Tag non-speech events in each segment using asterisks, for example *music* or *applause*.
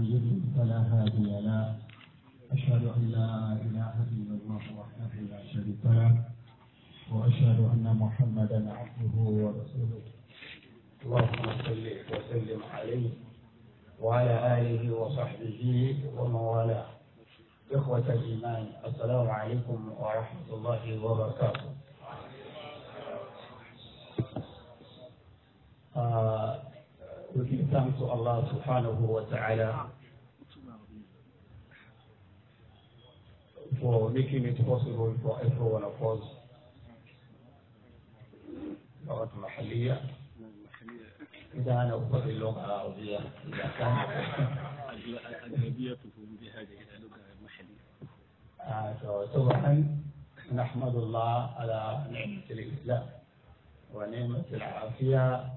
من يضلل فلا هادي له أشهد أن لا إله إلا الله وحده لا شريك له وأشهد أن محمدا عبده ورسوله اللهم صل وسلم عليه وعلى آله وصحبه ومن والاه إخوة الإيمان السلام عليكم ورحمة الله وبركاته آه وكنتمت الله سبحانه وتعالى for making it possible for everyone of us لغة محلية إذا أنا أفضل اللغة العربية إذا كان أجنبية بها لغة محلية طبعا نحمد الله على نعمة الإسلام ونعمة العافية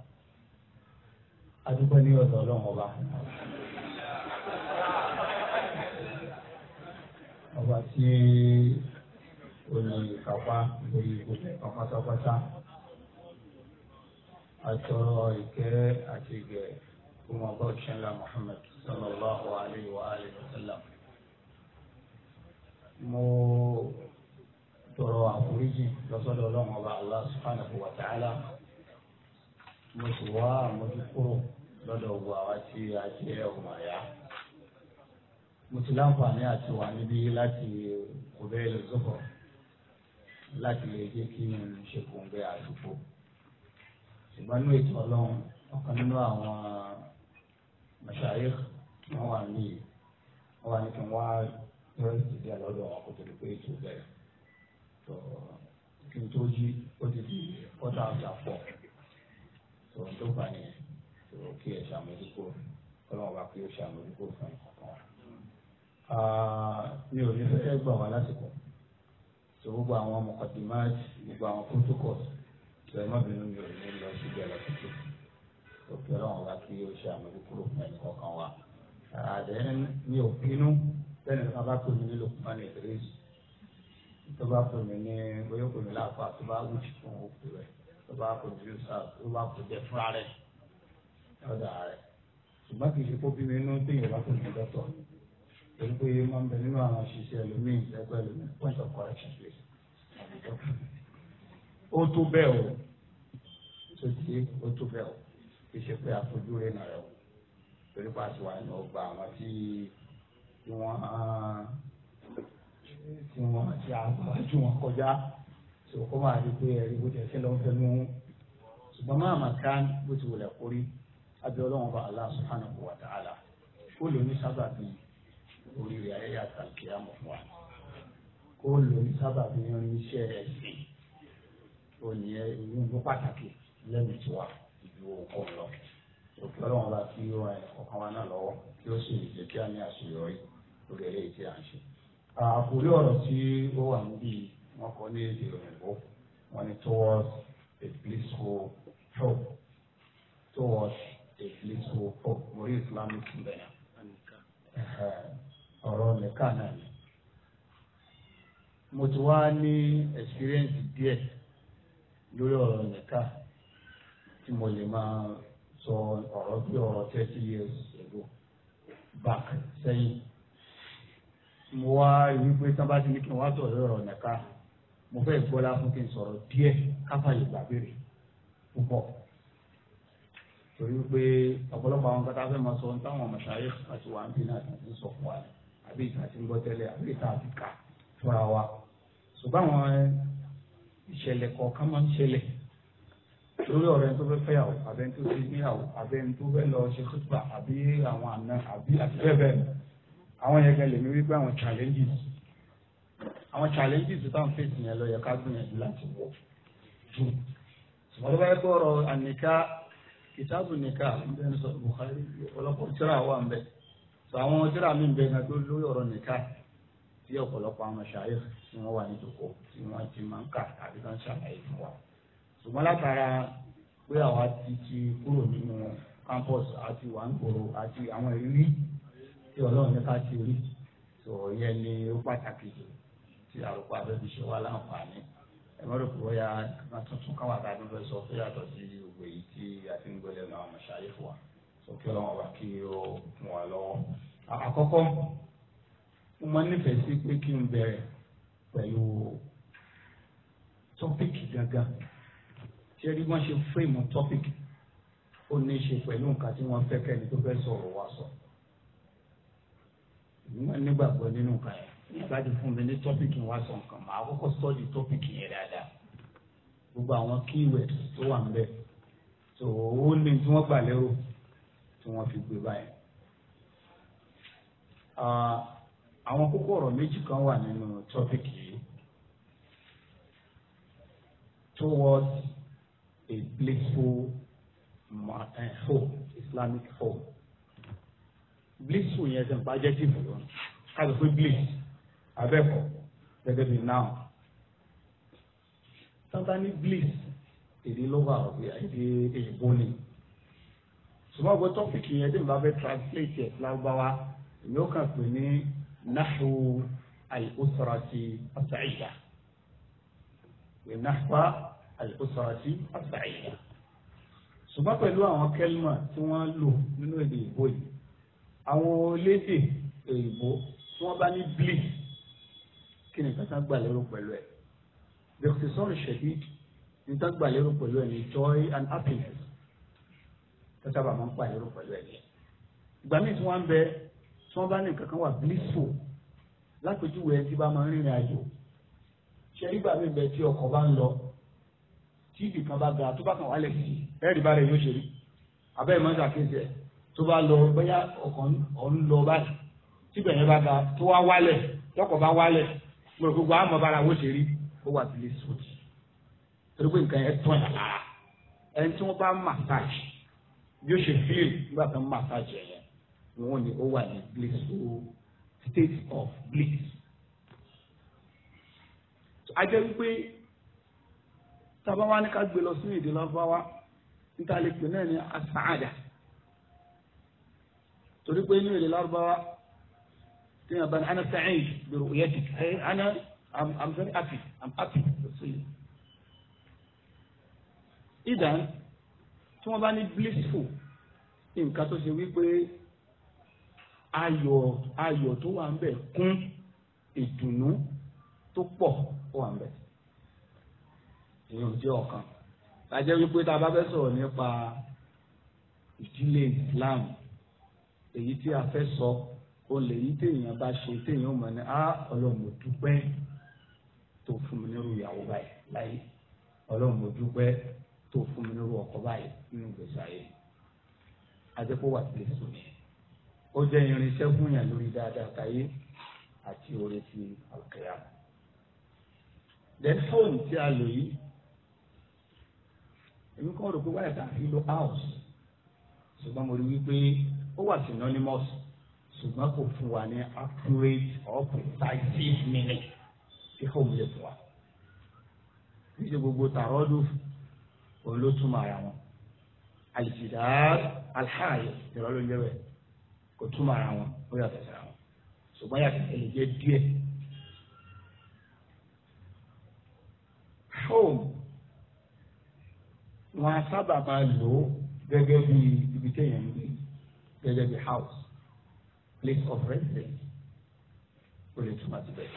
adúpẹ́ ní ọ̀dọ̀ ọlọ́run ọba. ọba tí olè kápá lórí gbogbo pátápátá àtọ̀rọ̀ ìkẹ́ àti ìgẹ̀ fún ọba òṣèlú Muhammad sallallahu alayhi wa alayhi wa sallam. mo tọrọ àforíjì lọ́sọ̀dọ̀ ọlọ́run ọba Allah subhanahu wa ta'ala mo sì wá àmójúkúrò lọ́dọ̀ gbogbo àwa tí a jẹ́ ọmọ àyà. mo ti láǹfààní àti wà níbí láti kòbẹ́ẹ̀lì zọ́kọ̀ láti lè jẹ́ kí n ṣe kòǹgbẹ́ àdúgbò. ṣùgbọ́n nínú ètò ọlọ́run ọ̀kan nínú àwọn mọ̀ṣáyé wọn wà ní wọn wà ní kí wọ́n á rẹ́sì díẹ̀ lọ́dọ̀ wọn kó tó pé ètò bẹ̀rẹ̀. kí n tó jí ó ti di ọ̀tá àti àpọ̀ sọ̀rọ̀ tó fà yẹn sọ̀rọ̀ kí ẹ ṣàmójúkò ọlọ́run bá kí ó ṣàmójúkò fún ẹ kọ̀ọ̀kan wa. mi ò ní fẹ́ gbà wá lásìkò tó gbogbo àwọn mọ̀kàdìmáàt gbogbo àwọn protocols tó ẹ má bínú mi ò ní lọ síbi ẹ̀ lọ́sọ̀tò òkè ọlọ́run bá kí ó ṣàmójúkò fún ẹ kọ̀ọ̀kan wa. àdéhùn mi ò bínú bẹ́ẹ̀ ni bá pè nílò fún ẹ̀ tó bá pè ní bóyá pè mí tó bá kò ju sáà tó bá kò jẹ fúnra rẹ̀ ọ̀dà rẹ̀ ṣùgbọ́n kì í ṣe kó bí mi inú téèyàn bá kò ju dọ́tọ̀ torí pé máa ń bẹ nínú àwọn àṣìṣe ẹlòmíì ẹgbẹ́ ẹlòmíì point of correction please. ó tó bẹ́ẹ̀ o tó ti ó tó bẹ́ẹ̀ o kì í ṣe pé àfojú rẹ̀ nà rẹ̀ o torí pé àti wà nínú ọgbà àwọn tí wọ́n tí wọ́n ti àwọn wọn kọjá tó kọ́ máa rí pé ẹ̀rí bó tẹ̀sí lọ́n fẹ́ mú ṣùgbọ́n máa mà ká bó ti wọlé kórí abẹ́ ọlọ́run bá Allah subhanahu wa ta'ala ó lò ní sábà bí oríire ayẹyẹ àtàkì àmọ̀ fún wa kó lò ní sábà bí irinṣẹ́ ẹ̀sìn òní ẹ̀ ìyún ló pàtàkì lẹ́nu tiwa ìlú òkú lọ òkè ọlọ́run bá fi ran ọkàn wa náà lọ́wọ́ kí ó sì jẹ́ kí a ní àṣeyọrí lórí eléyìí tí ń ṣe. àkórí ọ̀rọ̀ tí ó wà níbí wọn kọ ní èdè òyìnbó wọn ni towards a blissful hope towards a blissful hope mo rí islamic bẹ́ẹ̀ ọ̀rọ̀ nìkan náà ni mo ti wá ní experience díẹ̀ lórí ọ̀rọ̀ nìkan tí mo lè máa sọ ọ̀rọ̀ bí ọ̀rọ̀ thirty years ago back sẹ́yìn mo wá wípé tí wọ́n bá ti ní kí n wá sọ̀rọ̀ ọ̀rọ̀ nìkan mo fẹ́ gbọ́lá fún kí n sọ̀rọ̀ díẹ̀ káfàyè gbà bèrè púpọ̀ torí pé ọ̀pọ̀lọpọ̀ àwọn kata fẹ́ máa sọ ohun táwọn mọ̀ṣáyé àti wà ń bí náà ti sọ fún wa àbí ìta ti ń gbọ́ tẹ́lẹ̀ àbí ìta ti kà fúnra wa ṣùgbọ́n àwọn ìṣẹ̀lẹ̀ kọ̀ọ̀kan máa ń ṣẹlẹ̀ lórí ọ̀rẹ́ tó fẹ́ fẹ́yàwó àbẹ́ tó ti níyàwó àbẹ́ tó fẹ́ lọ ṣe kútùbà àbí àwọn àna àbí àti bẹ́ẹ̀ bẹ́ẹ̀ àwọn yẹn gan lèmi wípé àwọn challenges àwọn challenges tá à ń fèsì yẹn lọ yẹ ká gbìyànjú láti wọ̀ jù ṣùgbọ́n tó bá yẹ kó ọ̀rọ̀ àníká kìtàbù nìka ǹbẹ ní sọ Bukhari ọ̀pọ̀lọpọ̀ tíra wà ń bẹ sọ àwọn tíra mi ń bẹ ní adó lórí ọ̀rọ̀ nìka tí ọ̀pọ̀lọpọ̀ àwọn ṣàyẹ̀ tí wọ́n wà ní ìdòkó tí wọ́n ti máa ń kà tàbí kan ṣàlàyé fún wa ṣùgbọ́n látara pé àwa ti ti kúrò nínú campus àti wà ń gbòòrò àti àwọn ìrírí tí Ọlọ́run ní ti rí sọ yẹn ni ó pàtàkì jù tí àròpọ̀ abẹ́bí ṣe wá láǹfààní ẹ má rògbò ya nǹkan tuntun káwọn àtàkùn fẹ́ sọ tó yàtọ̀ sí ògbè yìí tí a ti ń gbé lẹ́nu àwọn mọ̀ṣáyé fún wa sókè ọlọ́wọ́n wa kí ó kún wa lọ́wọ́. àkọ́kọ́ mo máa nífẹ̀ẹ́ sí pé kí n bẹ̀rẹ̀ pẹ̀lú tọ́pìkì gangan ṣé rí wọ́n ṣe fíìmù tọ́pìkì ó ní í ṣe pẹ̀lú nǹkan tí wọ́n fẹ́ kẹ́ni tó fẹ́ sọ̀rọ̀ wa sọ. mo máa nígbàgbọ́ nínú nǹkan yẹn ìbájú fún mi ní tọ́pìkì wa sọ nǹkan mà á kọ́kọ́ sọ́ọ̀dì tọ́pìkì yẹn dáadáa gbogbo àwọn keywords tó wà níbẹ̀ tó ó ní tí wọ́n gbà lérò tí wọ́n fi gbé báyìí. àwọn kókó ọ̀rọ̀ méjì kan wà nínú tọ́pìkì yìí towards a blissful eh, hope Islamic hope blissful yẹn sẹ́ńpá jẹ́ tìbù lọ́nà ká ló pé bliss abẹ́kọ̀ gẹ́gẹ́ bíi now tọ́ba ní bliss èdè lọ́wọ́ àwọn èdè èèbó ni ṣùgbọ́n ọgbẹ́ tọ́pìkì yẹn tí mo bá fẹ́ translate ẹ̀ lágbáwá èmi ó kàn pè ní nahwu al-usrati as-sa'ida nahwa al-usrati as ṣùgbọ́n pẹ̀lú àwọn kẹ́límà tí wọ́n lò nínú èdè èèbó yìí àwọn olédè èèbó tí wọ́n bá ní bliss kí ni nǹkan tá gbà lérò pẹ̀lú ẹ̀ bẹ̀rẹ̀ sọ̀rọ̀ ṣẹ̀dí ní gbà lérò pẹ̀lú ẹ̀ ní joy and happiness tó sábà máa ń gbà lérò pẹ̀lú ẹ̀ ní. ìgbà míì tí wọ́n bẹ tí wọ́n bá ní nǹkan kan wà blissful lápèjúwe ẹni tí bá máa ń rìnrìn àjò ṣe nígbà míì bẹ tí ọkọ̀ bá ń lọ tí ibì kan bá ga tó bá kàn wálẹ̀ sí ẹ̀rì bá rẹ̀ yóò ṣe rí abẹ́ ìmọ̀ ìṣàkíyèsí ẹ̀ tó bá lọ bóyá ọkàn ọ̀hún lọ báyìí tíbẹ̀ yẹn bá ga tó wá wálẹ̀ tọkọ̀ bá wálẹ̀ mo rò gbogbo àmọ́ bára wọ́n ṣe rí ó wà sílé sóòtì torí pé nǹkan yẹn tọ́ ẹ̀ lára ẹni tí wọ́n bá ń massage bí ó ṣe feel nígbà tó ń massage ẹ̀ wọ́n ní ó wà ní blissful state of bliss. a jẹ́ wípé tabawa ní ká gbé lọ sí èdè lọ́fọ́wá níta lè pè náà ní asaada torí pé inú èdè lọ́fọ́wá tí yàrá bani ana sa'id bi ru'yatik hey ana i'm i'm very happy i'm happy to see you. idan tí wọ́n bá ní blissful nǹkan tó ṣe wípé ayọ̀ ayọ̀ tó wà ń bẹ̀ kún ìdùnnú tó pọ̀ ó wà ń bẹ̀ èyí ò jẹ́ ọ̀kan lájẹ́ wípé tá a bá fẹ́ sọ̀rọ̀ nípa ìdílé Islam èyí tí a fẹ́ sọ. So, ó lè yí téèyàn bá ṣe téèyàn mọ̀ ní á ọlọ́run mo dúpẹ́ tó fún mi nírú ìyàwó báyìí láyé ọlọ́run mo dúpẹ́ tó fún mi nírú ọkọ báyìí nínú gbèsè ayé ajẹ́pọ̀ wà sílẹ̀ sùn yẹn ó jẹ́ irinṣẹ́ fún yàn lórí dáadáa káyé àti oore ti àkẹyà. lẹ́fọ̀n tí a lò yìí èmi kọ́ rò pé wáyà tá a fi lo house ṣùgbọ́n mo rí wípé ó wà synonymous ṣùgbọ́n kò fún wa ní accurate or precise meaning tí kò lè fún wa. Níṣẹ́ gbogbo tàrọ́dù olótùmọ̀ ara wọn. Àìsìdáàr alhàyè ìrọ̀lú ìjẹ́wẹ̀ kò túmọ̀ ara wọn ó yàtọ̀ sí ara wọn. Ṣùgbọ́n yàtọ̀ sí ẹ̀lẹ́jẹ́ díẹ̀. Home wọn a sábà máa lò ó gẹ́gẹ́ bí ibi téèyàn ń gbé gẹ́gẹ́ bí house place of residence ó lè túmọ̀ síbẹ̀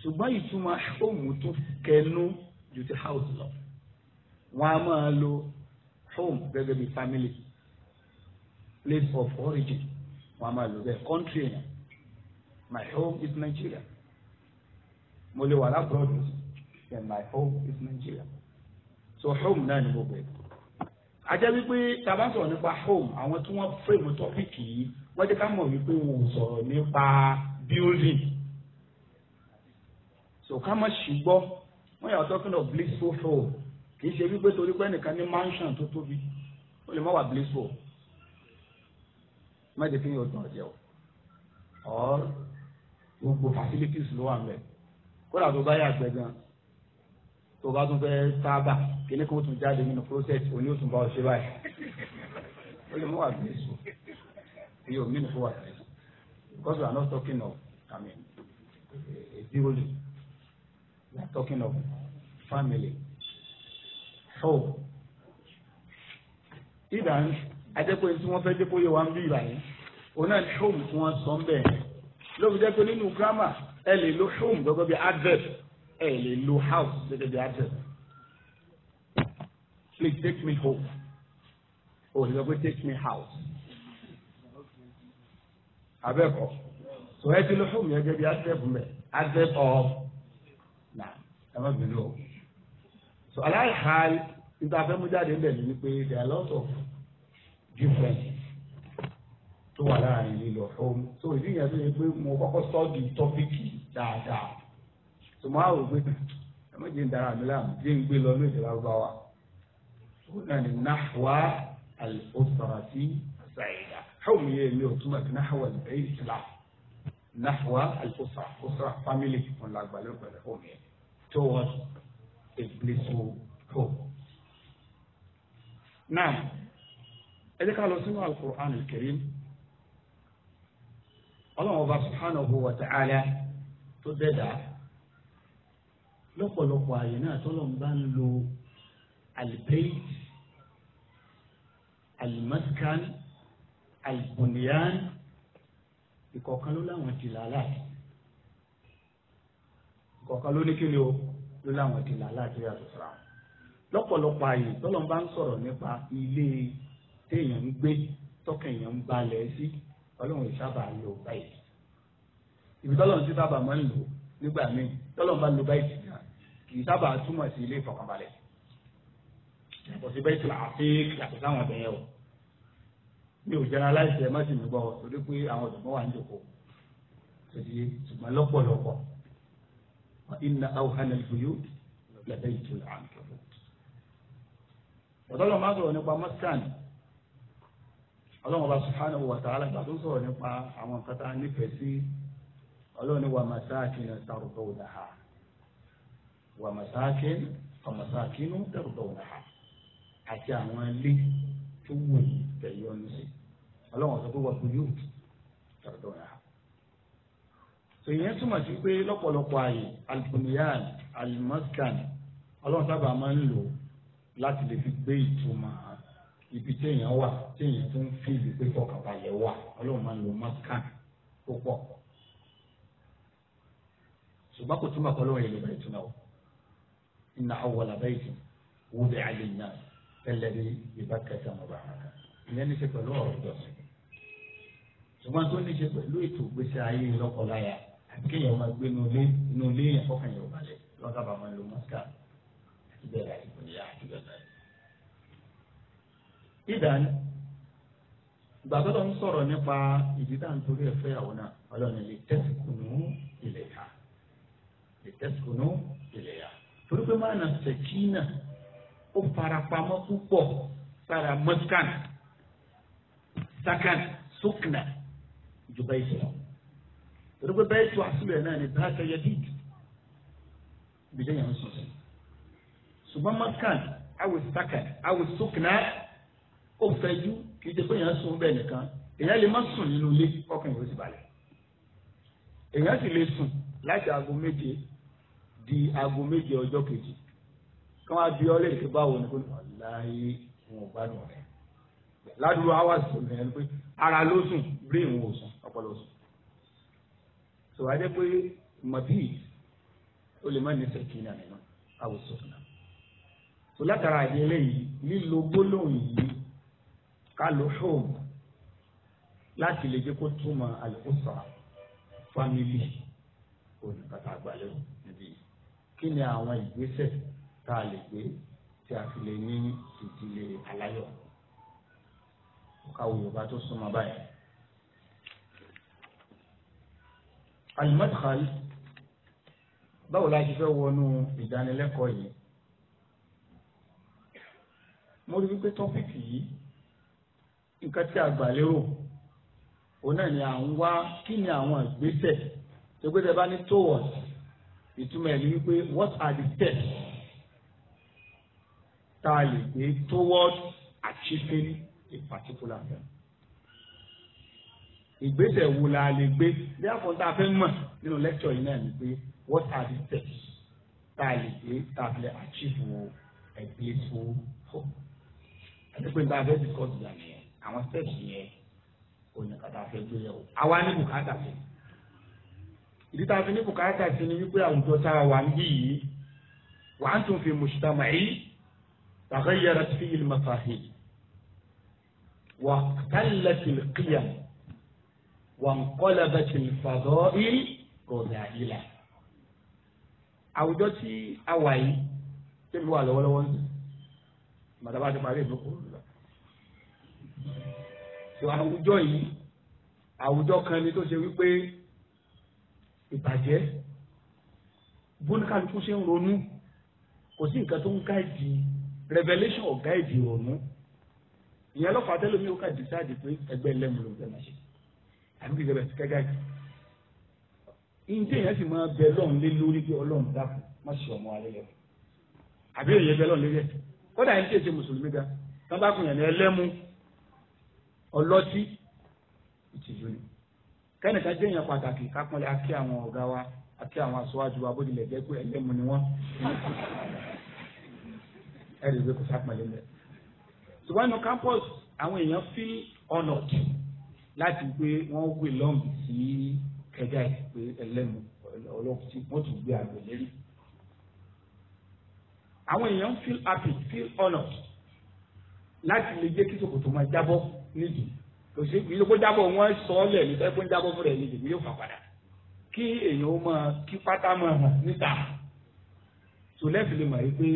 ṣùgbọ́n ìtumọ̀ home tó kẹnu ju ti house lọ wọ́n á máa lo home gẹ́gẹ́ bí family place of origin wọ́n á máa lo bẹ́ẹ̀ country yẹn my home is Nigeria mo lè wà lábúròdù then my home is Nigeria so home náà ni mo bẹ̀rẹ̀ ajẹ́ wípé tá sọ̀rọ̀ nípa home àwọn tí wọ́n fèrè mọ́ tọ́pìkì yìí wọ́n jẹ́ ká mọ̀ wípé wọn ò sọ̀rọ̀ nípa building so ká mọ̀ sí gbọ́ wọ́n yà talking of blissful home kì í ṣe wípé torí pé ẹnìkan ní mansion tó tóbi ó lè má wà blissful má jẹ́ kí yóò dùn ọ̀jẹ̀ o or gbogbo facilities ló wà ń bẹ̀ kódà tó bá yà gbẹ gan tó bá tún fẹ́ sábà kíní kó tún jáde nínú process òní ó tún bá ọ ṣe báyìí ó lè má wà blissful your mean for what? Because we are not talking of, I mean, a building. We are talking of family, home. Ìdá ajẹ́pẹ́ tí wọ́n fẹ́ dépò yẹ wá ń bí ìgbà yẹn. Òun náà home tí wọ́n sọ ń bẹ̀ yẹn. Lóbi jẹ́ pé nínú grammar ẹ lè lo home gẹ́gẹ́ bí adverb ẹ lè lo house gẹ́gẹ́ bí adverb. Please take me home. Òun ni wọ́n pé take me house abẹ́kọ̀ so ẹ ti lọ fún mi ẹgẹ́ bí adẹ́bù mẹ́ adẹ́bù ọ̀ nà ẹ má bínú o so aláìhal níta fẹ́ mú jáde ni pé there are lots of different. tó wà láàrin lílọ fún so ìdí yẹn tó yẹ pé mo kọ́kọ́ sọ́ọ̀dì tọ́píkì dáadáa so mo á wò pé ẹ má jẹ́ ń dara mi láàmú jẹ́ ń gbé lọ ní ìdílé arúgbáwá ó nà ní nahwa al-usrati sa'ida. حومي يوتمك نحو البيت العصر نحو الفسرة فسرة فاميلي كون لاك بالوك حومي يعني. توغر إبليسو حوم نعم إذا قالوا سنوا القرآن الكريم الله أبا سبحانه وتعالى تددع لقوا لقوا هنا تلوم بانلو البيت المسكن àìbùnìyàn ìkọ̀ọ̀kan ló láwọn dìlálà ìkọ̀ọ̀kan ló ní kí ni o ló láwọn dìlálà tó yàtọ̀ síra wọn lọ́pọ̀lọpọ̀ àyè tọ́lọ́ bá ń sọ̀rọ̀ nípa ilé téèyàn ń gbé tọ́kàn èèyàn ń balẹ̀ sí ọlọ́run ìsábà lò báyìí ibi tọ́lọ́run sí sábà máa ń lò nígbà míì tọ́lọ́run bá lò báyìí náà kì í sábà túmọ̀ sí ilé ìfọkànbalẹ̀ yàtọ̀ sí bẹ́ẹ̀ mi ò generalize ẹ má sì mi gbọ́ ọ torí pé àwọn ọ̀dùnmọ́ wà ń jòkó ṣèṣe ṣùgbọ́n lọ́pọ̀lọpọ̀ inna awhana al-buyut labaytul ankabut. ọ̀dọ́lọ́ máa sọ̀rọ̀ nípa maskan ọlọ́run ọba subhanahu wa ta'ala gbà tó sọ̀rọ̀ nípa àwọn nǹkan tá a nífẹ̀ẹ́ sí ọlọ́run ní wa masakin tardawnaha wa masakin wa masakinu àti àwọn ilé tó wù tẹ̀yọ́nu sí ọlọ́run sọ pé wọ́n kú yóò tọ̀dọ̀ rà. èèyàn túmọ̀ sí pé lọ́pọ̀lọpọ̀ ààyè alifuniyan alimaskan ọlọ́run sábà máa ń lò láti lè fi gbé ìtumọ̀ ibi téèyàn wà téèyàn tó ń fi ìlú pé fọkànbalẹ̀ wà ọlọ́run máa ń lo maskan tó pọ̀ ṣùgbọ́n kò túmọ̀ kọ́lọ́run yẹn lè bẹ̀rẹ̀ túmọ̀ o inna awwala bayti wudi'a lin-nas alladhi bi Bakkata mubaraka ìyẹn ní ṣe pẹ̀lú ọ̀rọ̀ ìjọsìn ṣùgbọ́n tó ní ṣe pẹ̀lú ètò ìgbésí ayé lọ́kọláya kéèyàn máa gbé inú ilé inú ilé yẹn fọkàn yẹn ò balẹ̀ lọ́dà bá máa lo mọ́síkà àti bẹ́ẹ̀ láti pẹ̀lú yá àti bẹ́ẹ̀ láti. ìdán ìgbà tó lọ ń sọ̀rọ̀ nípa ìdídá nítorí ẹ̀fẹ́ ìyàwó náà ọlọ́run lè tẹ́sìkùnú ilẹ̀ yá lè tẹ́sìkùnú ilẹ̀ yá torí pé máa sẹ̀kínà ó farapamọ́ púpọ̀ sára mọ́síkà sákàn sóknà ju bẹ́ẹ̀ sọ torí pé bẹ́ẹ̀ sọ àsìlẹ̀ náà ni dáhà kẹyẹ dì bìjẹ́ yẹn ń sọ sí ṣùgbọ́n makan awo saka awo sokina ó fẹjú kì í ṣe pé yẹn sùn bẹ́ẹ̀ nìkan èyàn lè má sùn nínú ilé ọkàn yóò sì balẹ̀ èyàn sì lè sùn láti aago méje di aago méje ọjọ́ kejì káwọn abiyọ́ lè ké báwo ni kò ní ọ̀la yìí wọn ò gbádùn rẹ̀ ládùúgbò awa sùn nìyẹn pé ara ló sùn brain wò sùn ọpọlọ sùn so a jẹ pé mọ̀bí o lè má ní sẹ̀kí náà nínú àwòsọ náà so látara àdéhùn yìí lílo gbólóhùn yìí ká lo home láti lè jẹ́ kó túmọ̀ àlùkòsà fámìlì olùkàtà àgbàlẹ̀ níbí kí ni àwọn ìgbésẹ̀ tá a lè gbé tí a fi lè ní ìdílé aláyọ̀ káwọ yorùbá tó súnmọ́ báyìí. alimadkhal báwo la ṣe fẹ́ wọnú ìdánilẹ́kọ̀ọ́ yìí mo rí wípé tọ́pìkì yìí nǹkan tí a gbà lérò òun náà ni à ń wá kí ni àwọn ìgbésẹ̀ tó gbé tẹ́ bá ní towards ìtumọ̀ ẹ̀ ni wípé what are the steps tá a lè gbé towards achieving a particular thing. ìgbésẹ̀ wo la lè gbé bí àfọ̀ntà fẹ́ mọ̀ nínú lecture yìí náà ni pé what are the steps tá a lè gbé tá a fi lè achieve a blissful hope. àti pé nígbà fẹ́ discuss ìyá nìyẹn àwọn steps yẹn oníkàtà fẹ́ gbé yẹ̀wò àwa ní bùkátà fẹ́. ìdí tá a fi ní bùkátà sí ni wípé àwùjọ tá a wà ń bí yìí wa antum fi mujtama'i taghayyarat fihi al-mafahim. واختلت القيم وانقلبت الفضائل رذائلا àwùjọ tí a wà yìí tẹ́lẹ̀ wà lọ́wọ́lọ́wọ́ ń sìn màdàbà ti parí ìlú kúrò lọ. tó àwùjọ yìí àwùjọ kan ni tó ṣe wípé ìbàjẹ́ bóníkàlùkù ṣe ń ronú kò sí nǹkan tó ń gáìdì revelation ò gáìdì ronú ìyẹn lọ́pàá tẹ́lómi ó kà dísáàdì pé ẹgbẹ́ lẹ́mu ló ń fẹ́ máa ṣe àbí kìí bẹ̀rẹ̀ sí kẹ́gà jù ìyẹn tí èèyàn sì máa bẹ lọ́run lé lórí pé ọlọ́run dákun má ṣe ọmọ alẹ́ lẹ́wọ̀ àbí èèyàn bẹ lọ́run lé rẹ̀ kódà yẹn tí èsè mùsùlùmí ga tán bá kùn yẹn ní ẹlẹ́mu ọlọ́tí ìtìjú ni kẹ́nìkan jẹ́ èèyàn pàtàkì kápọ́nlé akí àwọn ọ̀gá wa àti àwọn aṣáájú wa bójú lẹ̀ jẹ́ pé ẹlẹ́mu ni wọ́n ẹ̀rì ìwé kò sápọ̀lẹ́ lẹ́yìn ṣùgbọ́n inú campus àwọn èèyàn feel honoured láti gbé wọ́n gbé lọ́ọ̀mù sí kẹjá ìpè ẹlẹ́mu ọlọ́run tí wọ́n tún gbé àgbẹ̀ lérí. àwọn èèyàn feel happy feel honoured láti lè jẹ́ kí sòkòtò máa jábọ́ nídìí kò sí ìlú kó jábọ̀ wọ́n sọ ọ́ lẹ̀ nípa ẹ̀kọ́ ń jábọ̀ fúnra ẹ̀ nídìí yóò fà padà kí èèyàn ó máa kí pátá máa hàn níta. sòlẹ́fì lè mọ̀ wípé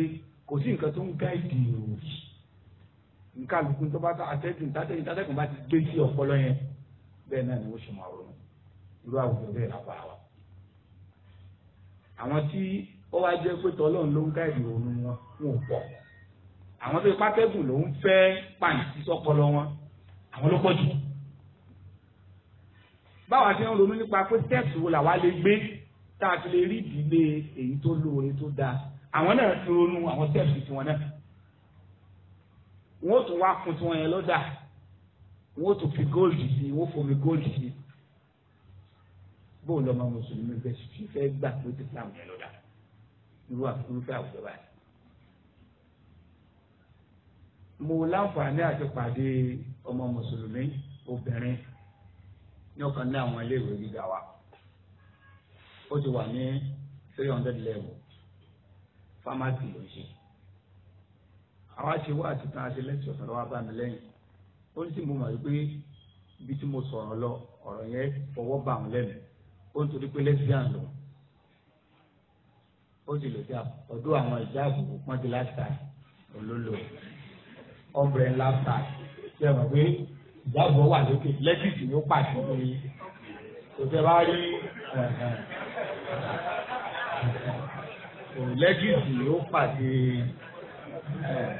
kò sí nǹkan tó ń gáìdì òòrùn nkálukú tó bá ta àtẹ́gùn tátẹ́gùn tátẹ́gùn bá ti gbé sí ọpọlọ yẹn bẹ́ẹ̀ náà ni wọ́n ṣe máa ronú irú àwùjọ bẹ́ẹ̀ la bá wa. àwọn tí ó wá jẹ́ pé tọ́lọ́run ló ń ká ìdìbò òun wọn wọn ò pọ̀ àwọn tó ipá tẹ́gùn ló ń fẹ́ pàǹtí sọ́pọlọ wọn àwọn ló pọ̀ jù. báwa ti ń ronú nípa pé tẹ́ẹ̀sì wo làwa lè gbé tá a ti lè rí ìdílé èyí tó lóore tó dáa àwọn náà ti ronú àwọn tẹ́ẹ̀sì tiwọn náà wọ́n tún wá kun tí wọ́n yẹn lọ́dà wọ́n tún fi góòlù sí i wọ́n fomi góòlù sí i bó o lọ ma mùsùlùmí bẹ fi fẹ́ gbà pé ti fúlàmù yẹn lọ́dà irú àfúrúfẹ́ àwùjọ báyìí. mo láǹfààní àti pàdé ọmọ mùsùlùmí obìnrin ní ọ̀kan ní àwọn iléèwé gíga wa ó ti wà ní three hundred level fámásì ló ń àwa ṣe wá àti tán àṣẹ lẹ́tọ̀ ọ̀sán lọ́wọ́ bá mi lẹ́yìn ó ní sì mo mọ̀ wípé ibi tí mo sọ̀rọ̀ lọ ọ̀rọ̀ yẹn fọwọ́ bà wọ́n lẹ́nu ó ń torí pé lesbian lò ó sì lè dá ọdún àwọn ìjà àbùkù pọ́njú láta olólo ọ̀bẹ̀rẹ̀ láta ṣe mọ̀ pé ìjà àbùkù wà lókè lẹ́gìsì ni ó pàṣẹ pé kò bá rí lẹ́gìsì ni ó pàṣẹ. Eh,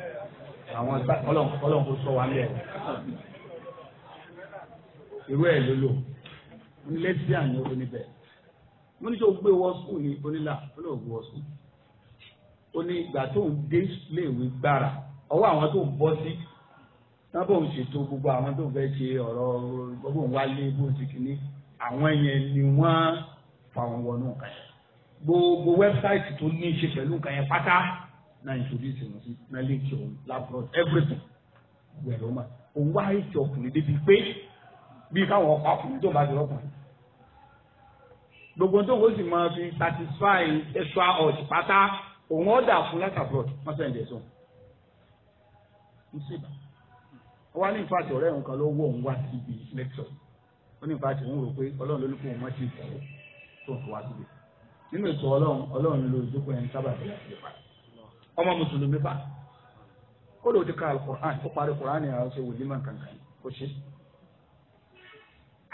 àwọn ọlọ́run kò sọ wà lẹ̀ irú ẹ̀ ló lò ń lẹ́sí àná oníbẹ̀ mo ní sọ gbé wọ sùn ní onílà ó lọ gbé wọ sùn ó ní ìgbà tó ń dé léèwé gbára ọwọ́ àwọn tó ń bọ́ sí tábọ̀ ń ṣètò gbogbo àwọn tó fẹ́ ṣe ọ̀rọ̀ gbogbo wálé bó ti kìíní àwọn yẹn ni wọ́n fa wọn wọnú nǹkan yẹn gbogbo wẹ́bsáìtì tó ní í ṣe pẹ̀lú nǹkan yẹn pátá Na introduce wọn sí náà lè kí òun labroad everything wẹ̀rẹ̀ ọmọ òun wá ètò ọkùnrin débi pé bí káwọn ọkọ ọkùnrin tó bá ti rọkùnrin gbogbo tó wọ́n sì máa fi satisfy sexual urge pátá òun ọ̀dà fún láti abroad wọ́n sẹ́yìn dẹ̀ sùn musiba ó wá ní ìfàtí ọ̀rẹ́ òun kan ló wọ́ òun wá síbi lecture ó ní ìfàtí òun rò pé ọlọ́run ló ní kó òun mọ́ sí ìfẹ́ tó ń fi wá síbi nínú ìtọ́ ọlọ́run ọlọ́run ló ìjókòó yẹn sábà bẹ̀rẹ̀ sí ìfàtí ọmọ mùsùlùmí bá kódà ó ti ka alukur'an ó parí kur'an yàrá ṣe wòlíì máa kankan kó ṣe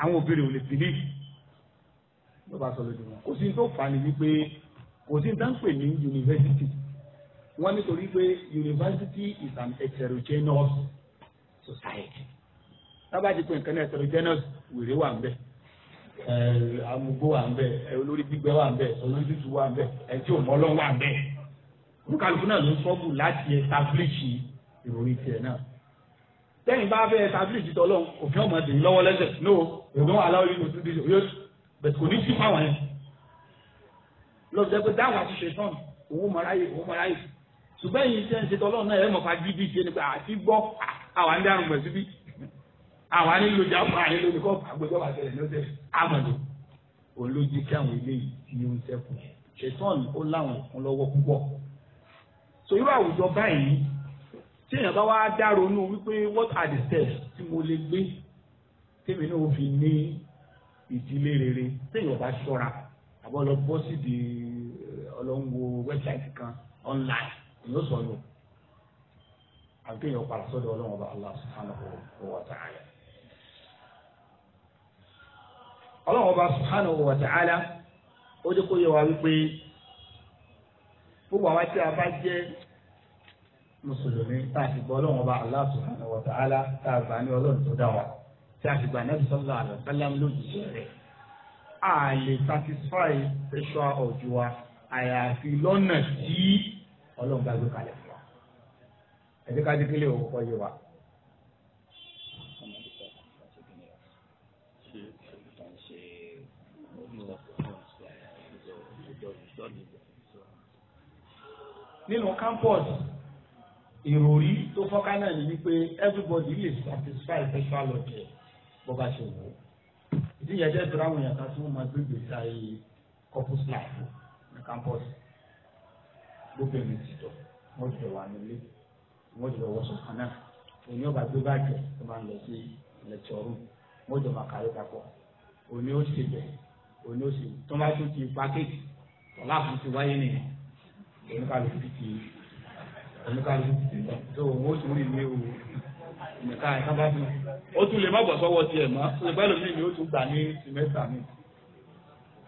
àwọn òbí rẹ̀ ò lè bìlí ló bá sọ lójú wọn kò sí tó fà á ní wípé kò sí dáńpẹ̀ ní yunifásitì wọ́n nítorí pé yunifásitì is an heterogeneous society tábàjì pé nǹkan heterogeneous wèrè wà ń bẹ amugbo wà ń bẹ olórí gbígbẹ wà ń bẹ olórí tútù wà ń bẹ ẹtí òmọlọ wà ń bẹ olùkàlùkù náà ló sọ́ọ̀bù láti ẹ̀tàbílìṣì ìròyìn tiẹ̀ náà tẹ́yìn bá fẹ́ ẹ̀tàbílìṣì tọ́lọ́ òfin ọmọ ẹ̀dẹ̀ lọ́wọ́ lẹ́sẹ̀ no ògbọ́n aláwọ̀ yìí ló tún dé yóò bẹ̀tẹ̀ kò ní sí fáwọn yẹn lọ́sọ̀ jẹ́ pé dáhùn àti ṣetán owó mọ̀ráyè owó mọ̀ráyè ṣùgbọ́n èyí tẹ́ ń ṣe tọ́lọ́ náà ẹ̀ mọ̀fà gidi ṣe ni pé àti gbọ́ àwa ń dárun pẹ̀lú bí àwa nílò jáfà yẹn lórí kọ́ àgbẹ̀jọba tẹ̀lé ní ọ̀sẹ̀ àmọ̀lò òun ló jẹ́ kí àwọn eléyìí tí ó ń sẹ́kù ṣetán ó láwọn ìkúnlọ́wọ́ púpọ̀ so irú àwùjọ báyìí tí èèyàn bá wá dá ronú wípé what are the steps tí mo lè gbé tèmi náà fi ní ìdílé rere téèyàn bá ṣọ́ra àbọ̀ lọ bọ́ sí di eh, ọlọ́ngbò wẹ́bsáìtì kan online èèyàn sọ lò àbí kéèyàn padà sọ́dọ̀ ọlọ́run Allah subhanahu wa ta'ala. ọlọ́run ọba subhanahu wa ta'ala ó dé kó yẹ wá wípé gbogbo àwa tí a bá jẹ́ mùsùlùmí tá a ti gbọ́ ọlọ́run ọba Allah subhanahu wa ta'ala tá a gbà ní ọlọ́run tó dá wa tí a ti gbà náà sallallahu alaihi lójijì rẹ̀ a lè satisfy ẹ̀ṣọ́ ọ̀jù wa àyàfi lọ́nà tí ọlọ́run bá gbé kalẹ̀ fún wa ẹ̀dẹ́kájú kílẹ̀ òkú kọ́ yé wa. nínú campus ìròrí tó fọ́ká náà ni wípé everybody lè satisfy sexual lodge bó bá ṣe wò ó ìdí yẹn jẹ́ ìtura àwọn èèyàn kan tí wọ́n máa gbé gbèsè ayé couples life ní campus gbogbo èmi ti tọ̀ wọ́n ti tọ̀ wà nílé wọ́n ti tọ̀ wọ́n náà òní ọba gbé báàgì tó máa ń lọ sí lecture wọ́n jọ máa kàwé papọ̀ òní ó ṣe bẹ̀ òní ó ṣe tó máa tún ti package ọ̀la àfúnṣe wáyé nìyẹn oníkàlùkù ti oníkàlùkù ti tẹ̀ tó owó tó rí ilé o nìka ẹ̀ka tún lè má bọ̀ sọ́wọ́ tiẹ̀ mọ́ ó lè ni ó tún gbà ní sìmẹ́tà mi.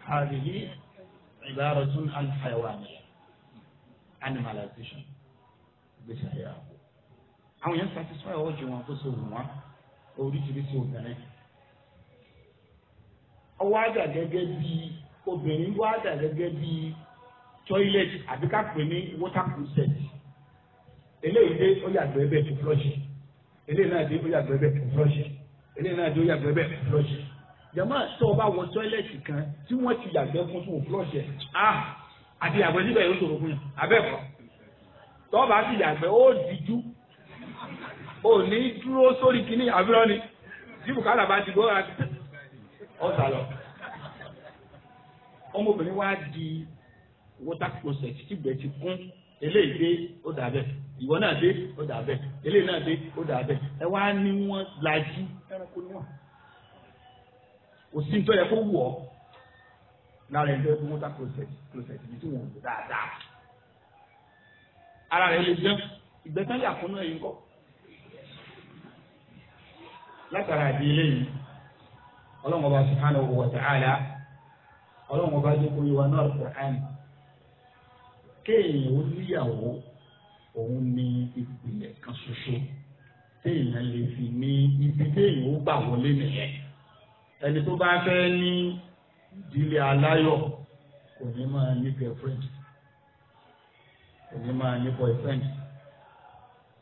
hàbìlì ìbára tún àlùfáìwà mi animalization ìgbésí ayé àpò. àwọn yẹn satisfy ọwọ́ ju wọn kó so wù wọn oríṣiríṣi obìnrin. ọwọ́ àjà gẹ́gẹ́ bí obìnrin wọ́n àjà gẹ́gẹ́ bí toilet àbí ká pè ní water closet eléyìí dé ó yàgbẹ́ bẹ́ẹ̀ tó flọ́ọ̀ṣì eléyìí náà dé ó yàgbẹ́ bẹ́ẹ̀ tó flọ́ọ̀ṣì eléyìí náà dé ó yàgbẹ́ bẹ́ẹ̀ tó flọ́ọ̀ṣì jama tó o bá wọ toilet kan tí wọ́n ti yàgbẹ́ fún tó flọ́ọ̀ṣì ẹ̀ ah àti yàgbẹ́ síbẹ̀ yóò ṣòro fún yàn abẹ́ẹ̀kọ́ tó o bá ti yàgbẹ́ ó dìjú ó ní dúró sórí kínní àbúrò ni tí bùkálà bá ti gbọ́ ọ̀sà lọ ọmọbìnrin wa di water closet tí bẹ́ẹ̀ ti kún eléyìí dé ó dà bẹ́ẹ̀ ìwọ náà dé ó dà bẹ́ẹ̀ eléyìí náà dé ó dà bẹ́ẹ̀ ẹ wá ní wọ́n lajú ẹranko níwọ̀n kò sí nítorí ẹ kó wù ọ́ lára ẹgbẹ́ fún water closet closet ibi tí wọ́n lò dáadáa ara rẹ̀ lè dán ìgbẹ́tán yà fún náà yìí kọ́ látara àbí eléyìí ọlọ́run ọba subhanahu wa ta'ala ọlọ́run ọba jókòó yìí wà náà Al-Qur'an kéèyàn ó níyàwó òun ni ìpìlẹ̀ kan ṣoṣo téèyàn lè fi ní ibi téèyàn ó gbà wọlé nìyẹn ẹni tó bá fẹ́ ní ìdílé aláyọ̀ kò ní máa ní girlfriend kò ní máa ní boyfriend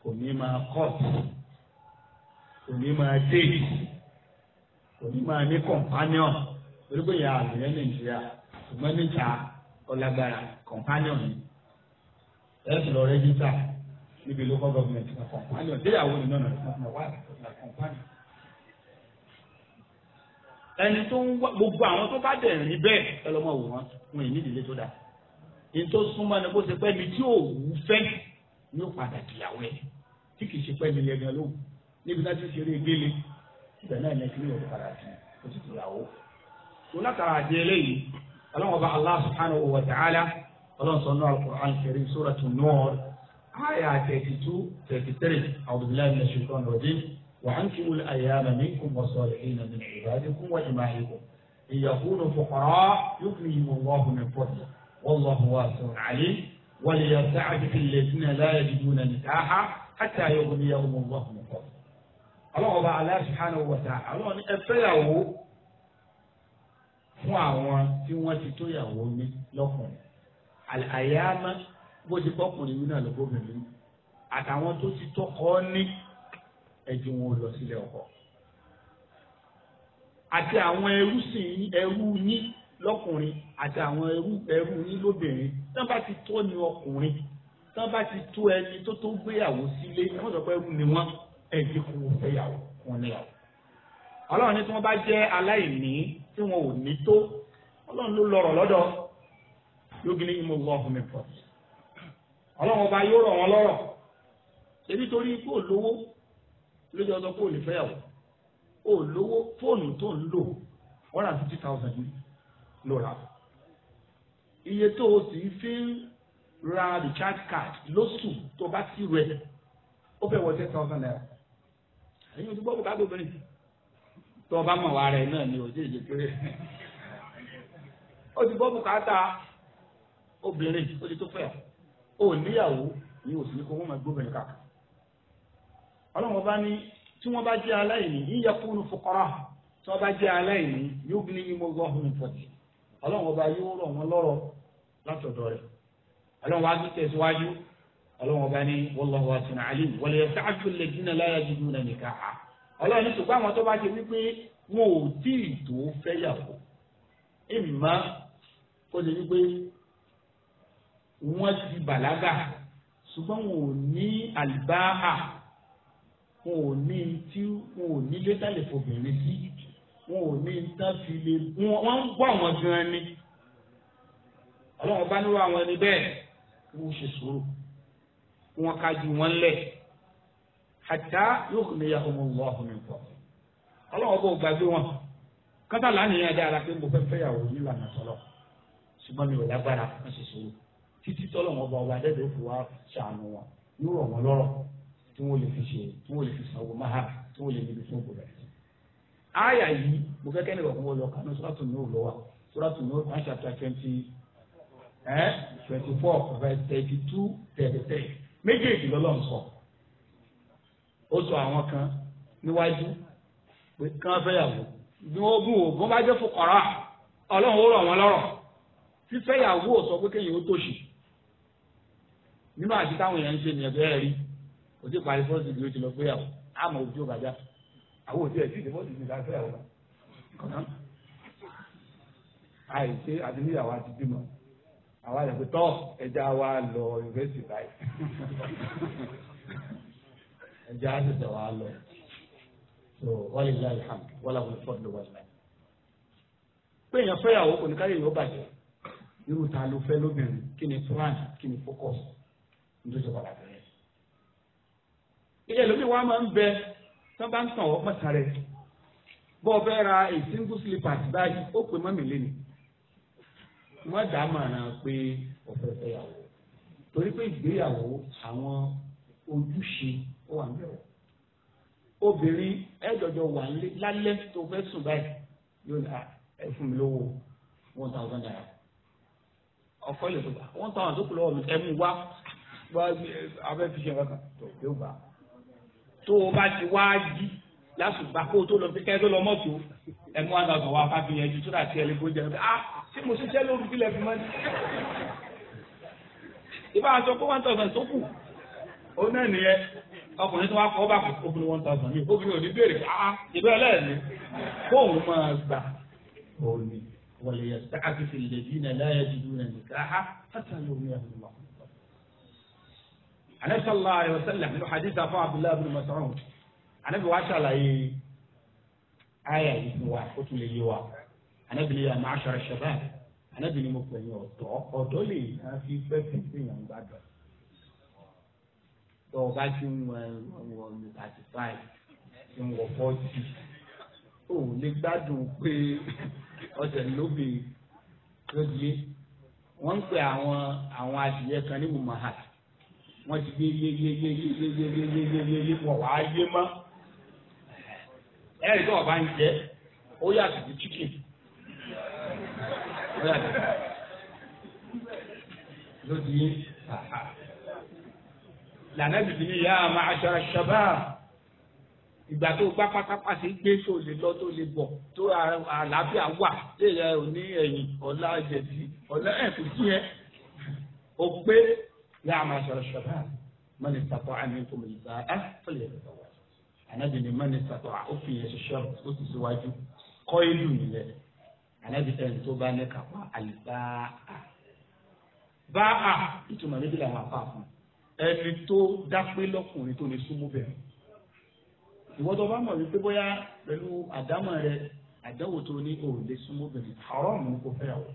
kò ní máa cut kò ní máa date kò ní máa ní companion torí pé ìyá àlùyẹ Nàìjíríà ṣùgbọ́n níta ọlágbára companion ni ẹ sì lọ rẹ́gísà níbi local government na kọ̀ǹpánì ọ̀dẹ́yàwó ni náà nà wà nà kọ̀ǹpánì. ẹni tó ń wá gbogbo àwọn tó bá dẹ̀ rí bẹ́ẹ̀ ẹ lọ́mọ wò wọ́n wọn ì ní ìdílé tó dáa ní tó súnmọ́ ni kó ṣe pẹ́ mi tí ò wú fẹ́ ní ó padà dìyàwó ẹ̀ tí kì í ṣe pẹ́ mi yẹn gan lóhùn níbi tá a ti ṣe eré gbélé ibẹ̀ náà ní ẹkíní ọ̀dọ̀ padà sí oṣù tìyàwó. tó látara àjẹ eléyìí ọlọ́wọ́n bá Allah subhanahu wa ta'ala ọlọ́run sọ náà Al-Qur'an Karim Suratu Nur àyà thirty two thirty three a'udhu billahi minash shaitanir rajim wa ankihu al-ayyama minkum was-salihina min ibadikum wa imaikum in yakunu fuqara yughnihimullahu min fadlihi wallahu wasi'un 'alim wa liyasta'fifa alladhina la yajiduna nikahan hatta yughniyahumullahu min fadlihi ọlọ́run ọba Allah subhanahu wa ta'ala ọlọ́run ní ẹfẹ́yàwó fún àwọn tí wọ́n ti tó yàwó ní lọ́kùnrin àyàmá bó ti kọkùnrin yìí náà lọ́gbọ́mìnrin àtàwọn tó ti tọkọ ní ẹjú wọn lọ sílẹ̀ ọkọ àti àwọn ẹrú sì ń ẹrú yín lọ́kùnrin àti àwọn ẹrú ẹrú yín lóbìnrin tán bá ti tọ́ ni ọkùnrin tán bá ti tó ẹni tó tó gbéyàwó sílé ni wọ́n sọ pé ẹrú ni wọ́n ẹ̀jẹ̀ kò fẹ́yàwó wọn níyàwó ọlọ́run ní tí wọ́n bá jẹ́ aláìní tí wọn ò ní tó ọlọ́run ló lọ́rọ̀ lọ́dọ̀ yógìnì ìmọ̀ ọ̀hún mi pọ̀ ọlọ́run ọba yóò rọ̀ wọ́n lọ́rọ̀ ṣebí torí kó o lówó lójú ọjọ́ kó o lè fẹ́yàwó o lówó fóònù tó ń lò one hundred fifty thousand ló rà iye tó o sì fi ń ra recharge card lóṣù tó bá ti rẹ̀ ó fẹ́ wọ ten thousand naira ẹ̀yin ojú gbọ́dọ̀ káàdó obìnrin tó o bá mọ̀ wá rẹ̀ náà ni o ti lè pé o ti gbọ́ bùkátà obìnrin ó lè tó fẹ́ ọ ò níyàwó ni ò sì ní kó wọ́n máa gbóbìnrin kàkà ọlọ́run bá ní tí wọ́n bá jẹ́ aláìní yíyá kúrú fukara tí wọ́n bá jẹ́ aláìní yóò gbé yín mọ́ lọ́hùn ìfọ̀tì ọlọ́run ọba yóò rọ̀ wọ́n lọ́rọ̀ látọ̀dọ̀ rẹ̀ ọlọ́run wá tún tẹ̀síwájú ọlọ́run ọba ní wallahu wasi'un alim wala yasta'fu alladhina la yajiduna nikaha ọlọ́run ní ṣùgbọ́n àwọn tó bá ti wípé wọn ò tí ì tó fẹ́yàwó ìmọ̀ ó ti wípé wọ́n ti bàlágà ṣùgbọ́n wọn ò ní àlìbáhà wọn ò ní tí wọn ò ní létàlẹ̀ fòbìnrin sí wọn ò ní táfìlẹ̀ wọn ń gbọ́ àwọn gan ni ọlọ́run bá níwọ̀ àwọn ẹni bẹ́ẹ̀ wọ́n ṣe sùúrù wọn ká ju wọn lẹ̀ hatta yughniyahumullahu min fadli ọlọ́run bó gbàgbé wọn kátàlá nìyẹn dára pé mo fẹ́ fẹ́yàwó nílànà tọ́lọ̀ ṣùgbọ́n mi ò lágbára wọ́n ṣe sùúrù títí tọ́lọ̀mọ́ bá wà dẹ́dẹ́ ó fi wá ṣàánú wọn yóò rọ̀ wọ́n lọ́rọ̀ tí wọ́n lè fi ṣe tí wọ́n lè fi sanwó máa tí wọ́n lè níbi tí wọ́n kò bẹ̀rẹ̀ yìí mo kẹ́kẹ́ ní ìwọ̀n wọlé ọ̀kan ní sọ́dọ̀tù ní òòlù wa sọ́dọ̀tù ní òòlù àṣà twenty twenty four verse thirty two thirty three méjèèjì lọ́lọ́run sọ ó sọ àwọn kan níwájú pé kán fẹ́yàwó bí wọ́n gún òògùn bá jẹ́ fòkọ̀rọ̀ ọlọ́run ó rọ̀ wọ́n lọ́rọ̀ fífẹ́yàwó sọ pé kéèyàn ó tòṣì nínú àti táwọn èèyàn ń ṣe nìyẹn bẹ́ẹ̀ rí kò sí parí fọ́ọ̀sì bí ó ti lọ gbéyàwó àmọ́ ojú òbàjá àwọn òbí ẹ̀ sì ti fọ́ọ̀sì ti ta gbéyàwó kọ̀nà àìṣe àti níyàwó àti bímọ àwa lè fi tọ́ ẹja wa lọ yunifásitì báyìí *laughs* ẹja á sì lọ so wàlẹ̀ ilé alhamdu wàlẹ̀ àwọn ìfọ̀dù wàlẹ̀ pé èèyàn fẹ́yàwó kò ní káyọ̀ yóò bàjẹ́ irú ta ló fẹ́ lóbìnrin kí ni plan kí ni focus nítorí ṣe pàtàkì rẹ̀. ilé ìlú mi máa ń bẹ tí bá ń tàn ọ́ pẹ̀sà bọ́ ọ fẹ́ ra a single slippers báyìí ó pè mọ́ mi lẹ́nu wọ́n dá màrán pé ọ̀fẹ́ fẹ́ yàwó torí pé ìgbéyàwó àwọn ojúṣe ó wà ń bẹ̀rẹ̀ obìnrin ẹ̀ẹ́dọ̀dọ̀ wà lálẹ́ tó fẹ́ sùn báyìí yóò ní ẹ fún mi lówó one thousand naira ọkọ ilé tó gbà one thousand tó kù lọ́wọ́ mi ẹ mú wá abẹ́ fi ṣe kankan tó yóò gbà. tó o bá ti wá jí lásùgbà kó o tó lọ sí kẹ́ẹ́ lọ mọ́tò ẹ̀mú wa gbàgbọ́ wa ká fi yẹn ju sódà ẹ lè kó ah ṣé mo ṣiṣẹ́ lórí kílẹ̀ fi máa ń. ìbá aṣọ kó one thousand tó kù ó náà nìyẹn ọkùnrin tó wá kọ́ bá kò obìnrin one thousand mi obìnrin ò ní béèrè ah ìbẹ́ lẹ́ẹ̀ni fóònù máa gbà òní wọ̀lẹ̀yẹ̀ sáà lè dín náà láyé dídú náà nìkan ah fásitì ló ń yà anabi sallallahu alayhi wa sallam nínú hadith afọ abdullahi bin mas'ud anabi wa ṣàlàyé aya yìí fún wa ó tún lè yé wa anabi lè yà ma'ashara shabab anabi ni mo pè ní ọ̀dọ́ ọ̀dọ́ lè yàn fi fẹ́ fi fi yàn gbàdọ̀ tó o bá ti ń wọ ẹwọ ní thirty five ti o ò lè gbádùn pé ọ̀sẹ̀ lóbì ló di àwọn àwọn adìyẹ kan ní wùmọ̀ hàt wọ́n ti yé yé yé yé yé yé yé yé yé yé yé yé wá yé mọ́. ẹ̀rí tó ọba ń jẹ ó yàtọ̀ sí chicken. ó yàtọ̀ lànà bìbí ni yá àmà àṣàrà ṣàbà ìgbà tó gbá pátápátá gbé tó lè lọ tó lè bọ̀ tó àlàáfíà wà lè rẹ òní ẹ̀yìn ọ̀la ìjẹ̀bí ọ̀la ẹ̀kú sí ẹ. o pé yá ma'ashara shabab man istata'a minkum al-ba'a falyatazawwaj ànábì ni man istata'a ó fi yẹn ṣiṣẹ́ ó ti síwájú kọ́ ìlú nílẹ̀ ànábì ẹni tó bá ní kápá al-ba'a báà ìtumọ̀ níbi làwọn afa fún ẹni tó dápé lọ́kùnrin tó lè súnmọ́ bẹ̀rẹ̀ ìwọ́n tó bá mọ̀ wípé bóyá pẹ̀lú àdámọ̀ rẹ àdánwò tó ní òòlé súnmọ́ bẹ̀rẹ̀ àrọ́ ọ̀mù kò fẹ́yàwó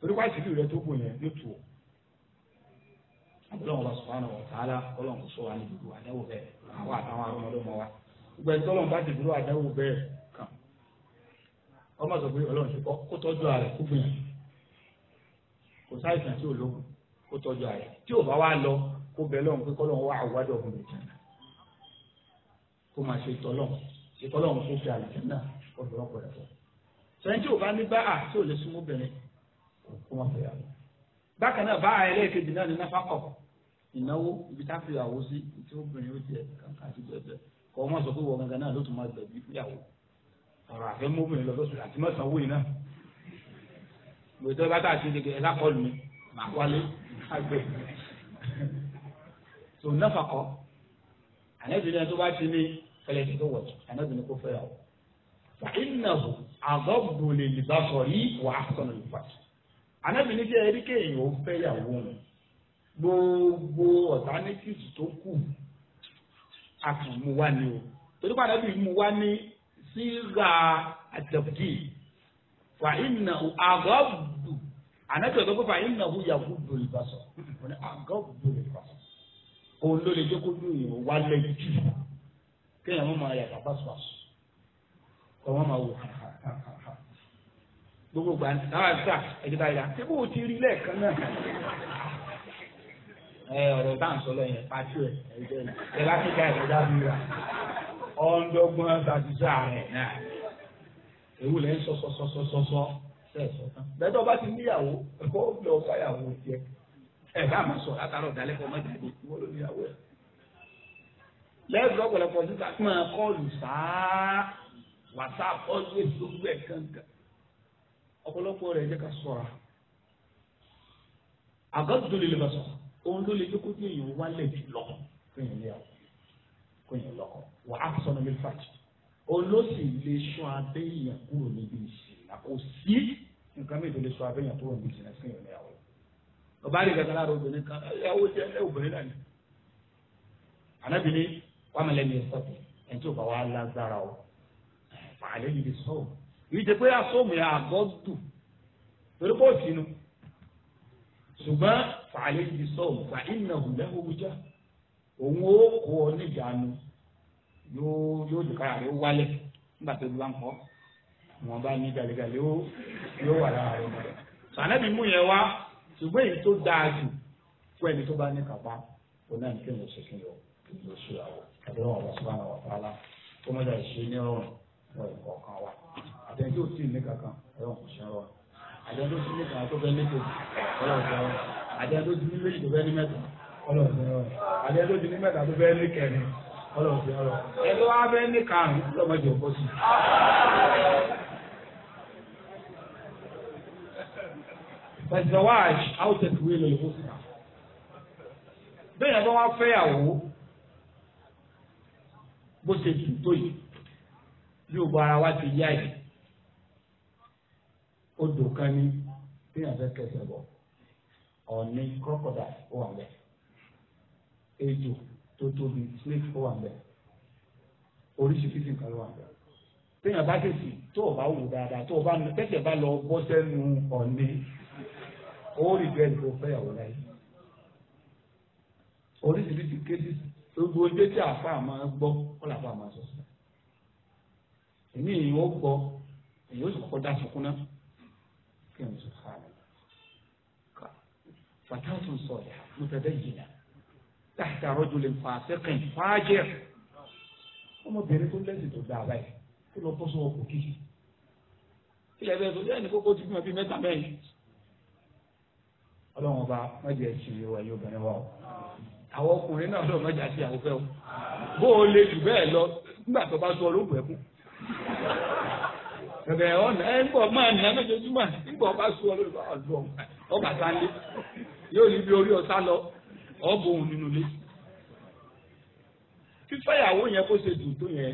torí wáyé tìlú rẹ tó bò yẹn ló tù ọ́ ọlọ́run bá sọ̀rọ̀ àwọn ọ̀tàlá ọlọ́run sọ wa níbi ìlú àdáwò bẹ́ẹ̀ àwọn àtàwọn arọmọdọ́mọ wa gbogbo ẹni tọ́lọ́run bá ti dúró àdáwò bẹ́ẹ̀ kàn ọmọ sọ pé ọlọ́run ti kọ́ kó tọ́jú ààrẹ kó gbìyànjú kò sáìsàn tí ò lókun kó tọ́jú ààrẹ tí ò bá wá lọ kó bẹ lọ́run pé kọ́lọ́run wá àwádọ́ ọ̀hún lè kó máa ṣe tọ́lọ́run ṣe tọ́lọ́run kó fi àlùjẹ́ náà ọ̀dọ́rọ̀ pẹ̀lẹ́pọ̀ sẹ́ńtì ò bá ní bá à tí ò lè súnmọ́ obìnrin kó má fẹ́ bákan náà bá ẹlẹ́ẹ̀kejì náà ní náfàkọ̀ ìnáwó ibi tá a fi àwo sí tí obìnrin ó jẹ kankan àti bẹ́ẹ̀ kọ́ wọ́n sọ pé wọ́n gangan náà ló tún máa gbẹ̀bí fúyàwó ọ̀rọ̀ àfẹ́ mọ́bìnrin lọ lọ́sọ̀rọ̀ àti mọ́sàn owó iná gbèdé bá tá a ṣe gẹ́gẹ́ ẹ lákọlù mi mà wálé àgbẹ̀ tó náfàkọ̀ ànẹ́bìnrin tó bá ti ní fẹlẹ́ ti tó wọ̀ ànẹ́bìnrin kó fẹ́yàwó fa innahu àgọ́bùnlélì bá sọ̀rí wà á sọ̀nà ìfàṣẹ ànábì ní kí ẹrí kéèyàn ó fẹ́yàwó òun gbogbo alternatives tó kù àkànmú wá ni o torí pé ànábì mú wá ní síra àtẹ̀kùdì wà ìnà àgọ́bù ànábì ọ̀dọ́ pé wà ìnà òyàwó lòlùbàṣọ àgọ́bù lòlùbàṣọ òun ló lè jẹ́ kó dùn ìhò wá lẹ́yìn jù kéèyàn mọ́ máa yàtọ̀ báṣubàṣu kọ́ wọ́n máa wò hàn hàn hàn gbogbo gbà náà sà ẹ̀jẹ̀ta ìdá ṣé bó o ti rí lẹ́ẹ̀kan náà. ẹ ọ̀rọ̀ tá à ń sọ lọ yẹn pàtó ẹ̀ ẹ bá ti ka ẹ̀ lọ́dá mi rà ọ̀ndọ́gbọ́n ṣàtúnṣe rẹ̀ náà. èwù lẹ́ ń sọ sọ sọ sọ sọ sọ sẹ́ sọ tán. bẹ́ẹ̀ tó bá ti níyàwó ẹ̀kọ́ lọ fáyàwó tiẹ̀ ẹ̀ bá máa sọ látàrọ̀ dálẹ́kọ̀ọ́ mọ́tàdé wọ́n ló níyàwó ẹ̀. lẹ́ẹ̀dọ́gbọ̀lọpọ̀ ọ̀pọ̀lọpọ̀ rẹ̀ jẹ́ ká sọ̀ra àgọ́dùdó lè lè bá sọ ohun tó lè jẹ́ kó déyìn wálẹ̀ jù lọ kéèyàn lé àwọn kéèyàn lọkọ wà á sọnù mi fàjì olóòsì lè sọ abẹ́yẹn kúrò níbi ìsìnà kò sí nǹkan mi tó lè sọ abẹ́yẹn kúrò níbi ìsìnà kéèyàn lé àwọn ọba rẹ̀ gàgà lára obìnrin kan ẹ̀yàwó jẹ́ ẹ̀ obìnrin náà ni anábìrin wàmẹ̀lẹ́ni ẹ̀sọ́ ẹ̀ tí ò bá wà á lágbára o fàálẹ́ yìí sọ̀rọ̀ kìí ṣe pé asọ́mù yà àgọ́dù torí pọ̀ sínú ṣùgbọ́n fààyè ti sọ̀mù fà ìnà òwúlẹ̀ òwújá òun ó kó ọ níjànú yóò yóò dùkọ́ àrẹ ó wálẹ̀ nígbà tó bá ń kọ́ wọn bá ní gàlégàlé ó yóò wà lára rẹ mọ́ sànẹ́bí mú yẹn wá ṣùgbọ́n èyí tó dáa jù fún ẹni tó bá ní ní oṣù oṣù wọn àwọn àtẹ̀jú òtí ní kankan ẹ̀rọ kò ṣe wa àtẹ̀jú òtí ní kankan tó fẹ́ ní kejì ọlọ́ ṣe wa àtẹ̀jú òtí ní méjì tó fẹ́ ní mẹ́ta ọlọ́ ṣe wa àtẹ̀jú òtí ní mẹ́ta tó fẹ́ ní kẹrin ọlọ́ ṣe wa ẹ̀rọ wa fẹ́ ní karùn-ún lọ́mọdé òkú sí. fẹsẹ̀wáàj áwùtẹ̀kùwé lè lọ́wọ́ sí i. bẹ́ẹ̀ ni wọ́n wá fẹ́yàwó bó ṣe tù tó yìí yóò bọ ara wa ti yá yìí odò kan ní bí àfẹ́ kẹsẹ̀ bọ̀ ọ̀ní kọ́kọ̀dà ó wà bẹ̀ ejò tó tóbi snake ó wà bẹ̀ oríṣiríṣi nǹkan ló wà bẹ̀ téèyàn bá tètè tó o bá wù dáadáa tó o bá tẹ̀sẹ̀ bá lọ bọ́ sẹ́nu ọ̀ní ó rí bẹ́ẹ̀ tó fẹ́yàwó láyé oríṣiríṣi kéde gbogbo ojú tí àfa máa gbọ́ kó làfa máa sọ sí i èmi ìyẹn ó gbọ́ èyí ó sì kọ́kọ́ dá sunkún náà. يعني سبحان الله فتاة صالحة متدينة تحت رجل فاسق فاجر ọmọbìnrin tó lẹ́sìn tó dáa báyìí tó lọ bọ́ sọ́wọ́ kò kí ilẹ̀ bẹ́ẹ̀ tó lẹ́yìn kókó ti bímọ bíi mẹ́ta mẹ́rin ọlọ́run ọba mẹ́jẹ ṣe wáyé obìnrin wa o àwọn ọkùnrin náà lọ́ọ́ mẹ́jẹ ṣe àwòfẹ́ o bó o lè jù bẹ́ẹ̀ lọ nígbà tó bá sọ ọlọ́ọ̀bù ẹ̀kú bẹ̀rẹ̀ ọ̀nà ẹ̀ ń bọ̀ máa nà lójoojúmọ́ nígbà ọba sùn ọ lórí ọ̀dọ̀ ọba sálé yóò ní bí orí ọ̀sá lọ ọ̀bùn òun nínú ilé. fífẹ́yàwó yẹn kó ṣe dùn tó yẹn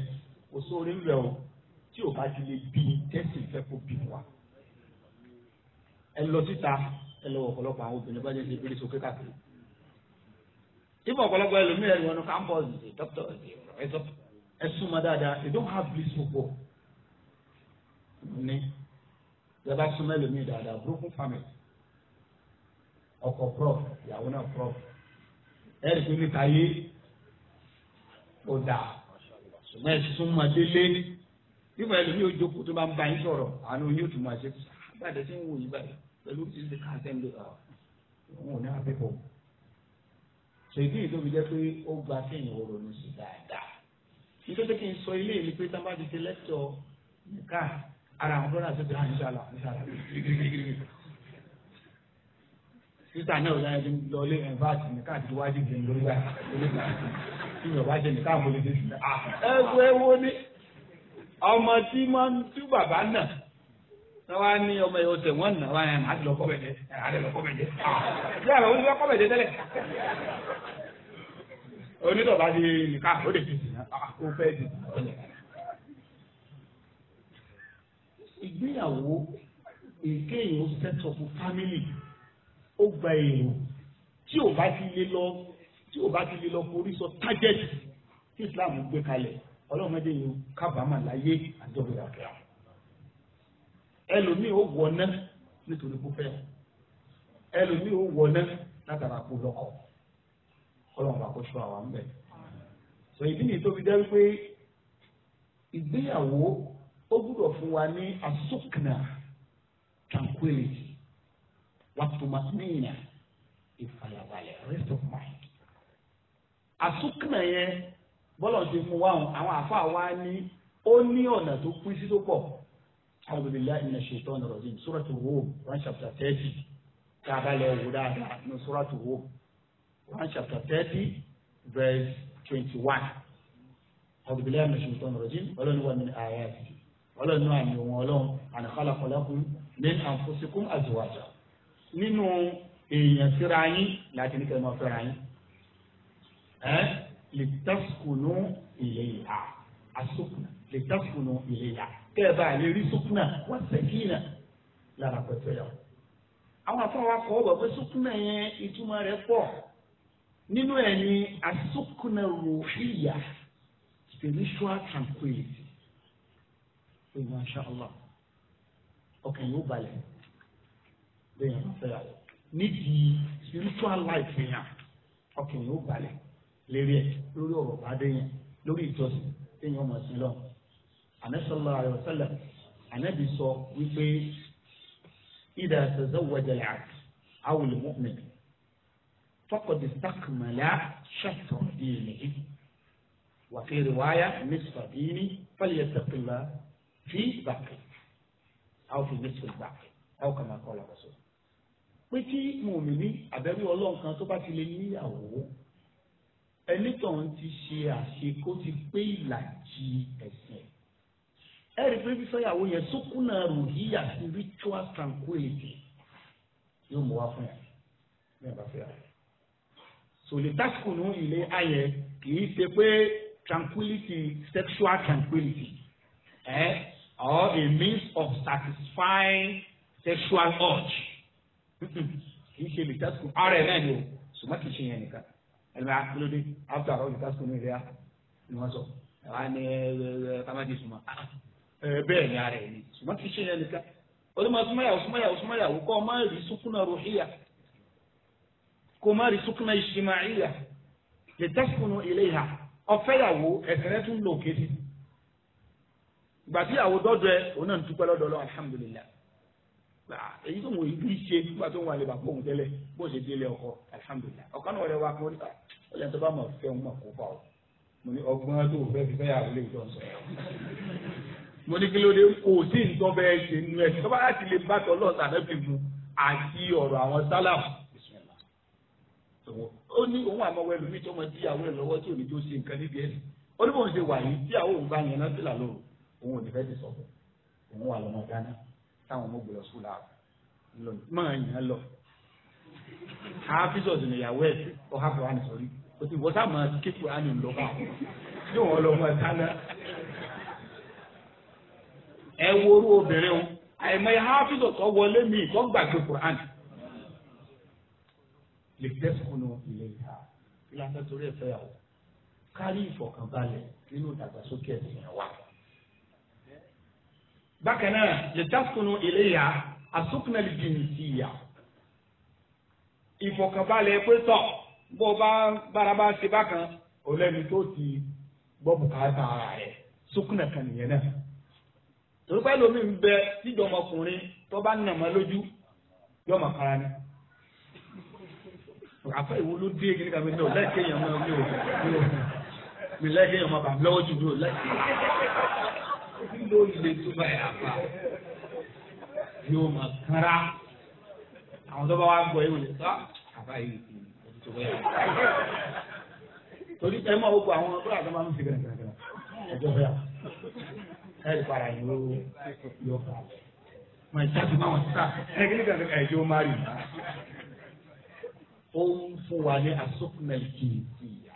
kò sórí ń bẹ̀ o tí ò bá ti lè bí tẹ́sí ìfẹ́ kó bí wa. ẹ lọ síta ẹ lọ ọ̀pọ̀lọpọ̀ àwọn obìnrin bá jẹ́ ṣe péré sókè káàkiri. ibà ọ̀pọ̀lọpọ̀ ẹlòmíràn ni wọn kà ń bọ̀ ẹ̀ ní yàrá súnmọ́ ẹlòmíì dáadáa broken family ọkọ prof ìyàwó náà prof ẹ̀rì tó níta yé ó dáa ṣùgbọ́n ẹ̀ súnmọ́ délé nígbà ẹlòmíì ó jókòó tó bá ń bá yín sọ̀rọ̀ àánú yóò tún máa ṣe bàdé tí ń wò yí báyìí pẹ̀lú tí ń ṣe káàtẹ́ ń lò ah, wọn ò ní àpẹ́pọ̀ ṣèdí ìdóbi jẹ́ pé ó gba kéèyàn ó ronú sí dáadáa nítorí kí n sọ ilé ìlú pé tá a bá ti ṣe lẹ́tọ̀ọ́ nìkan ara àwọn brọ́dà sọ́kè náà ìṣàlà ìṣàlà sísà náà ọ̀la ẹni lọlé ẹ̀fáàsì ní káàdì wájú ìgbìn lórí wa tí mi ò bá ṣe ní káàmù lè dé sí i. ẹwọ ẹwọ ni ọmọ tí máa ń tú bàbá náà náwa ní ọmọ yìí ọ̀sẹ̀ wọn náà wáyà máa eh, ah, ti lọ kọ́bẹ̀dẹ àdé lọ kọ́bẹ̀dẹ bí àbẹ̀ wọn ti fẹ́ kọ́bẹ̀dẹ tẹ́lẹ̀ onítọ̀ bá ti nìka ó lè dé dé sí i. ìgbéyàwó èkéyìn ó sẹ́tọ̀ fún fámìlì ó gba èrò tí ò bá ti lè lọ tí ò bá ti lè lọ forí sọ tájẹ́tì tí Islam gbé kalẹ̀ ọlọ́run mẹ́jẹ yìí kábàámà láyé àjọyọ̀ àkẹ́yà ẹlòmíì ó wọná nítorí kó fẹ́ ẹlòmíì ó wọná látara kó lọ́kọ̀ ọlọ́run bá kó sọ àwọn ń bẹ̀ sọ ìdí nìyí tó fi dẹ́rú pé ìgbéyàwó ó gbúdọ̀ fún wa ní asukna tranquility wàtúmọ̀tìmíìnà ìfàyàbalẹ̀ rest of mind. asukna yẹn bọ́lọ̀ ṣe fún wa àwọn àfa wa ní ó ní ọ̀nà tó pín sí tó pọ̀ a'udhu billahi minash shaitanir rajim suratu Rum one chapter thirty tá a bá lè wò dáadáa ní suratu Rum one chapter thirty verse twenty one a'udhu billahi minash shaitanir rajim ọlọ́ni wà ní àyà yìí ọlọ́run àmì òun ọlọ́run an khalaqa lakum min anfusikum azwaja nínú èèyàn síra yín láti ní kí ẹ máa fẹ́ra yín ẹ litaskunu ilayha asukuna litaskunu ilayha kẹ́ẹ̀bá lè rí sukuna wọ́n sẹ́kìnà lára pẹ̀tẹ́ yà àwọn afọwọ́kọ̀ ọ̀bọ̀ pé sukuna yẹn ìtumọ̀ rẹ̀ pọ̀ nínú ẹ̀ ní asukuna ruhiyya spiritual tranquility pé masha allah ọkàn yóò balẹ̀ bẹ́ẹ̀ yẹn fẹ́ yàrá nídìí spiritual life yẹn ọkàn yóò balẹ̀ lérí ẹ̀ lórí ọ̀rọ̀ bàdé yẹn lórí ìjọsìn téèyàn mọ̀ sí lọ anasala ayọ̀sẹ̀lẹ̀ anabi sọ wípé ìdá tazawwajal abd awul mu'min faqad istakmala shatra dinihi wa fi riwaya nisfa fi bàkì àwọn fi nísìkò bàkì àwọn kà máa kọ́ ọ́ lọ́kọ̀ọ́sọ. pé tí mòmìnì àbẹ̀rù ọlọ́run kan tó bá ti lè níyàwó ẹnìtàn ti ṣe àṣekó ti pé ìlàjì ẹ̀sìn ẹ̀ rí pé fífẹ́yàwó yẹn sókúnà ròhíyà sí ritual tranquility yóò mú wá fún yà ní ọba fẹ́ yà. sòlè tásìkò nù ilé ayẹ kì í ṣe pé tranquility sexual tranquility ẹ̀. Eh? or a means of satisfying sexual urge *laughs* kì í ṣe lè tẹ́sùkù ara ẹ̀ náà ni o ṣùgbọ́n kì í ṣe yẹn nìkan ẹni bá kí ló dé after all the tẹ́sùkù ní ìrẹ́à ni wọ́n sọ ẹ̀wá ni kámájì sùnmọ́ ah, bẹ́ẹ̀ ni ara ẹ̀ ni ṣùgbọ́n kì í ṣe yẹn nìkan olùmọ̀ súnmọ́yàwó súnmọ́yàwó súnmọ́yàwó kọ́ ọ má rí sukuna ruhiya kó o má rí sukuna ishimaiya lè tẹ́sùkù ní ilé ìhà ọ̀fẹ́yàwó ẹ̀sẹ̀ rẹ̀ tún lò kéde ìgbà tí ìyàwó dọ́dọ̀ ẹ òun náà ń dúpẹ́ lọ́dọ̀ Ọlọ́run alhamdulilah èyí tó ń wò yí bí ṣe nígbà tó ń wà lè bàbá òun tẹ́lẹ̀ bó ṣe délé ọkọ alhamdulilah ọkọ náà wọlé wa kó ní ọ ah, lẹ́yìn tó bá mọ̀ fẹ́ òun mọ̀ kó bá o mo ní ọgbọ́n tó fẹ́ fi fẹ́ yàwó lè jọ sọ mo ní kí ló dé kò sí nǹkan bẹ́ẹ̀ ṣe nu ẹ̀ tó bá láti lè bá tọ́lọ́ sàdẹ́bì mu òun ò ní fẹ́ ti sọ òun wà lọ́mọ dáná táwọn ọmọ gbọ́dọ̀ sùn láàbù ńlọrọ máa yàn án lọ àfíìsọ̀sì nìyàwó ẹ̀ ọ hàpọ̀ wà ní sọ̀rí o ti wọ́n sáà máa ké kúránì ńlọ bá wọn yóò wọ́n lọ mọ dáná ẹ wo orú obìnrin o àìmọ ẹ àfíìsọ̀sọ̀ wọlé mi ìtọ́ gbàgbé kúránì lè dẹ́kun ilé ìhà kí lásán torí ẹ̀ fẹ́ yàwó kárí ìfọ̀kànbalẹ̀ nínú ìdàgbàsókè ẹ̀sìn wa bákan náà yẹtàkùnú ìléyà àsùnkùnà lìjìnì sí ìyà ìfọ̀kànbalẹ̀ pé tọ bó bá bárabá ṣe bákan ọlẹni tó ti gbọ́ bùkátà ara rẹ̀ sùkùnà kan nìyẹn náà torí pé lómi ń bẹ tíjọ ọmọkùnrin tó bá nàmọ lójú yóò kára ni àfa ìwo ló dé kí ni kàmi ní o láì kéèyàn mọ mi ò mi ò mi láì bàbá lọ́wọ́ jù mi ò láì kí ló lè tó báyìí àbá yóò máa kára àwọn tó bá wá gbọ́ yóò lè sọ ah, àbá yìí kì í tó báyìí àbá torí ẹ máa wọ́pọ̀ àwọn ọlọ́run àti máa ń fi bẹ̀rẹ̀ bẹ̀rẹ̀ ẹjọ́ bẹ́ẹ̀ ẹ̀rì para yìí ó yọ fà mọ̀ ẹ̀ jáde máa wọ̀ sí sáà ẹ̀ kí ní kàkà máa rì náà ó ń fún wa ní asọ́kùnrin kìí sí ìyá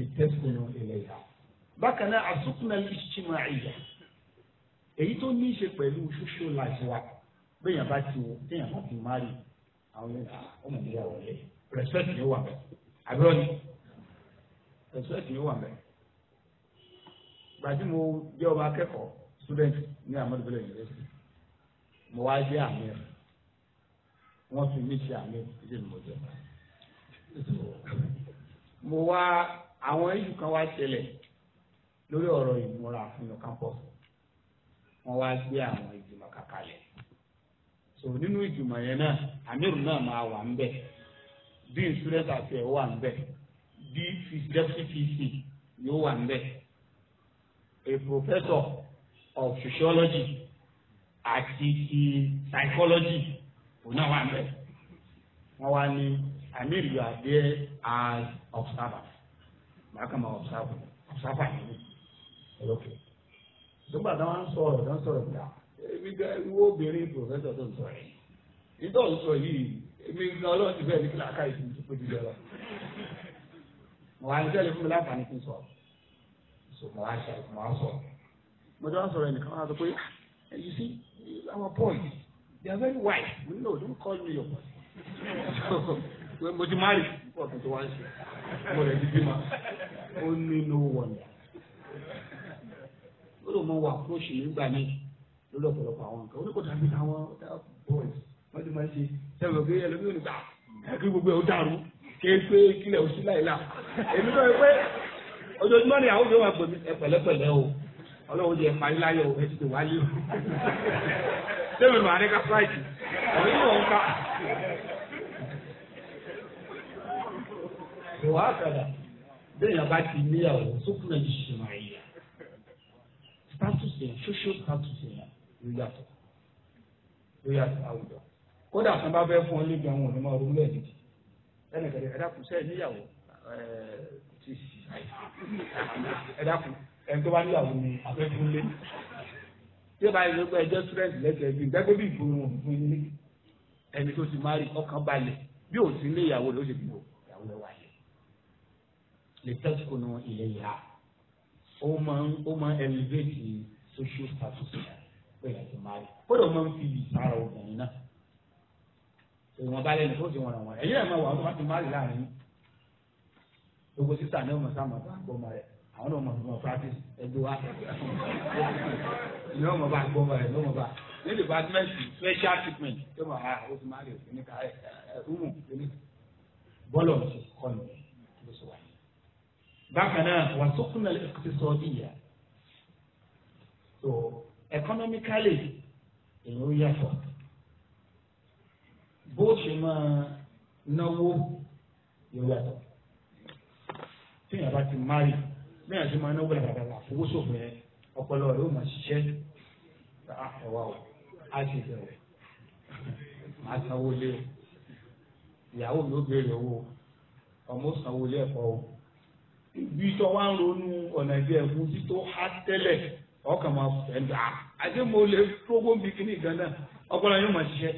ìtẹ́sùn ilẹ̀ yàrá bákan náà àsùnkùnà ìṣìṣìmọ̀ àìyà èyí tó ní í ṣe pẹ̀lú ṣoṣo láti wa béèyàn bá ti wọ téèyàn bá ti má rí àwọn ọmọ ìyá wọlé respect ni ó wà bẹ́ẹ̀ àbúrò ni respect ni ó wà bẹ́ẹ̀ gbàdí mo jẹ́ ọba akẹ́kọ̀ọ́ student ní Ahmadu Bello University mo wá jẹ́ amir wọ́n fi mí ṣe amir ṣe ni mo jẹ́ mo wá àwọn iṣu kan wá ṣẹlẹ̀ lórí ọ̀rọ̀ ìmúra àfihàn campus wọ́n wá gbé àwọn ìgbìmọ̀ kàkàlẹ̀ so nínú ìgbìmọ̀ yẹn náà amírù náà máa wà ńbẹ̀ bí student affairs wà ńbẹ̀ bí deputy pc yóò wà ńbẹ̀ a professor of sociology àti ti psychology òun náà wà ńbẹ̀ wọ́n wá ní amírù yóò adé as observer bákan máa observe. observer yìí nígbà táwọn ń sọ̀rọ̀ tó ń sọ̀rọ̀ gbà èmi gá wo obìnrin pòfẹ́sọ̀ tó ń sọ yìí nítorí òun sọ yìí èmi gan ọlọ́run ti bẹ́ẹ̀ ní kílà ká ìsìn tó péjú lọ́wọ́ mo wá ní tẹ́lẹ̀ fún mi láǹfààní kí n sọ̀rọ̀ so mo wá ṣe mo wá sọ̀rọ̀ mo jọ wá sọ̀rọ̀ ẹnìkan wá sọ pé ah, you see our boy they are very wise we know don't call me your boy mo ti máa rí pọ̀ tó wá ń ṣe mo rẹ̀ ti bímọ ó ní no wonder ó lè mọ wà fúróṣì nígbà náà lórí ọ̀pọ̀lọpọ̀ àwọn nǹkan oníkọ̀tà ní àwọn boys wọ́n ti máa ṣe sẹ́wọ̀n ọ̀gẹ́ ẹlẹ́bí ò ní gbà kí gbogbo ẹ̀ ó dàrú kí é pé kílẹ̀ ó sí láìla èmi náà pé ojoojúmọ́ ni àwọn yóò máa gbèmí ẹ pẹ̀lẹ́pẹ̀lẹ́ o ọlọ́run jẹ́ parí láyọ̀ ẹ ti tè wálé o sẹ́wọ̀n màá ní ká fúráìtì ọ̀rẹ́ yóò ń ká ìwà àkàdà bẹ́ẹ̀ yàrá ti níyàwó status yẹn social status yẹn ló yàtọ̀ ló yàtọ̀ àwùjọ kódà tí wọn bá fẹ́ fún ọ níbi àwọn òní máa ronú ẹ̀dì ẹnìkẹ̀dẹ̀ ẹ̀dá kù sẹ́yìn níyàwó eh, ẹ̀dá kù ẹni tó bá níyàwó ni abẹ́fúnlé tí ó bá yẹ pé ẹjọ́ student lẹ́sẹ̀ bíi gbẹ́gbẹ́ bíi ìgboro wọn fún ilé ẹni tó ti máa rí ọkàn balẹ̀ bí òsínlé ìyàwó ló ṣe bí ìyàwó lẹ́wà ó máa ń ó máa ń elevate social status rẹ̀ pé ẹ̀ ti máa rí kódà ó máa ń fi ìsára obìnrin náà ìwọ̀n bá lẹ́nu tó ti wọ̀n wọ̀n ẹ̀yìn ẹ̀ máa wà wọ́n bá ti máa rí láàrin gbogbo sísà náà mọ̀ sá mọ̀ bá gbọ́ ọmọ rẹ̀ àwọn náà mọ̀ mọ̀ practice ẹgbẹ́ wa ìyọ́n mọ̀ bá gbọ́ ọmọ rẹ̀ ló mọ̀ bá ní department special treatment tó mọ̀ ha ó ti máa rí òfin ní ká ẹ̀ ẹ̀ ẹ̀ bọ́ọ̀lù ọ̀sẹ̀ kọ́ni bákan náà wà sókùnà ìkọsọdíyà so economically èèyàn ó yàtọ̀ bó ṣe máa náwó yóò yàtọ̀ tí èèyàn bá ti márì bí èèyàn ṣe máa náwó làbàdàbà fowóṣòfò yẹn ọpọlọ rẹ ó máa ṣiṣẹ́ ah, ẹwà o á ti bẹ̀rẹ̀ máa sanwó lé ìyàwó mi ó béèrè owó ọmọ ó sanwó lé ẹ̀kọ́ o bí tọ́ wá ń ronú ọ̀nà ìbí ẹ̀kú tí tó há tẹ́lẹ̀ ọkàn máa fẹ́ dà àti mo lè rógbó bí kíní gan náà ọpọlọ yóò máa ṣiṣẹ́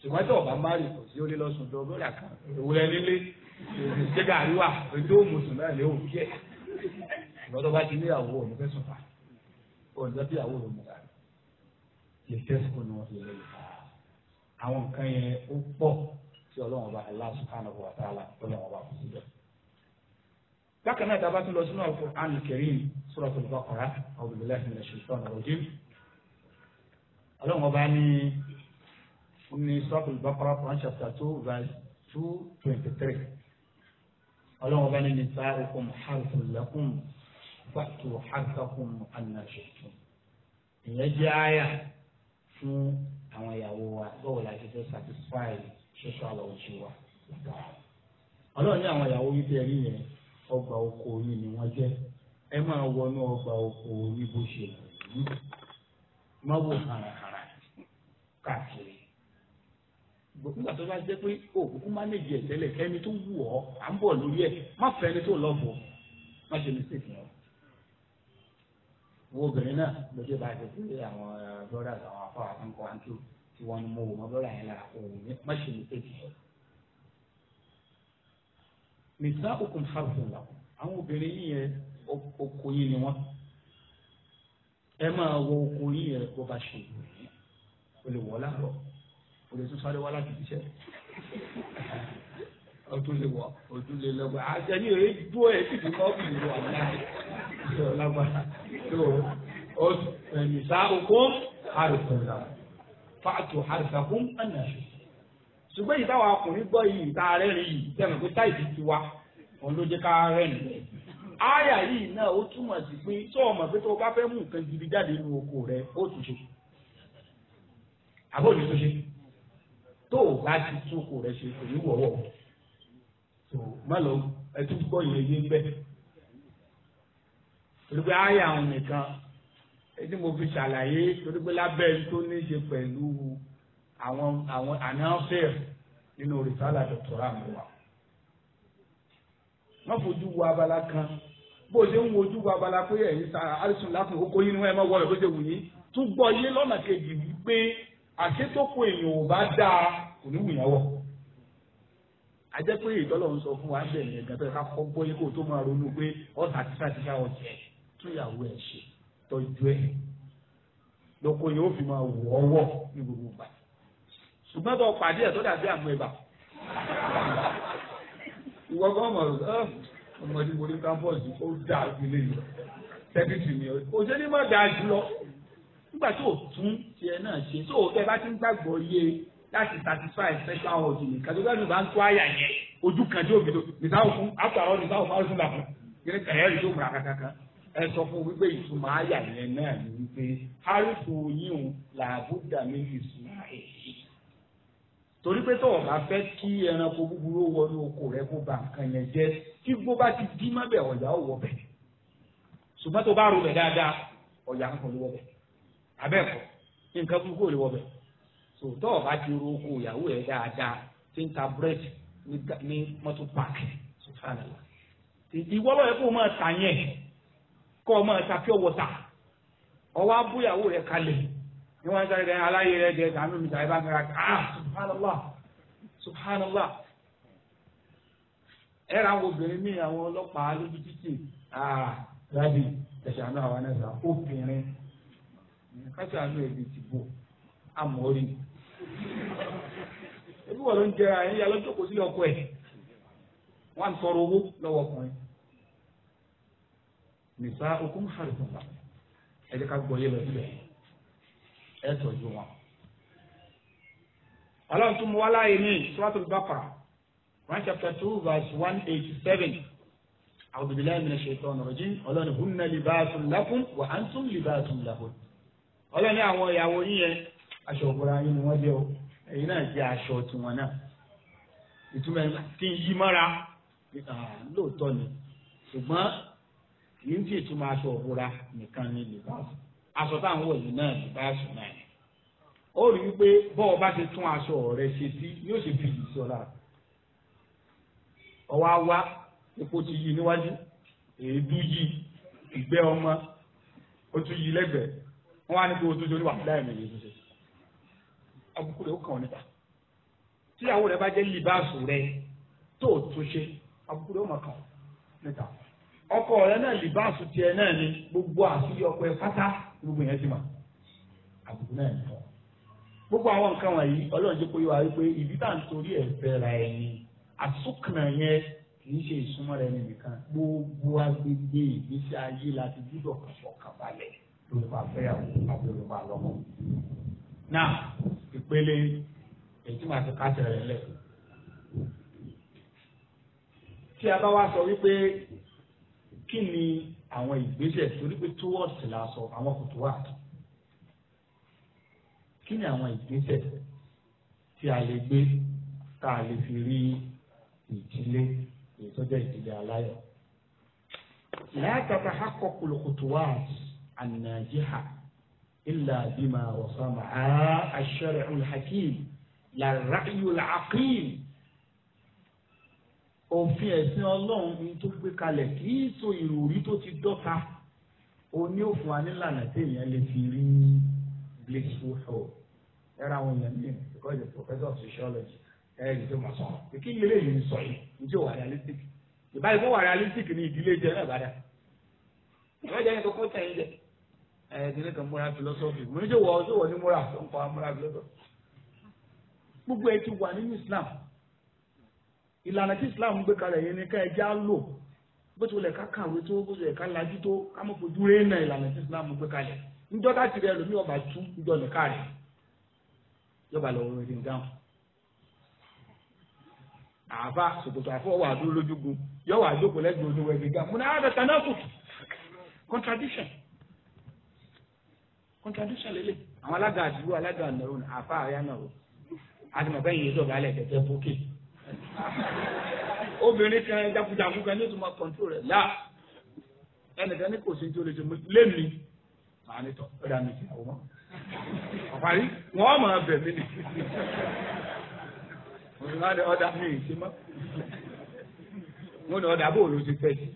ṣùgbọ́n tí ọba má rí kò sí ó lé lọ́sùn tó lọ́dà kan ìwúrẹ́ nílé ṣẹ́gà àríwá ètò òmùsùn náà lé òkè ẹ̀ ìgbọ́n tó bá ti ní ìyàwó òun fẹ́ sùn fà òun tó ìyàwó òun mú dàrú lè tẹ́sùkù wọ́n fi lè fà àwọn nǹkan yẹn ó pọ̀ tí ọlọ́run ọba Allah subhanahu wa ọlọ́run ọba kò sí bẹ́ẹ̀ bákan náà dábàá tún lọ sínú Al-Qur'an Al-Karim Suratul Baqara A'udhu billahi minash shaitanir rajim ọlọ́run ọba ní ní Suratul Baqara Quran chapter two verse two twenty three ọlọ́run ọba ní nisa'ukum harthun lakum fa'tu harthakum anna shi'tum ìyẹn jẹ́ àyà fún àwọn ìyàwó wa bọ́wọ́ la ṣe satisfy ṣẹ́ṣọ́ àlọ́ òjì wa ọlọ́run ní àwọn ìyàwó wípé ẹ̀rí yẹn ọgbà oko yín ni wọ́n jẹ́ ẹ máa wọnú ọgbà oko yín bó ṣe wù yín má wò hàràhàrà káàkiri nígbà tó bá jẹ́ pé òkùnkùn máa lè jẹ tẹ́lẹ̀ ẹni tó wù ọ́ à ń bọ̀ lórí ẹ̀ má fẹ́ ẹni tó lọ bọ̀ má ṣe mistake yẹn wo obìnrin náà lójú bá ṣe pé àwọn uh, brothers àwọn afọ àtúnkọ àńkì tí wọ́n mú wọn broda yẹn lára òun má ṣe mistake yẹn nìsa okùn harfùlà àwọn obìnrin yìí yẹn oko yìí ni wọn ẹ máa wọ oko yìí yẹn bó bá ṣe o lè wọ láàárọ̀ o lè tún sáré wá láti fiṣẹ o tún lè wọ o tún lè lọgbà àjẹní rẹ dúró ẹ sì fi mọ bìí wọ láti ṣe ọlágbà tó o nìsa okùn harfùlà fàtó harfàkùn ànàṣe ṣùgbọ́n èyí táwọn ọkùnrin gbọ́ yìí tá a rẹ́rìn yìí sẹ́nu pé táìsì ti wá òun ló jẹ́ ká rẹ́rìn rẹ̀. áyà yìí náà ó túmọ̀ sí pé tó o pé tó o bá fẹ́ mú nǹkan gidi jáde nínú oko rẹ ó tún ṣe àbó òtún ṣe tó o bá ti tún oko rẹ ṣe èyí wọ̀wọ̀ tó má lọ ẹtú gbọ́ yìí yé bẹ́ẹ̀ torí pé áyà òun nìkan ẹni mo fi ṣàlàyé torí pé lábẹ́ ẹni tó ní àwọn àwọn ànáfẹ́ẹ̀ nínú rìsálà dọ̀tọ̀rà mi wà. wọ́n fojú wo abala kan bó ṣe ń wojú wo abala pé ẹ̀yin sara alison lákùn kókó yín ni wọ́n ẹ máa wọ ẹ̀ bó ṣe wù yín tún gbọ́ yé lọ́nà kejì wípé àṣetókò èèyàn ò bá dáa kò ní wù yẹn wọ̀. a jẹ́ pé ìdọ́lọ̀ ń sọ fún wa bẹ́ẹ̀ yẹn gàtọ́ ká kọ́ gbọ́ yé kó tó máa ronú pé ọ̀tà tíṣà tíṣà ọ̀jẹ̀ túyàwó ẹ̀ ṣe tọ́jú ẹ̀ lọ́kọ̀ yẹn ó fi máa wọ̀ ọ́wọ́ ní gbogbo gbà ṣùgbọ́n bọ́ pàdé ẹ̀ tó dàbí àmú ẹ̀bà ìwọ gbọ́ mọ̀ ọmọdé mo ní kámpọ́ọ̀sì ó dà ilé yìí sẹ́kítì mi ò ṣe ní má dà jù lọ nígbà tí ò tún tiẹ̀ náà ṣe tó ẹ bá ti ń gbàgbọ́ yé láti satisfy special hall yìí kàdé bá mi bá ń tó àyà yẹn ojú kan tí òbí tó nìsáwó fún àpàrọ̀ nìsáwò fún àrùn sílà fún ẹ̀ẹ́rì tó múra kankan ẹ sọ fún wípé ìtumọ̀ àyà yẹn náà ni wípé harifu yíyún làbúdà mi ìsúná èyí torí pé tó o bá fẹ́ kí ẹranko búburú wọnú oko rẹ kó ba nǹkan jẹ tí gbogbo ti dín má ọ̀yà ò wọ bẹ̀ ṣùgbọ́n tó bá ro bẹ̀ dáadáa ọ̀yà ló wọ nǹkan ò lè wọ tó o bá ti ro oko ìyàwó rẹ dáadáa ń ta búrẹ́dì ní mọ́tò ìwọ́ kó o rẹ kalẹ̀ ni wọ́n ń sáré subhana allah subhana allah ẹ ra àwọn obìnrin míì àwọn ọlọ́pàá lójú títì dáàbì ẹ̀ṣánú àwọn ẹ̀ṣá obìnrin ẹ̀bí ti bò amọ̀ọ́rì ebi wọ́n ló ń jẹra ẹ̀yìn yà lọ́jọ́ kò sí ọkọ ẹ̀ wọ́n á owó lọ́wọ́ ọkùnrin nìsa ká gbọ́ ọlọ́run tún mú wá láàyè ní suratul Baqara one chapter two verse one eighty seven a'udhu billahi minash shaitani rajim ọlọ́run hunna libasun lakum wa antum libasun lahun ọlọ́run àwọn ìyàwó yín yẹn aṣọ òbúra yín ni o èyí náà jẹ́ aṣọ tiwọn náà ìtumọ̀ ẹ̀ kí n lóòótọ́ ni ṣùgbọ́n kì í ti ìtumọ̀ aṣọ òbúra nìkan ni libasun aṣọ táwọn wọ̀nyí náà libasun náà ó rí wípé bọ́ọ̀ bá ṣe tún aṣọ rẹ̀ ṣe sí yóò ṣe fi ìṣọ́ la ọwọ́ awa epo ti yí níwájú èédú yí ìgbẹ́ ọmọ ó tún yí lẹ́gbẹ̀ẹ́ wọ́n á ní kó o tún ṣe oníwà fúláì mi yìí tún ṣe àbùkù rẹ̀ ó kàn ọ́ níta rẹ̀ bá jẹ́ rẹ̀ o tún ṣe rẹ̀ ó mọ̀ kàn ọ́ níta ọkọ rẹ̀ náà tiẹ̀ náà ni gbogbo àṣírí ọkọ ẹ̀ pátá gbogbo yẹn ti mọ̀ náà gbogbo àwọn nǹkan wọ̀nyí ọlọ́run jẹ́ kó yé wa wípé ìdí tá à ń torí ẹ̀ fẹ́ra ẹni àsùnkànnà yẹn kì í ṣe ìsúnmọ́ rẹ nìkan gbogbo agbègbè ìgbésí ayé láti gbúdọ̀ kọ̀ọ̀kan balẹ̀ lórúkọ afẹ́yàwó àti lórúkọ àlọ́mọ. náà ìpele èyí màá ti kásẹ̀ rẹ̀ lẹ̀. tí a bá wá sọ wípé kí ni àwọn ìgbésẹ̀ torí pé towards la sọ àwọn kòtò wà tó kí ni àwọn ìgbésẹ̀ tí a lè gbé tá a lè fi rí ìdílé èyí tó jẹ́ ìdílé aláyọ̀. látàtà hakọ̀ kùlùkùtùwà ànàjíhà ilà bímà ọ̀sánmà àṣẹrẹ̀ olùhàkìm làràyò làákìm. òfin ẹ̀sìn ọlọ́run ní tó gbé kalẹ̀ kì so ìròrí tó ti dọ́ta oní òfin wa nílànà tí lè fi rí i. blissful hope era àwọn èèyàn míì because the professor of sociology ẹ̀rì tó mọ̀ sọ̀rọ̀ pé kí yìí sọ yìí wà realistic ìbáyìí fún wà realistic ni ìdílé jẹ náà bàdà ìwé jẹ́ jẹ kan philosophy mo tó ń kọ philosophy gbogbo ẹ ti wà nínú Islam ìlànà tí Islam gbé kalẹ̀ yẹn ni ká ẹ já lò bó ti wọlé ká kàwé tó bó ti wọlé ká lajú tó Islam gbé kalẹ̀ njọ́ láti rẹ lómi ọba tú njọ́ nìka rẹ̀ yọba lọ wọ́n rìn dáhùn àbá sòkòtò àfọwọ́ àdúró lójúgun yọwọ́ àjókòó lẹ́gbẹ̀ẹ́ oníwọ̀ ẹ̀gbẹ́ dáhùn mo ní àwọn àdàtà náà kù contradiction contradiction lélẹ̀ àwọn alága àdúgbò alága ànáwó àfa àyà náà o àdìmọ̀ bẹ́ẹ̀ yìí sọ̀rọ̀ alẹ́ kẹ̀kẹ́ bókè obìnrin kan jagunjagun kan ní o tún máa control rẹ̀ láà ẹnìkan ní kò sí ní tí o lè ṣe lémi màá ní tọ́ ó dá mi sí àwọn ọmọ ọ̀parí wọ́n máa bẹ̀ mí ni mo ní láti ọ̀dà mi ì sí mọ́ mo ní ọ̀dà bó ló ti fẹ́ sí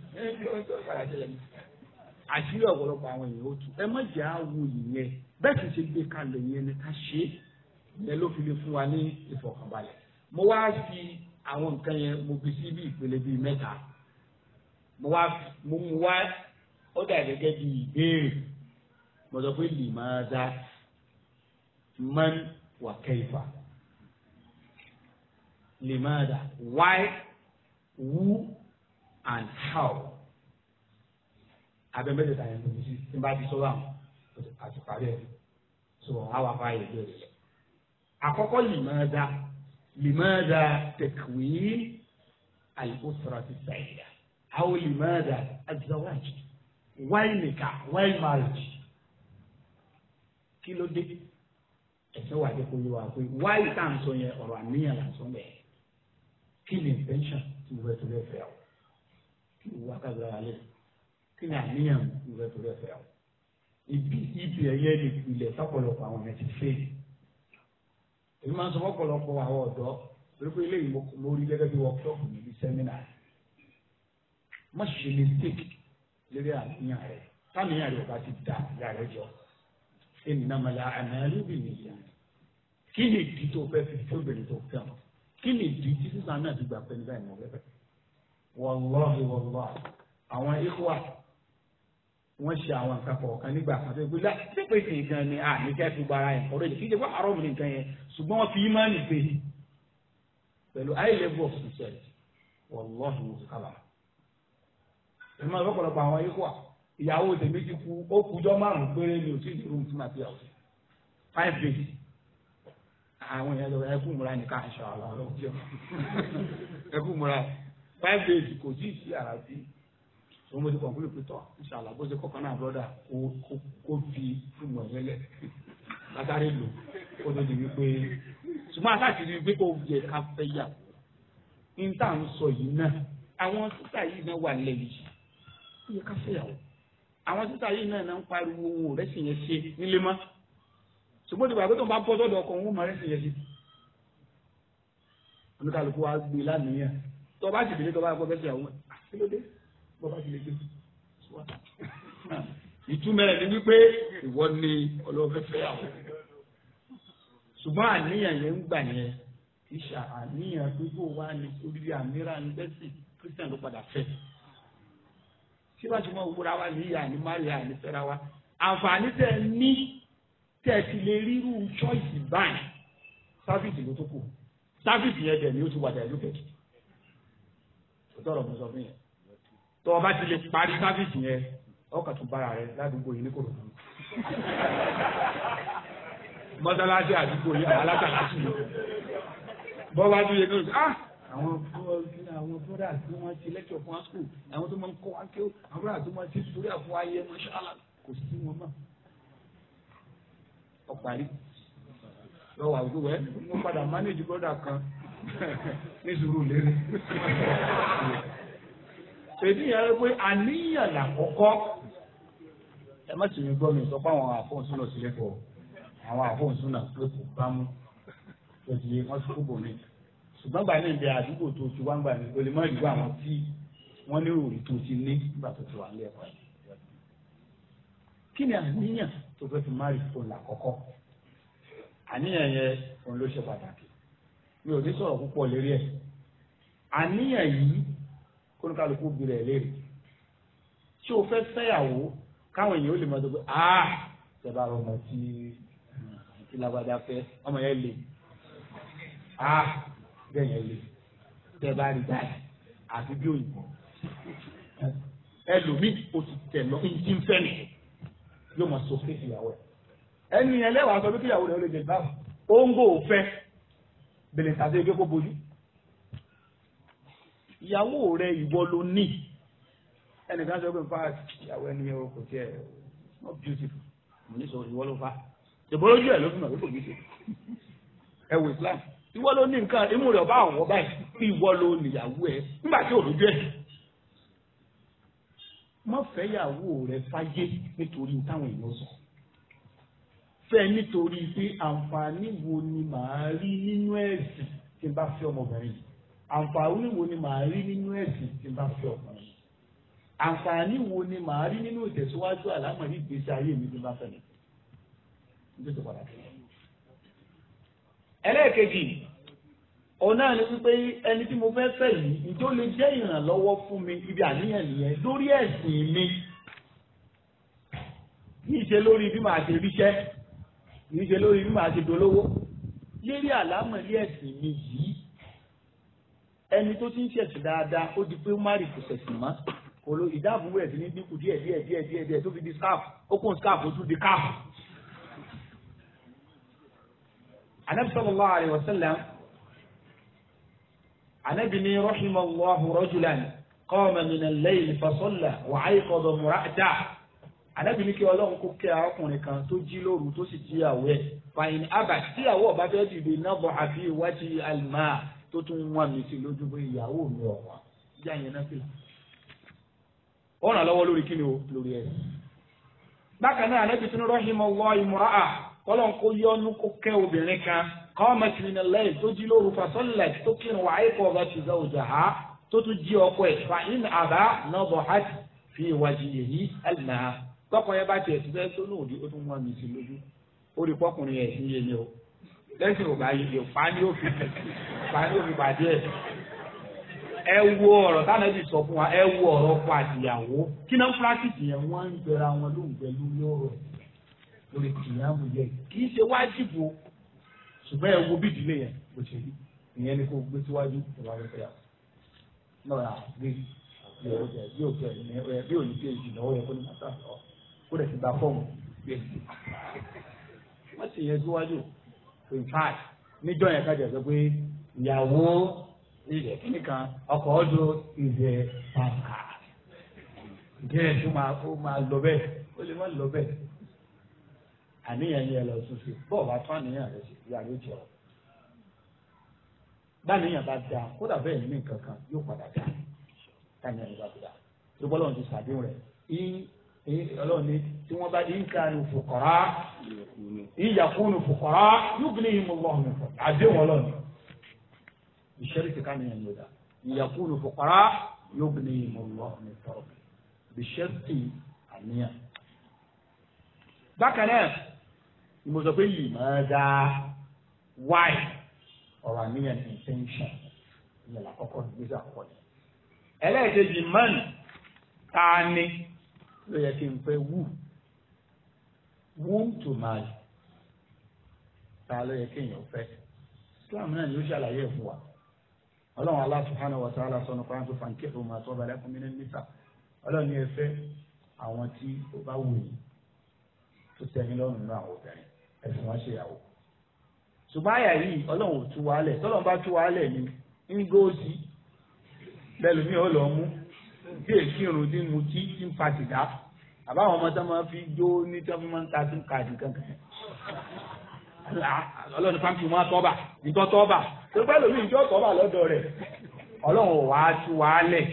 àṣírí ọ̀pọ̀lọpọ̀ àwọn èèyàn ó tu ẹ má jẹ́ àwo ìyẹn bẹ́ẹ̀ sì ṣe gbé kalẹ̀ yẹn ni ká ṣe é ìyẹn ló fi lè fún wa ní ìfọ̀kànbalẹ̀ mo wá fi àwọn nǹkan yẹn mo fi sí bí ìpele bíi mẹ́ta mo wá mo mú wá ó dà gẹ́gẹ́ bíi ìbéèrè mọ̀tò لماذا من man لماذا why who and how abẹ́mẹ́tẹ̀ẹ̀ta yẹn lòdì sí tí n bá ti sọ báwọn àti parí ẹ̀ so àwa bá yẹ bẹ́ẹ̀ rẹ̀ àkọ́kọ́ lìmáàdá lìmáàdá takwin al-usra as-sa'ida aw lìmáàdá az-zawaj why nikah why marriage. kí ló dé ẹsẹ wà dé kojú wa pé wáyé tá à ń sọ yẹn ọ̀rọ̀ àníyàn là ń sọ bẹ́ẹ̀ kí ni intention tí mo fẹ́ torí ẹ fẹ́ o kí ni wà ká gbára lé kí ni àníyàn tí mo fẹ́ torí fẹ́ o ibi ibi ẹyẹ lè pilẹ̀ sọ́pọ̀lọpọ̀ àwọn ẹ̀ ti fẹ́ èyí máa ń sọ fọ́pọ̀lọpọ̀ àwọn ọ̀dọ́ torí pé eléyìí mo rí gẹ́gẹ́ bí workshop níbi seminar má ṣe mistake lórí àníyàn rẹ táníyàn rẹ ò bá ti dà ìyá jọ ìnàmàlà àmàlù bì nìyà kí ni ìdí tó fẹ́ fi fún obìnrin tó fẹ́ wọn kí ni ìdí tí sísan náà ti gbà pé nígbà ìmọ̀ fẹ́fẹ́ wàlláhi wàlláhi àwọn ikhwa wọ́n ṣe àwọn nǹkan kọ̀ọ̀kan nígbà kan tó gbé sípè sí nǹkan ni à ní kẹ́ẹ̀tù gba ara ẹ̀kọ́ rẹ̀ kí n mi nìkan yẹn ṣùgbọ́n wọ́n fi ímánì gbé pẹ̀lú high level of sincerity wàlláhi wàlláhi. ìmọ̀ ìfọ̀kọ̀lọpọ̀ ìyàwó tèmi ti kú ó kújọ́ márùn péré ni ò sí ìdúró tí màá fi àwọn five days àwọn èèyàn lọ ẹkú múra nìkan aṣọ àwọn ọlọ́jọ́ ẹkú múra five days kò tí ì sí ara sí òun mo ti kàn fún ìpìtọ́ ìṣàlà bó ṣe kọ́kọ́ náà brọ́dà kó fi fúnmọ̀ yẹn lẹ̀ látàrí lò ó tó di wípé ṣùgbọ́n àtàkì ni wípé kò yẹ ká fẹ́ yà ní tá à ń sọ yìí náà àwọn sísà yìí náà wà lẹ́yìn yìí ó yẹ ká fẹ́ yà wọ́n àwọn títà yìí náà náà ń pariwo owó rẹ̀ yẹn ṣe nílé mọ́ ṣùgbọ́n ti gbàgbé tó ń bá bọ́ sọ́dọ̀ ọkọ̀ òun mọ̀ rẹ̀ yẹn ṣe. oníkàlùkù wa gbé lánàá tó o bá sì délé tó o bá gbọ́ bẹ́sẹ̀ àwọn ah, kí ló dé bó o bá sì lè gbé ìtumọ̀ rẹ̀ ni wípé ìwọ ni ọlọ́fẹ́fẹ́ àwọn ṣùgbọ́n àníyàn yẹn ń gbà yẹn ìṣà àníyàn pé bó o wá ní oríire àmíràn ń bẹ́sìn kírísítàn ló padà síbáṣe mọ òwúra wa ní ìyá ní mariya ní fẹ́ra wa àǹfààní tẹ ní tẹ ti lè rírú choice báyìí sáfìsì ló tó kù sáfìsì yẹn dẹ̀ ni ó ti wà dẹ̀ lókè tọrọ mo sọ fún yẹn tọ ọba ti lè parí sáfìsì yẹn ọkà tún bára rẹ ládùúgbò yìí ní kòrò mọ́tàlásí àdúgbò yìí àwọn alákàlásí yìí bọ́wá tún yẹ kí ó ah! àwọn àwọn broda tí wọ́n ti lẹ́kọ̀ọ́ fún wa school àwọn tó máa ń kọ́ wa kí ó àwọn broda tó máa ti sórí àfọ ayé mọ́ṣálá kò sí wọn mọ́ ọ̀parí lọ́wọ́ àgbo ẹ̀ mo padà manage broda kan *laughs* ní sùúrù lérè *laughs* èdè yẹn rẹ pé àníyàn làkọ́kọ́ ẹ má sì ní gbọ́ mi sọ pé àwọn àfọ̀nsún lọ sí lẹ́kọ̀ọ́ àwọn àfọ̀nsún náà pé kò bá mú lọ́sí wọ́n sì kúbọ̀ ní ṣùgbọ́n gbà náà ń bẹ àdúgbò tó ti wá ń gbà ní o lè má rí àwọn tí wọ́n ní òòrì tó ti ní nígbà tó ti wà ní ẹ̀kọ́ kí ni àníyàn tó fẹ́ fi má rí fún làkọ́kọ́ àníyàn yẹn òun ló ṣe pàtàkì mi ò ní sọ̀rọ̀ púpọ̀ lérí ẹ̀ àníyàn yìí kónúkálukú bìrẹ̀ ẹ̀ léèrè tí o fẹ́ fẹ́yàwó káwọn èèyàn ó lè máa dọ́gba ah ṣẹba ọmọ tí tí lágbádá fẹ́ ọmọ yẹn lè ah bẹ́ẹ̀ yẹn lè tẹ́ bá rí báyìí àfi bí òyìnbó ẹlòmíì o ti tẹ̀ lọ ìdí nfẹ́ nìyẹn yóò máa sọ fún ìyàwó ẹ ẹni ẹlẹ́wàá sọ pé kíyàwó rẹ̀ ó lè jẹ báwò ó ń gbò fẹ́ bẹ̀rẹ̀ tàbí ẹgbẹ́ kó bojú ìyàwó rẹ̀ ìwọ ló ní ẹnìkan sọ pé nípa ìyàwó ẹni yẹn kò tiẹ̀ not beautiful mo ní sọ ìwọ ló fà ṣèbó lójú ẹ ló fi mọ̀ pé kò beautiful ẹ wò Islam ìwọ ló ní nǹkan imú rẹ̀ ọba àwọn báyìí bí ìwọ ló níyàwó ẹ nígbà tí òròjú ẹ. má fẹ́yàwó rẹ fáyé nítorí táwọn èèyàn sọ fẹ́ nítorí pé àǹfààní wo ni màá rí nínú ẹ̀sìn tí n bá fẹ́ ọmọbìnrin yìí àǹfààní wo ni màá rí nínú ẹ̀sìn tí n bá fẹ́ ọkùnrin yìí àǹfààní wo ni màá rí nínú ìtẹ̀síwájú àlámọ̀ ní ìgbésí ayé mi tí n bá fẹ́ mi ẹlẹ́ẹ̀kejì òun náà ni wípé ẹni tí mo fẹ́ fẹ́ yìí ìjọ lè jẹ́ ìrànlọ́wọ́ fún mi ibi àníyàn nìyẹn lórí ẹ̀sìn mi kìí ṣe lórí bí màá ṣe ríṣẹ́ kìí ṣe lórí bí màá ṣe dolówó lérí àlámọ̀lé ẹ̀sìn mi yìí ẹni tó ti ń ṣẹ̀sìn dáadáa ó di pé mari kò ṣẹ̀sìn mọ́ kò lo ìdáàbòbò rẹ̀ sí ní dínkù díẹ̀ díẹ̀ díẹ̀ díẹ̀ tó fi di scarf ó kún scarf ó tún di cap anabi sallallahu alayhi wa sallam anabi ni rahimallahu rajulan qama min al-layl fasalla wa ayqadha imra'ata anabi ni kí ọlọ́run kó kẹ́ arákùnrin kan tó jí lóru tó sì jíyàwó ẹ̀ fain abad tíyàwó ọba fẹ́ dìde náà bọ̀ àfi iwájú alima tó tún wà mí sí lójú bó ìyàwó mi ọ̀wà yá yẹn náà fìlà. ó lọ́wọ́ lórí kí ni o lórí ẹ̀. bákan náà anabi tún rahimallahu imra'a kọ́lọ́n kó yọnu kó kẹ́ obìnrin kan qamat min al-layl tó jí lóru fasallat tó kírun wa ayqazat zawjaha tó tún jí ọkọ ẹ̀ fa in aba nadhat fi wajhihi al-ma' tọkọ yẹn bá tiẹ̀ ti fẹ́ tó lóòdì ó tún wọ́n mi sí lójú ó rí pọ́kùnrin ẹ̀ sí yẹn ni o lẹ́sìn ò bá yẹ fa ni ó fi fa ni ó fi pàdé ẹ wo ọ̀rọ̀ táwọn ẹbí sọ fún wa ẹ wo ọ̀rọ̀ ọkọ kí náà fúlásìtì lórí kìyàmù yẹ kì í ṣe wájìbò ṣùgbọ́n ẹ bí ìdílé yẹn bó ṣe rí ìyẹn ni kò gbé síwájú ìwà rẹ fẹ́yà náà gbé bí òkè ẹ̀ bí òní pé ìnáwó yẹ kó ní màtá kó lè ti gba fọ́ọ̀mù gbé e. wọ́n sì yẹ síwájú in fact níjọ́ yẹn kájà sọ pé ìyàwó ilẹ̀ kìnìkan ọkọ̀ ọdún ìjẹ pàǹkà ìjẹ́ tó máa lọ bẹ́ẹ̀ ó lè má lọ bẹ́ẹ̀ àníyàn yẹn lọ sí sí bọ́ọ̀ bá tún àníyàn rẹ sí ìyá rẹ jọ báníyàn bá dáa kódà bẹ́ẹ̀ ní nǹkan kan yóò padà dáa táyà rẹ bá dáa tó bọ́ lọ́run ti sàdéhùn rẹ̀ ọlọ́run ni tí wọ́n bá ń ka ní fòkọ́rá ìyàkú ní fòkọ́rá yóò gbé yín mú lọ́hùn ní fòkọ́rá àdéhùn ọlọ́run ìṣẹ́rí ti ká nìyẹn ló ìyàkú ní fòkọ́rá yóò gbé yín mú lọ́hùn ní fòkọ́rá ìṣẹ́rí ti àníyàn. bákan náà ni mo sọ pé lè máa dá why ọ̀rọ̀ àníyàn intention ìyẹn lákọ̀ọ́kọ́ nígbèsè àkọ́kọ́ yẹn. ẹlẹ́ẹ̀kejì man ta ni ló yẹ kí n pẹ́ wù wù to marry ta ló yẹ kí n yàn fẹ́ Islam náà ni ó ṣàlàyé fún wa ọlọ́run Allah subhanahu wa ta'ala sọ̀nù kan tó fàǹkì tó máa tọ́ balẹ̀ fún mi ní níta ọlọ́run ni ẹ fẹ́ àwọn tí ó bá wù yín tó tẹ́ lọ́rùn náà àwọn obìnrin ẹ̀sìn wọn ṣe ìyàwó ṣùgbọ́n àyà yìí ọlọ́run ò tú wàhálẹ̀ tọ́lọ́run bá tú wàhálẹ̀ ni ń góòsì lẹ́lòmíì ó lọ mú bí èsì irun tí mu tí tí ń fa sìgá àbáwọn ọmọ tó máa fi jó ní tí fi máa ń ta sí káàdì kankan ọlọ́run pàǹkì wọn tọ́ba ìjọ tọ́ba tó pẹ́ lómi ìjọ tọ́ba lọ́dọ̀ rẹ̀ ọlọ́run ò wá tú wàhálẹ̀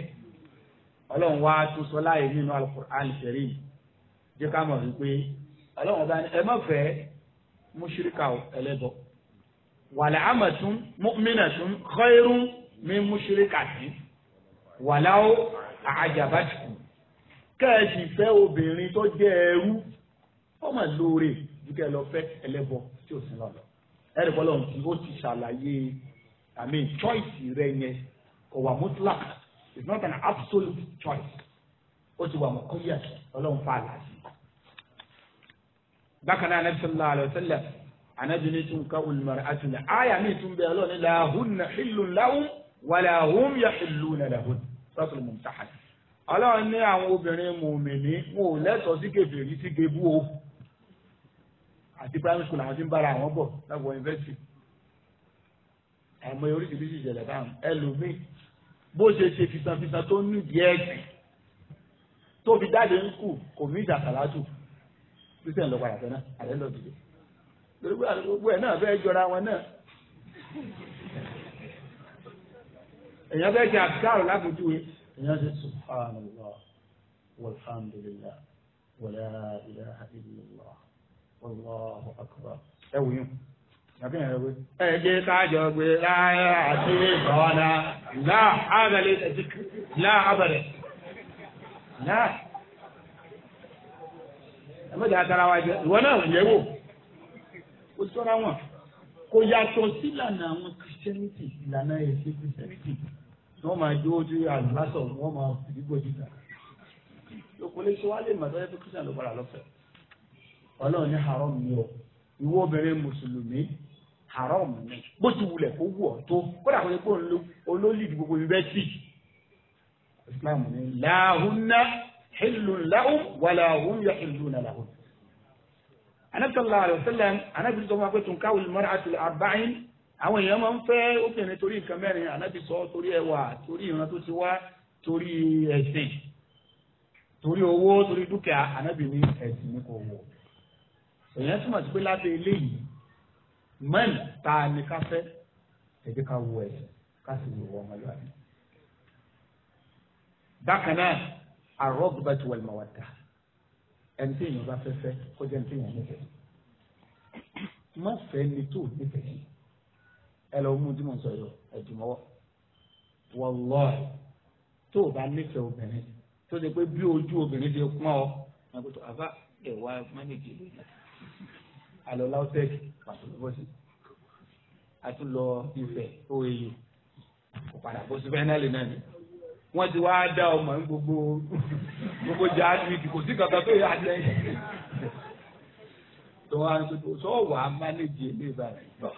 ọlọ́run wá tú sọ láàyè nínú Al-Qur'an Al-Karim jẹ́ ká mọ̀ wípé ọlọ́run bá ní ẹ má fẹ́ mushirika ẹlẹ́bọ wàlẹ́ amẹ̀tún mọ́mínẹ̀tún khairun mi mushirika sí wàláwó àjàbátìkù kẹ́ẹ̀sì fẹ́ obìnrin tó jẹ́ ẹrú ọmọ lóore dúkẹ́ lọ fẹ́ ẹlẹ́bọ tí ò sí lọ́lọ́ ẹ̀rì bọ́lá ohun tí ó ti ṣàlàyé àmì choice rẹ yẹn kò wà mutlak it's not an absolute choice ó ti wà mọ̀kọ́yà ọlọ́run fa àlàyé bákan náà anabi sallallahu alayhi wa sallam anabi ni tún ká olùmọ̀rẹ́ àtúnyà àyà mi tún bẹ̀rẹ̀ lọ́ọ̀ ni làhùn hìlùn láhùn wà làhùn yà hìlùn làhùn sọ́tún mumtahana. ọlọ́run ní àwọn obìnrin mùmìnì wọn ò lẹ́tọ̀ọ́ sí kèfèrí sí gebú o àti primary school àwọn tí ń bára àwọn bọ̀ láwọn yunifásitì àmọ́ oríṣiríṣi ìṣẹ̀lẹ̀ báwọn ẹlòmíì bó ṣe ṣe fìsànfìsàn tó nídìí ẹ̀sìn tó fi jáde ń kù kò ní ìjà kàlátù kristian lọ padà sọ́nà àrẹ lọ dìde lórí gbogbo ẹ̀ náà fẹ́ jọra wọn náà èèyàn fẹ́ ṣe àbíkárò lápòjúwe èèyàn ṣe subhanallah walhamdulillah wala ilaha illallah wallahu akbar ẹ wò yín ẹ jẹ́ kájọ gbé láyé àti ìbọ̀nà láà abẹ́lẹ̀ láà abẹ́lẹ̀ láà ẹ̀mọ́jà atara wa jẹ ìwọ náà yẹ wò ó sọ́ra wọn kò yàtọ̀ sílànà àwọn christianity ìlànà ẹ̀sìn christianity wọ́n máa jó ojú àlùbásọ̀ wọ́n máa fi gbòjú ta lókòlé ṣe wá lè mà tó yẹ pé christian ló padà lọ́fẹ̀ẹ́ ọlọ́run ní haram ni o ìwọ obìnrin mùsùlùmí haram ni bó ti wulẹ̀ kó wù ọ́ tó kódà kó yẹ kó olólì gbogbo yunifásitì islam ní làhùnà. حل لهم ولا هم يحلون لهم أنا صلى الله عليه وسلم أنا في الزمان قلت نكاو المرأة الأربعين أو يوم في أوكي نتوري كمان يعني أنا في صوت توري وا إيوة، توري أنا توري وا توري إستي توري هو توري دوكا أنا بيني إستي نكو هو يعني اسمع سبلا بيلي من تاني كافة تبي كاو إستي كاسي هو ما يعني دكانه ar-raghbatu wal-mawadda ẹni tí èèyàn bá fẹ́ fẹ́ kó jẹ́ ní tí èèyàn nífẹ̀ẹ́ má fẹ́ ni tó nífẹ̀ẹ́ ẹ lọ mú dìmọ̀ sọ̀rọ̀ ẹ̀dùnmọ́wọ́ wallahi tó o bá nífẹ̀ẹ́ obìnrin tó ṣe pé bí ojú obìnrin ṣe pọ́n ọ nàgbọ́tò àbá ẹ̀ wá mánéjì lónìí alọ́ lautech pàtó lọ́wọ́ sí àtúlọ ìfẹ́ òye kò padà bó sí náà lè náà ni wọ́n ti wáá dá ọmọ ní gbogbo gbogbo jáàdìrìkì kò sí kankan tó yà lẹ́yìn tó wá sọ sọ wà á mánéjì ilé ìbàdàn gbà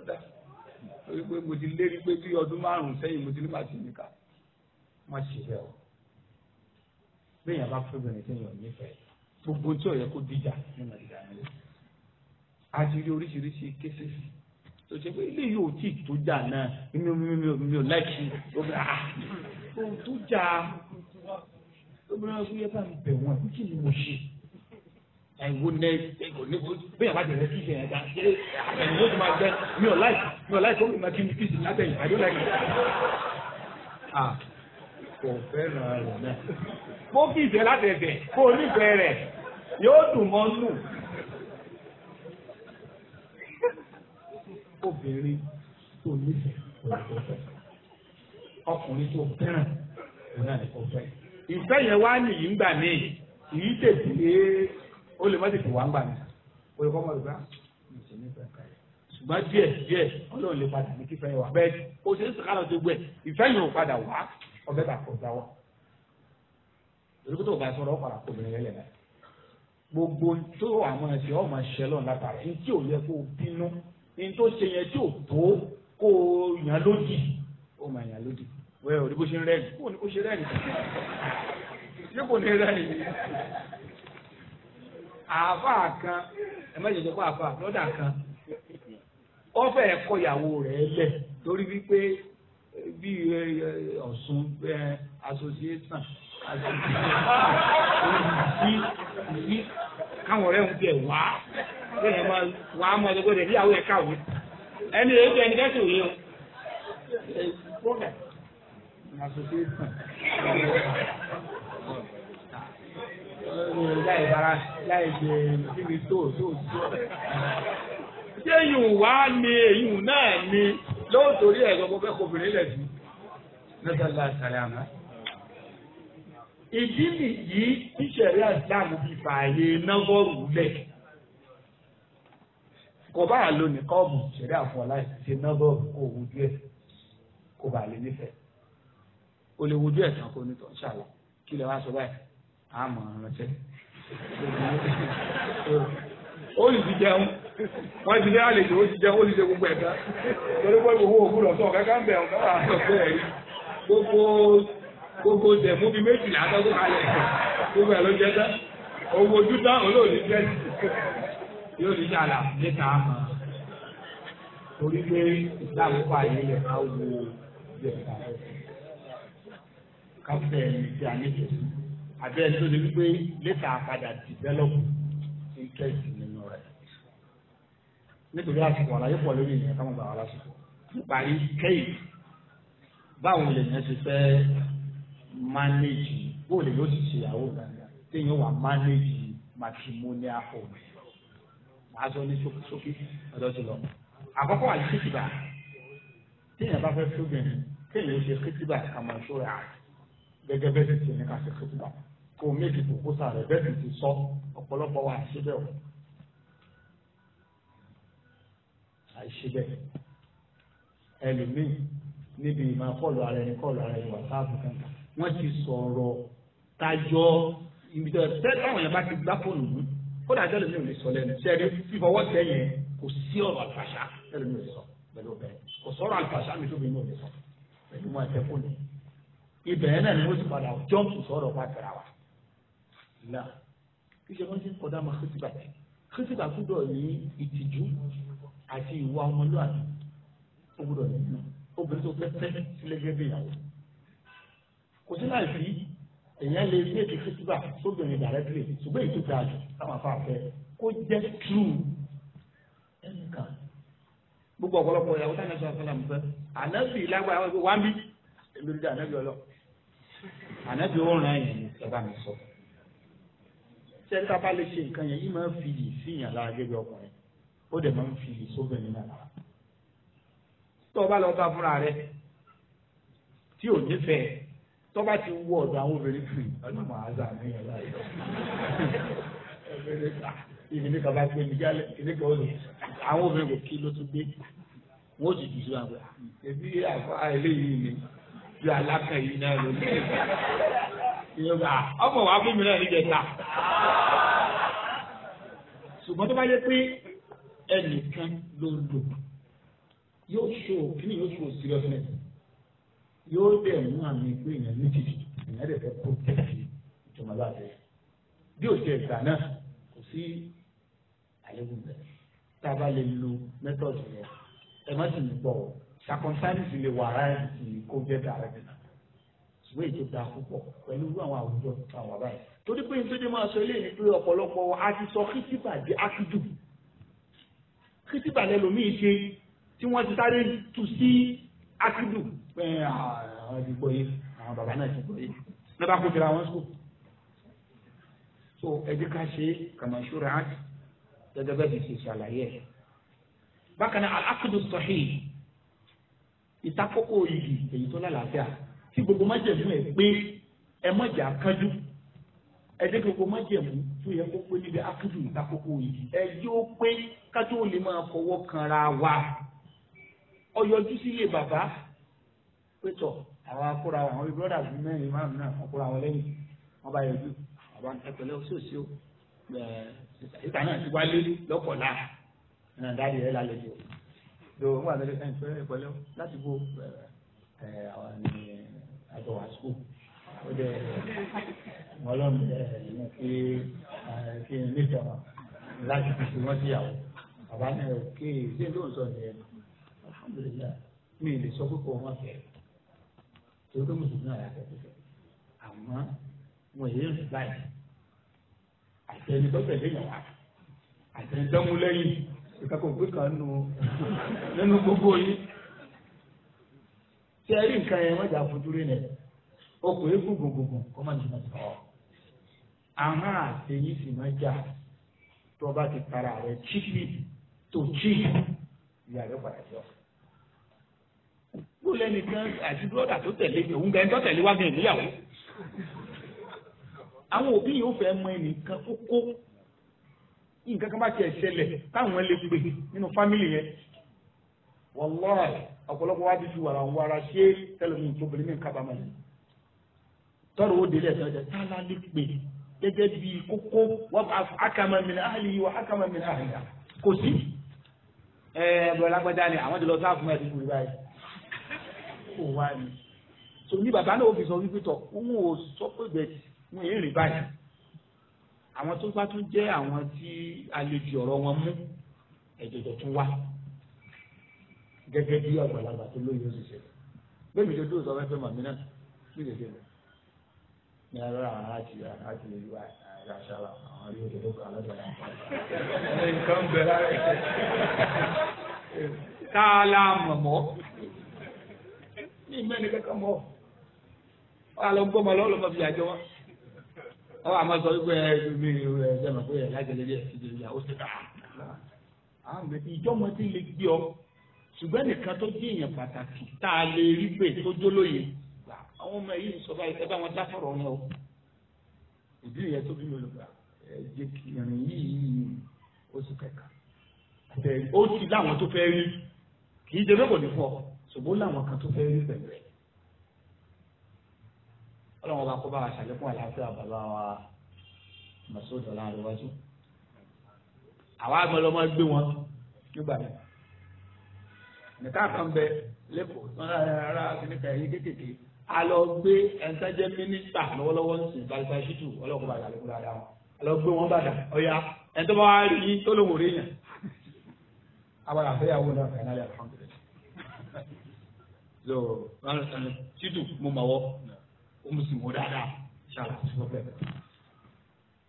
ọ̀dà torí pé mo ti lérí pé bí ọdún márùn-ún sẹ́yìn mo ti ní màsí nìkan wọ́n ṣe bẹ́ẹ̀ o béèyàn bá fẹ́ sẹ́yìn ọ̀nì ìfẹ́ gbogbo tí ò yẹ kó dìjà ní màdìjà nílé a ti rí oríṣiríṣi kéṣèṣì tó ṣe pé ilé yóò tí tó jà náà mi ò mi ò mi ò láìsí obìnrin ah ohun tó jà obìnrin ọkùnrin yẹn bá mi bẹ̀ wọ́n kí ni mo ṣe ẹ̀wọ́ nẹ ẹ̀wọ́ ní bẹ́ẹ̀ bá tẹ̀lé kí ṣe ẹ̀dá ṣe ẹ̀wọ́ tó máa jẹ mi ò láìsí mi ò láìsí ó mi máa kí mi kí sì látẹ̀yìn àdó láìsí. ah kò fẹ́ràn rẹ̀ náà. mo kí ìfẹ́ látẹ̀fẹ̀ kó o nífẹ̀ẹ́ rẹ̀ yóò dùn mọ́ nù. obìnrin tó nífẹ̀ẹ́ ọkùnrin tó fẹ́ràn òun náà ní kò fẹ́. ìfẹ́ yẹn wá nìyí ń gbà mí kìí tètè ó lè má tètè wá ń gbà mí ó lè kọ́ mọ̀ lùgbà ah, ṣùgbọ́n díẹ̀ díẹ̀ ọlọ́run lè padà ní kífẹ́ yẹn wá bẹ́ẹ̀ ó ṣe é sàkálọ̀ tó gbẹ ìfẹ́ yẹn ò padà wá ọbẹ̀ bá kọ̀ dáwọ́ olùkótó ò bá sọ̀rọ̀ ọ̀ padà kó obìnrin gbogbo tó àwọn ẹ̀sìn ọ̀ ní tó ṣe yẹn tí ò kó o yàn lódì ó máa yàn lódì wẹ́ẹ́ ò ní bó ṣe ń kó ní kò ní rẹ́ẹ̀dì àáfàá kan ẹ má jẹjẹ pé àáfàá lọ́dà kan ẹ̀kọ́ ìyàwó rẹ̀ lẹ̀ wípé eh, eh, eh, sí káwọn ọ̀rẹ́ ń bẹ̀ wá lóyún ọmọ wà á mọ ọdọ gbọ́dọ̀ ìyàwó ẹ káwé ẹni rẹ jẹ ẹni kẹsì òye o ṣé wá náà ni lóòótọ́ rí ẹ̀ gbogbo fẹ́ lẹ̀ sí. ìdí nìyí tíṣẹ̀rí àìsíláàmù fi fààyè náwọ́rù lẹ̀ kò bá yà lónìí kọ́ọ̀bù ṣẹ̀rí àfọ̀lá ṣe náwọ́rù kò wojú ẹ̀ kò bá lè nífẹ̀ẹ́ o lè wojú ẹ̀ tán kó nítọ̀ ṣàlọ́ kí lè wá sọ báyìí àmọ̀ ránṣẹ́ *laughs* ó sì ti jẹun wọ́n ti ní àlejò ó ti jẹun ó ti ṣe gbogbo ẹ̀ka torí pé gbogbo òkú lọ sọ bẹ̀ ọ̀gá gbogbo tẹ̀ mú bí méjìlá tọ́jú kalẹ̀ gbogbo ẹ̀ ló jẹ́ tán owó ojú tán olóòní jẹ́ yóò ní sàlà níta mọ́ torí pé ìsìláàmù pa yìí lè máa wo ìjẹ̀ka káfíńtà ẹni tí a nífẹ̀ẹ́ àbẹ́ ẹni tó lè wípé lẹ́tà padà dìbẹ́lọ́pù interest nínú rẹ̀ nítorí àsìkò àlàyé pọ̀ lórí ìyẹn káwọn gbà wá lásìkò nípa yìí báwo lè yẹn ṣe fẹ́ manage bóòlù yóò ti ṣe ìyàwó gàgà téèyàn wà manage matrimonial home màá sọ ní ṣókíṣókí ọ̀dọ́ ti lọ. àkọ́kọ́ àti kìtìbà téèyàn bá fẹ́ fúnbìnrin téèyàn ṣe kìtìbà kàmọ́ ìṣòro àti gẹ́gẹ́ bẹ́ẹ̀ ti tìǹkan ká ṣe kìtìbà kò méjì tó kó sàrẹ bẹ́ẹ̀ sì ti sọ ọ̀pọ̀lọpọ̀ wa àṣẹ o àṣẹ ẹlòmíì níbi ìmọ̀ kọlù ara ẹni kọlù ara ẹni wàtáàbù kankan wọ́n ti sọ̀rọ̀ tajọ́ ibi tó ṣe táwọn yẹn bá ti gbá fóònù mú kódà tẹ́lẹ̀ mi ò lè sọ lẹ́nu sẹ́ẹ̀dẹ́ fífọwọ́ tẹ yẹn kò sí ọ̀rọ̀ àlùfàṣà tẹ́lẹ̀ mi ò lè sọ pẹ̀lú bẹ́ẹ̀ kò sọ̀rọ̀ àlùfàṣà mi tó mi ò lè sọ pẹ̀lú mọ́ ẹ̀fẹ́ fóònù ibẹ̀ yẹn náà ni ó sì padà jọ́ǹkù sọ̀rọ̀ pàtàkì wa náà kíṣe wọn ti ń kọdá máa kìtìbà kìtìbà gbúdọ̀ ní ìtìjú àti ìwà ọmọlúwàbí ó gbúdọ̀ nínú obìnrin tó fẹ́ fẹ́ sílẹ̀ gẹ́gẹ́ bí ìyàwó kò sí láì fi èèyàn lè ní ètò festival sóbìnrin directly ṣùgbọ́n ètò ìdájọ́ káwọn afá fẹ́ kó jẹ́ true ẹnìkan gbogbo ọ̀pọ̀lọpọ̀ ìyàwó táwọn ẹ̀sọ́ àfẹ́lá mi fẹ́ ànábì lágbára wọn wá mí èmi rí ànábì ọlọ ànábì ó ràn yẹn ní ìjọba mi sọ sẹ́ńtà bá lè ṣe nǹkan yẹn yìí máa ń fi yìí síyàn lára gẹ́gẹ́ ọkùnrin ó dẹ̀ máa ń fi yìí sóbìnrin náà lára tó o bá lọ bá fúnra rẹ tí ò nífẹ̀ẹ́ tó bá ti wú ọ̀dọ̀ àwọn obìnrin fún yìí ọdún màá zà ní ọ̀la yìí obìnrin ká ìbìnrin kan bá gbé mi jálẹ̀ ìbìnrin kan ó lò àwọn obìnrin kò kí ló tún gbé wọn ó sì jù sí wa pé ẹbí àfa eléyìí ni bí alákà yìí náà ló ní ìyọba ọmọ wa fún mi náà níjẹta ṣùgbọ́n tó bá yẹ pé ẹnìkan ló lò yóò ṣòro kí ni yóò ṣòro seriousness yóò dẹ̀ mú àmì pé èèyàn méjì èèyàn dẹ̀ fẹ́ kó tẹ̀sí ìjọba láti bí òṣè ìgbà náà kò sí àyẹ̀wò bẹ̀rẹ̀ tá a bá lè lo method yẹn ẹ má sì ní pọ̀ circumstances lè wà rárá ti kó jẹ́ dàrẹ́ nìyà ṣùgbọ́n èyí tó dáa púpọ̀ pẹ̀lú irú àwọn àwùjọ àwọn bàbá yìí torí pé nítorí máa sọ eléyìí pé ọ̀pọ̀lọpọ̀ a ti sọ kìtìbà di akídù kìtìbà lẹ́lòmíì ṣe tí wọ́n ti sáré tu sí akídù pé àwọn ìdìbò yìí àwọn bàbá náà ti gbọ́ yìí ní bá kó jira wọn sùn so ẹbí ká ṣe kàmáṣúra áti gẹ́gẹ́ bẹ́ẹ̀ ti ṣe ṣàlàyé ẹ̀ bákan náà alákùdù sọ̀hí ìtakókò yìí èyí tó lálàáfíà tí gbogbo májèmú ẹ̀ pé ẹ mọ̀jà kánjú ẹjẹ́ gbogbo májèmú tó yẹ kó pé níbi akédù ìtakókò yìí ẹ yóò pé kájú ò lè máa fọwọ́ kanra wa ọyọjú sílé bàbá pétọ̀ àwọn akóra wọn àwọn brọ́dà bíi mẹ́rin márùn náà wọn kóra wọn lẹ́yìn wọn bá yọjú ọba ẹpẹlẹ sí òsì ó ìta náà ti wálé lọ́kọ̀ọ́lá ẹ̀nà dáadé ẹ̀ lálẹ́ jù ló ń wà lẹ́yìn ẹ̀ńtọ́ ẹpẹlẹ láti bó àwọn àjọ wà sùkúù ó dẹ wọn lọ́nù ẹ̀ kí kí n nífẹ̀ẹ́ wọn láti fi wọn síyàwó bàbá náà kéè ṣé lóòótọ́ ni ẹ̀ alhamdulilayi mi ì lè torí pé mùsùlùmí náà yàtọ̀ tó fẹ́ àmọ́ wọn yéé rìn báyìí àtẹni tó tẹ̀lé yàn wá àtẹni tó mú lẹ́yìn ìkàkọ̀ gbé kan nù nínú gbogbo yìí tí ẹ rí nǹkan yẹn wọ́n jà fojú rí nẹ̀ ọkọ̀ yẹn gùn gùn kọ́ máa nìyẹn sọ àwọn àtẹyìn sì máa jà tó bá ti para rẹ̀ chíkì tó chíkì ìyá rẹ̀ padà jọ kó lẹ́nìkan àti bírọ́dà tó tẹ̀lé mi òun gan tó tẹ̀lé wá gan ìgbéyàwó. àwọn òbí yìí ó fẹ́ mọ ẹnìkan kókó nǹkan kan bá tiẹ̀ ṣẹlẹ̀ táwọn lè pè nínú fámìlì yẹn wàláì ọ̀pọ̀lọpọ̀ wá ti fi wàrà wàrà ṣe tẹlifíìn tó bẹ̀rẹ̀ ní kábàámọ̀ tọrọ ó délé ẹ̀sán ọjà tálá lè pè gẹ́gẹ́ bí kókó wọ́n akama min ahli wa akama min ahliha kò sí ẹ̀ bọ̀dọ̀ lágbájá ni àwọn ti lọ sáà fún ẹ̀ tó kúrú báyìí kò wá ni so ní bàbá náà ó fi sọ wípé tọ òun ò sọ pé bẹ́ẹ̀ wọn èrè báyìí àwọn tó bá tún jẹ́ àwọn tí àlejò ọ̀rọ̀ wọn mú ẹjọjọ tún wá gẹ́gẹ́ bí àgbàlagbà tó lóye òṣìṣẹ́ bẹ́ẹ̀ mi dodo sọ fẹfẹ màmí náà bí lèṣe lọ ní ara àwọn àti àti ìwà ìràṣàlà àwọn ilé òṣèlú kan lọ́sọ̀rọ̀ nǹkan bẹ̀rẹ̀ tá a la mọ̀mọ́ ní ìmẹ́ni kankan mọ́ wà lọ gbọ́mọ lọ́wọ́ lọ́mọ fi àjọ wa ọwọ́ àmọ́ sọ wípé ẹ mi ẹ sẹ́mi pé ẹ lágẹ̀lẹ́ bí ẹ ti dèrè ìyàwó ti dà àmì ìjọmọ ti lè gbé ọ ṣùgbọ́n nìkan tó jẹ́ èèyàn pàtàkì tá a lè rí pé tó jólóye àwọn ọmọ yìí ń sọ báyìí ẹ bá wọn dáfọ̀rọ̀ wọn o ìdí ìyẹn tó bí mi lò gbà ẹ jẹ́ kí ìrìn yìí oṣù kẹka ó ti láwọn tó fẹ́ rí kì í ṣe mẹ́kọ̀ọ́ ní fún ṣùgbọ́n làwọn kan tó fẹ́ rí pẹ̀lú ẹ̀ ọlọ́run bá kó bá wa ṣàlékún àlàáfíà bàbá wa mọ̀sódò láàrúwájú àwa agbọlọmọ gbé wọn nígbà yẹn nìkan kan bẹ lẹ́kọ̀ọ́ rárá kìnìkan ẹ̀yìn kékèké a lọ gbé ẹ̀ńtẹ́jẹ́ mínísítà lọ́wọ́lọ́wọ́ ń sìn balùwẹ̀ ṣítù ọlọ́run bá ṣàlékún dáadáa wọn a lọ gbé wọn bàdà ọ̀ya ẹ̀ńtọ́ bá wà rí tó lóun ò rí yàn. àwọn àfẹ́yàwó náà fẹ́ náà lè so títù mo máa wọ ó mo sì mọ dáadáa ṣáà sí ọbẹ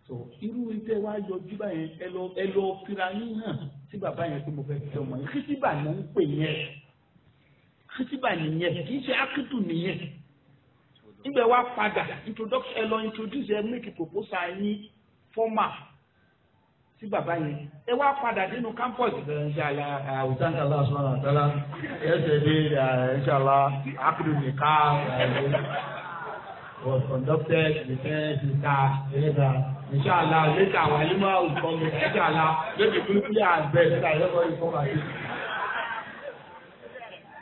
so irú ife wa yọjú báyẹn ẹ lọ ẹ lọ fira yín hàn sí bàbá yẹn pé mo fẹ́ fi ọmọ yẹn kìtìbà ló ń pè yẹn kìtìbà nìyẹn kì í ṣe akitu nìyẹn nígbà wa padà introduction ẹ lọ introduce ẹ make proposal yín formal sí bàbá yẹn ẹ wá padà nínú campus. inṣàlá àwùjọ inṣàlá sọ̀rọ̀ àtàlá ẹsẹ̀ dé inṣàlá àkùrù nìka was conducted the first nìka ẹ̀ẹ́dà inṣàlá later àwọn ẹlẹ́mọ̀ òkọ́ mi inṣàlá lẹ́bi come, àgbẹ̀ nígbà ẹ̀rọ ìfọ̀mà sí.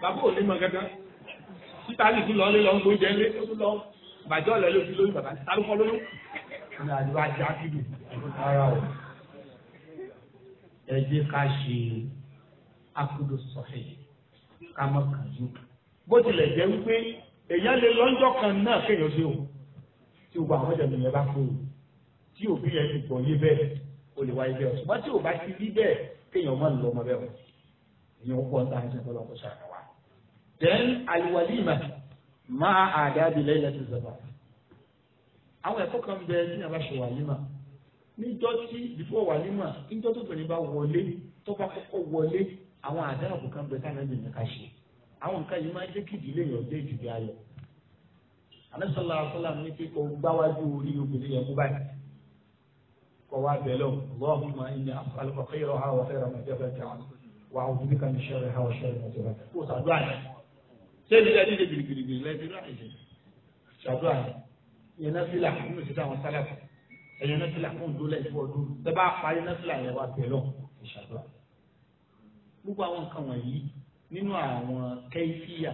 bàbá ò ní mọ gẹ́gẹ́ títà lè tún lọ lé lọ ń gbóúnjẹ lé ó tún lọ bàjẹ́ ọ̀lẹ́ lójú lórí bàbá tálùkọ́ lóyún. ìlànà àjọ àkìlù ara ò ẹ jẹ́ ká ṣe akudu sọ̀hẹ́ ká má kàn yín bó tilẹ̀ jẹ́ wípé èèyàn lè lọ́jọ́ kan náà kéèyàn ṣe o tí o bá àwọn ọ̀dọ́ nìyẹn bá kó o tí òbí yẹn ti gbọ̀ yé bẹ́ẹ̀ o lè wáyé bẹ́ẹ̀ ṣùgbọ́n tí o bá ti rí bẹ́ẹ̀ kéèyàn má lọ ọmọ bẹ́ẹ̀ o èèyàn ó pọ̀ ń ta ẹ̀sìn tó lọ́kọ̀ ṣàrà wa. then aliwalima ma àdá abilẹ̀ ilẹ̀ ti zọ̀bà àwọn ẹ̀kọ́ kan bẹ níjọ́ tí ìfọ̀ wà nímọ̀ níjọ́ tó bẹ̀rẹ̀ bá wọlé tó bá kọ́kọ́ wọlé àwọn àdáàbò kan bẹ táwọn ènìyàn ká ṣe àwọn nǹkan yìí máa ń jẹ́ kí ìdílé yàn dé ìdílé ayọ̀ anasala asala ní pé kò gbáwájú orí obìnrin yẹn mú báyìí kò wá bẹ̀ lọ lọ́ọ̀hún máa ń ní alùpàkì yọrọ ha wọ́n fẹ́ràn ọjọ́ bẹ́ẹ̀ tẹ̀wọ́n wà á wùdí kan ní sẹ́rẹ̀ ẹ̀yọ́ nọ́fìlà fún ìdólẹ̀ ìfọ̀ ọdún bẹ́ẹ̀ bá parí nọ́fìlà yẹn wá bẹ̀rẹ̀ ìṣàdúrà. gbogbo àwọn nǹkan wọ̀nyí nínú àwọn kẹ́hìfìyà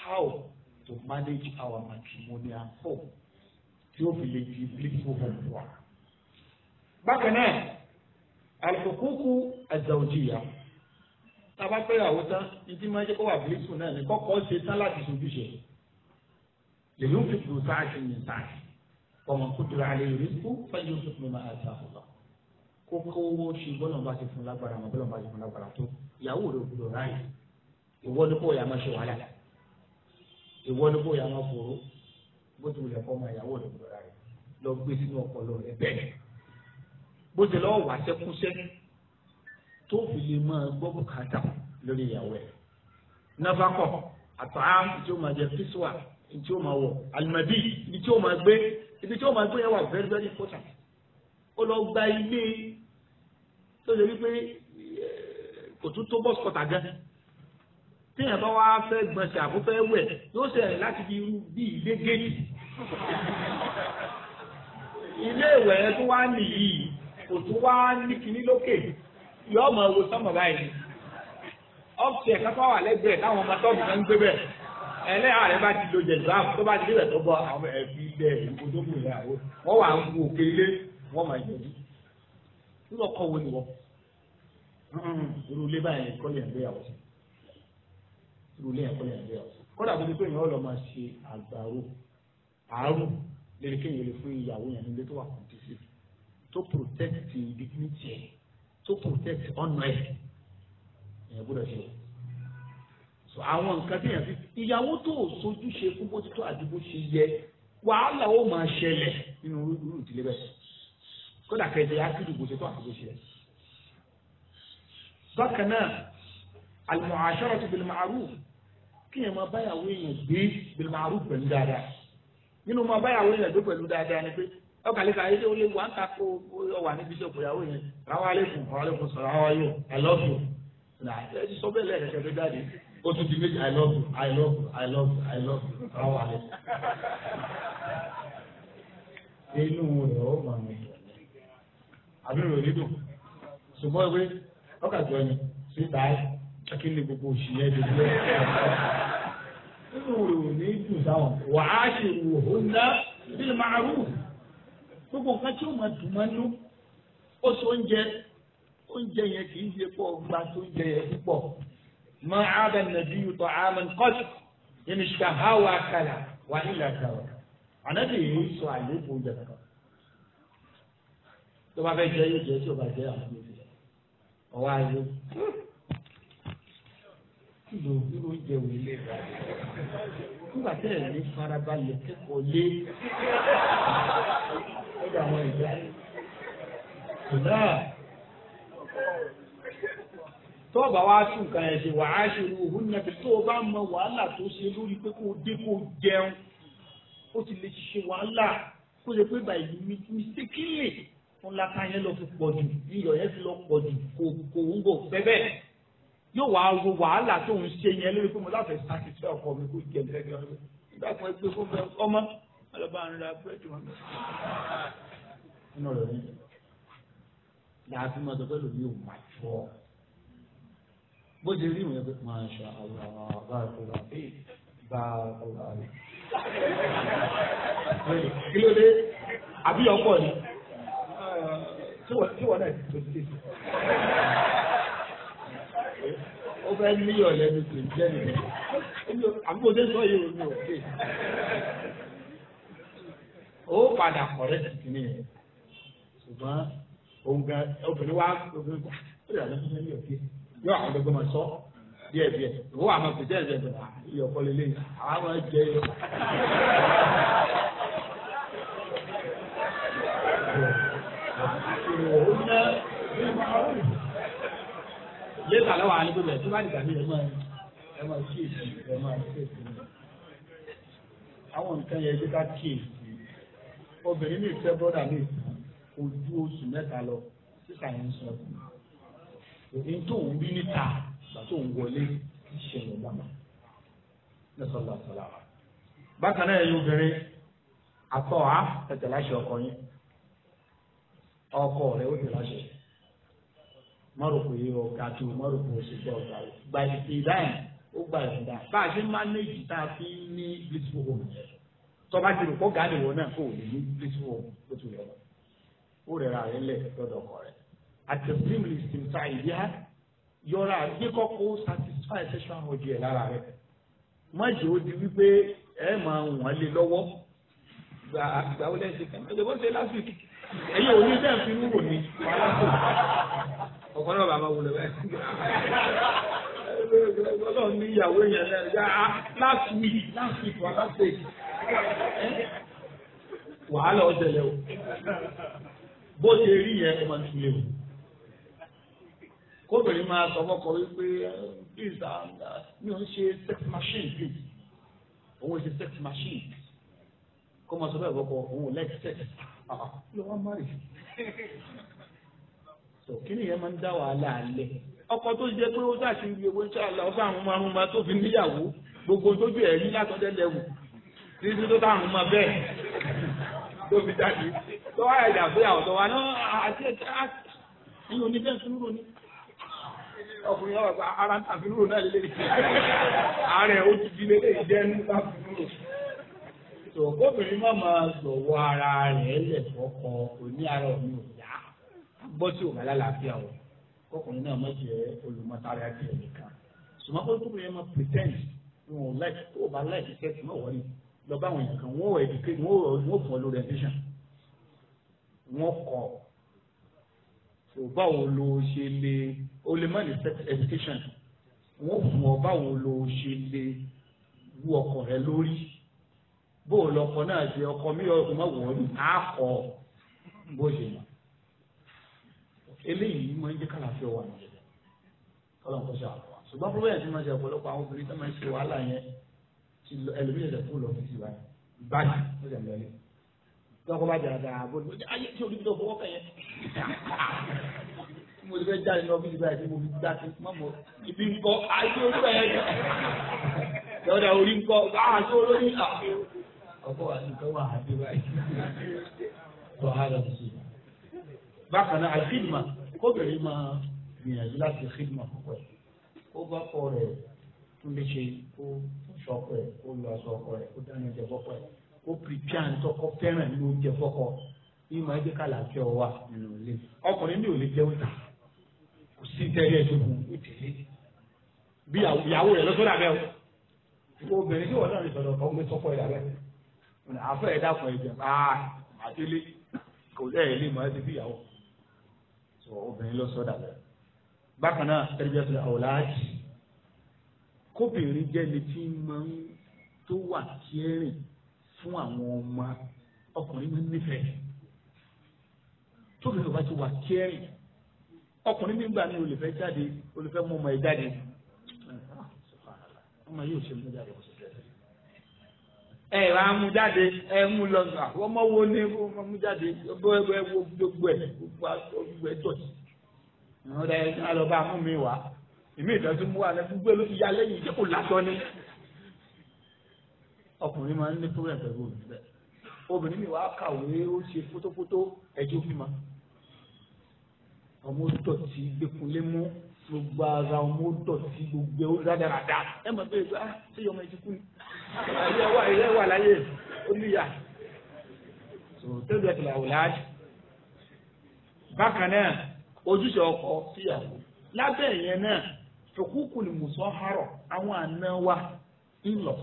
how to manage our matrimonial home tí ó fi lè di blissful home wa. bákan náà àlùkùkù àzàwòjìyà tába pé ìyàwó tán ìdí máa jẹ́ kó wà blissful náà ní kọ́kọ́ ṣe tán láti ṣojúṣe lèyí ó fi kùrù sáà ṣe yẹn sáà ṣe ọmọ kúndùrà alẹ́ rizqu fẹ́ẹ́ yóò sọ̀tún máa ta ọ̀la kókó owó ṣe bọ́lọ̀ bá ti fún lágbára mọ́ bọ́lọ̀ bá ti fún lágbára tó ìyàwó rẹ̀ gbọdọ̀ ráyè ìwọ ni kò yà máa ṣe wàhálà ìwọ ni kò yà máa fòró bó ti wulẹ̀ kọ́ ọmọ ìyàwó rẹ̀ gbọdọ̀ ráyè lọ gbé sínú ọpọlọ rẹ̀ bẹ́ẹ̀ bó ti lọ́wọ́ wà sẹ́kúnṣẹ́ tó fi lè máa gbọ́ bùkátà lórí ìyàwó ẹ̀ nafakọ̀ àtọ̀ ibi tí wọ́n máa gbé yẹn wà very very important ó lọ gba ilé tó ṣe wípé eh, kò tún tó bọ́sù kọ̀tà gan téèyàn bá wá fẹ́ gbọ̀nsẹ̀ àkófẹ́ wẹ̀ yóò ṣẹlẹ̀ láti fi irú bí ilé géètì ilé ìwẹ̀ yẹn tó wá nìyí kò tún wá ní kinní lókè yóò mọ̀ ọ́ wo sọ́mọ̀ báyìí ọ́fíìsì ẹ̀ka tó wà lẹ́gbẹ̀ẹ́ táwọn ọmọ tọ́ọ̀bù kan ń gbé bẹ́ẹ̀ ẹlẹ́yà rẹ̀ bá ti lo jẹ̀sán tó bá ti lé ẹ̀tọ́ bọ́ àwọn ẹ̀fí ilẹ̀ ìlú tó kù ní àwọn wọ́n wà ń gun òkè wọ́n máa yẹ yìí nínú ọkọ̀ wo ni wọ́n irú báyìí kọ́ lè gbéyàwó sí irú ilé yẹn kọ́ lè gbéyàwó sí kódà tó ti pé ìyàwó lọ́ọ́ máa ṣe àgbàrò àárùn lè kéèyàn lè fún ìyàwó yẹn nílé tó wà conducive tó ṣe o àwọn nǹkan tí yẹn fi ìyàwó tó sojúṣe fún bó ti tó àti bó ṣe yẹ wàhálà ó máa ṣẹlẹ̀ nínú irú ìdílé bẹ́ẹ̀ kódà kẹjẹ akíndù bó ṣe tó àti bó ṣe yẹ. bákan náà al-mu'asharatu bil ma'ruf kí yẹn máa báyàwó èèyàn gbé bil ma'ruf pẹ̀lú dáadáa nínú máa báyàwó èèyàn gbé pẹ̀lú dáadáa ni pé ọkàlẹ́kà ayé ó wà ń takò ó wà níbi iṣẹ́ òkúyàwó yẹn ráwálẹ́kùn ráwálẹ́kùn sọ̀rọ̀ àwọn yóò I love you. nà ẹ ti sọ bẹ́ẹ̀ lẹ́ẹ̀kẹ́ tó jáde ó tún ti méjì i love you i love you i love you i love you àwọn wà lẹ́sẹ̀. inú rẹ̀ ó mà mí àbúrò rẹ̀ dùn ṣùgbọ́n ewé ọkà jọ ni síta kí ni gbogbo òṣìyẹ́ ti lé inú rẹ̀ ò ní dùn sáwọn wàá ṣe wò ó ná bí màrú gbogbo nǹkan tí ó máa dùn máa ń lò ó sọ oúnjẹ oúnjẹ yẹn kì í ṣe pọ̀ gba tó oúnjẹ yẹn púpọ̀. ما عاد النبي طعاما قط إن اشتهى وأكله وإلا ترك ànábì yìí sọ àléébù oúnjẹ kan tó bá fẹ́ jẹ yóò jẹ tí o bá jẹ àwọn ọmọ ìfẹ́ ọwọ́ ayé kìlọ̀ òbí oúnjẹ wò lè rà nígbà tí ẹ̀ ní farabalẹ̀ kẹ́kọ̀ọ́ lé lọ́dọ̀ àwọn ìgbà náà tó ọba wa sùn kan ẹ̀ ṣe wàá ṣe òhun ní ẹbí tó o bá mọ wàhálà tó ṣe lórí pé kó o dé kó o jẹun ó ti lè ṣe wàhálà kó lè pé bàyìí mi mistakenly fún lata yẹn lọ fi pọ̀ jù iyọ̀ yẹn fi lọ pọ̀ jù kò kò ń bò bẹ́bẹ́ yóò wá wo wàhálà tó ń ṣe yẹn lórí pé mo láfẹ̀ satisfy ọkọ mi kó jẹ ẹgbẹ́ ọmọ nígbà kan pé kó bẹ ọmọ ọlọ́ba ń ra búrẹ́dì wọn. inú rẹ̀ ní láàfin mọ́tò pẹ̀lú mi ò máa fọ́ ọ bó ṣe rí ìwé pé masha allah barakallahu fik barakallahu fik. kí ló dé àbí ọkọ ni tí wọn náà ti tó sí. ó fẹ́ ní ọ̀lẹ́ mi kò jẹ́ nìyẹn àbí mo ṣe sọ yìí o mi ó padà kọ̀rẹ́ títí nìyẹn ṣùgbọ́n obìnrin wa obìnrin wa ó lè rà lọ́sọ̀rọ̀ yìí ò yọ àwọn gbogbo ma sọ díẹ̀ díẹ̀ ìwọ àmọ́ fi díẹ̀ díẹ̀ díẹ̀ iye ọkọ lele àwọn ọmọ jẹ yọ. lẹ́tà lọ́wọ́ àwọn ẹgbẹ́ bẹ̀rẹ̀ tó bá dìgbà mí ẹ máa ẹ máa kí èsì ẹ máa kí èsì àwọn nǹkan yẹn ẹgbẹ́ ká kí èsì obìnrin mi fẹ́ bọ́dà mi ojú oṣù mẹ́ta lọ sísà yẹn ń sọ fún mi èyí tó ń rí níta ìgbà tó ń wọlé ìṣẹ̀lẹ̀ lọ́nà lọ́sọ̀lọ́ sọ̀lá wa. bákan náà ẹ̀yin obìnrin àtọ̀ á tẹ̀tẹ̀ láṣẹ ọkọ yín ọkọ rẹ̀ ó tẹ̀ láṣẹ mọ́rùkù yìí ó ga tó mọ́rùkù ó sì gbọ́ ọ̀gá rẹ̀ gba ìpè dáhùn ó gba ìrìndà bá a ṣe mánéjì tá a fi ní blissful home tọ́ba ti rò pọ̀ gáàdì wọn náà kò ní blissful home ó tún yọ ó rẹ̀ ra rẹ̀ ńlẹ̀ lọ́dọ̀ ọkọ rẹ̀ àtẹ̀sílẹ̀ lè sìn ta ìdí á yọra àgbé kọ́kọ́ satisfy sexual urge ẹ̀ lára rẹ̀ má jẹ́ ó di wípé ẹ máa wọ́n lé lọ́wọ́ gba àgbà ó lẹ́sìn kẹ́mẹ́ ìjọba ṣe lásìkò ẹ̀yẹ òní bẹ́ẹ̀ fi ń wò ní wàhálà ọ̀kan náà bàbá wò lè bẹ́ẹ̀ ọlọ́run ní ìyàwó yẹn lẹ́yìn láti wí láti wà láti wàhálà ọ̀dẹ̀lẹ̀ o bó ṣe rí yẹn ẹ máa ń tulẹ̀ o kóbìnrin máa sọ fọ́kọ wípé please mi ò ń ṣe sex machine please òun ò ṣe sex machine kó máa sọ bẹ́ẹ̀ fọ́kọ òun ò like sex ló wá má rè so kí ni ìyẹn máa ń dá wàhálà alẹ́ ọkọ tó jẹ pé ó dàṣí iye owó iṣẹ́ àlọ́ ọba àwọn ọmọ ọmọ tó fi níyàwó gbogbo tójú ẹ̀ rí látọ̀dẹ́ lẹ́wù títí tó bá àwọn ọmọ bẹ́ẹ̀ tó fi dàṣí tó wáyà ìdàgbéyàwó tó wá náà àti ẹ̀ tí a ní oníbẹ̀ sùúrù ni ọkùnrin yóò wà pé ara ń tàbí rò náà lélẹ̀ ààrẹ ó ti di lélẹ̀ jẹ́ ń tàbí rò. tòkóbìnrin má máa gbọ̀wọ́ ara rẹ̀ lẹ̀ fọ́kọ òní ara òní ò yá gbọ́ tí ò bá lálàáfíà o kọkùnrin náà má jẹ́ olùmọ̀tara ẹ̀ tiẹ̀ nìkan ṣùgbọ́n kó tóbi yẹn pretend wọn ò láì tó o bá láì ti sẹ́ẹ̀tì náà wọ́n ni lọ bá àwọn èèyàn kan wọ́n ò educate ò fún ọ lórí education wọ́n kọ̀ ọ̀ báwo lo ṣe lè o lè má ní education wọ́n fún ọ báwo lo ṣe lè wú ọkọ rẹ lórí bó o lọkọ náà ṣe ọkọ mi ọkọ má wọ̀ ọ́nù á kọ́ bó ṣe mọ̀ eléyìí máa ń jẹ́ kálàfẹ́ wà nìyẹn kọ́lọ́n kọ́ ṣe àpò ṣùgbọ́n pọ́lọ́yà tí máa ṣe ọ̀pọ̀lọpọ̀ àwọn obìnrin tó máa ń ṣe wàhálà yẹn ti lọ ẹlòmíràn ṣe kúrò lọ́fíìsì báyìí báyìí ó ṣe lọ́lẹ̀ tí wọ́n kọ́ bá jàdà àbọ̀ ayé tí olùdíje òfowó mo ti fẹ́ jáde ní ọ́fíìsì báyìí tí mo fi gbá sí mọ́mọ́ ibi ń kọ́ ayé orí ẹ̀ lọ́dà orí ń kọ́ báà sí olórí à ọkọ wa ní kọ́ wà á dé báyìí tọ́ ha lọ sí i. bákan náà àìsídìmọ̀ kóbìnrin máa gbìyànjú láti sídìmọ̀ púpọ̀ ó bá kọ rẹ̀ tún lè ṣe kó sọkọ ẹ̀ kó lọ aṣọ ọkọ kó dáná jẹ fọ́kọ ẹ̀ kó pìpìà tọkọ fẹ́ràn ní oúnjẹ fọ́kọ yìí máa jẹ́ kálàáfíà wà nínú ilé ọkùnrin mi ò lè jẹun kò sí tẹ̀lé ẹ̀ lóko ó tẹ̀lé bí ìyàwó rẹ̀ lọ́sọ́dà bẹ́ẹ̀ o obìnrin tí wọ́n náà lè sọ̀rọ̀ ọ̀kan omi sọ́kọ̀ ẹ̀dá bẹ́ẹ̀ àfẹ́ ẹ̀dá kan ẹ̀jẹ̀ máa ah, àdélé kò lẹ́yìn lè mọ̀ ti bí ìyàwó sọ obìnrin lọ́sọ́dà bẹ́ẹ̀ bákan náà tẹ́lifíṣẹ́ àwòláàjì kóbìnrin jẹ́ ni tí máa ń tó wà kéré fún àwọn ọmọ ọkùnrin máa ń nífẹ̀ẹ́ tóbi ló bá ti wà kéré ọkùnrin nígbà ní olùfẹ́ jáde olùfẹ́ mú ọmọ ẹ jáde ọmọ yóò ṣe mú jáde ọsẹ ẹ wà á mú jáde ẹ mú lọ nà ọmọ wo ni ọmọ mú jáde gbogbo ẹ gbogbo ẹ gbogbo ẹ tọ̀ ọ̀rọ̀ ẹ alọ́ba mú mi wá èmi ìdájọ́ mú wa lẹ́nu gbé ló ti ya lẹ́yìn ìjẹ́kù lásán ni ọkùnrin máa ń ní problem pẹ̀lú obìnrin bẹ́ẹ̀ obìnrin mi wàá kàwé ó ṣe fótófótó ẹjọ́ fún ma ọmọ dọ̀tí gbẹ̀kúnlé mú gbogbo ara ọmọ dọ̀tí gbogbo ẹ̀ ó rádaràda ẹ mọ̀ bẹ́ẹ̀ bá ah, ṣé yọmọ ẹ ti kú ni ilé wà ilé wà láyé ó níyà tẹ́lẹ̀ tẹ̀lẹ̀ bákan náà ojúṣe ọkọ síyàwó lábẹ́ ìyẹn náà ṣòkúkù ni mùsọ̀hárọ̀ àwọn àna wa ń lọ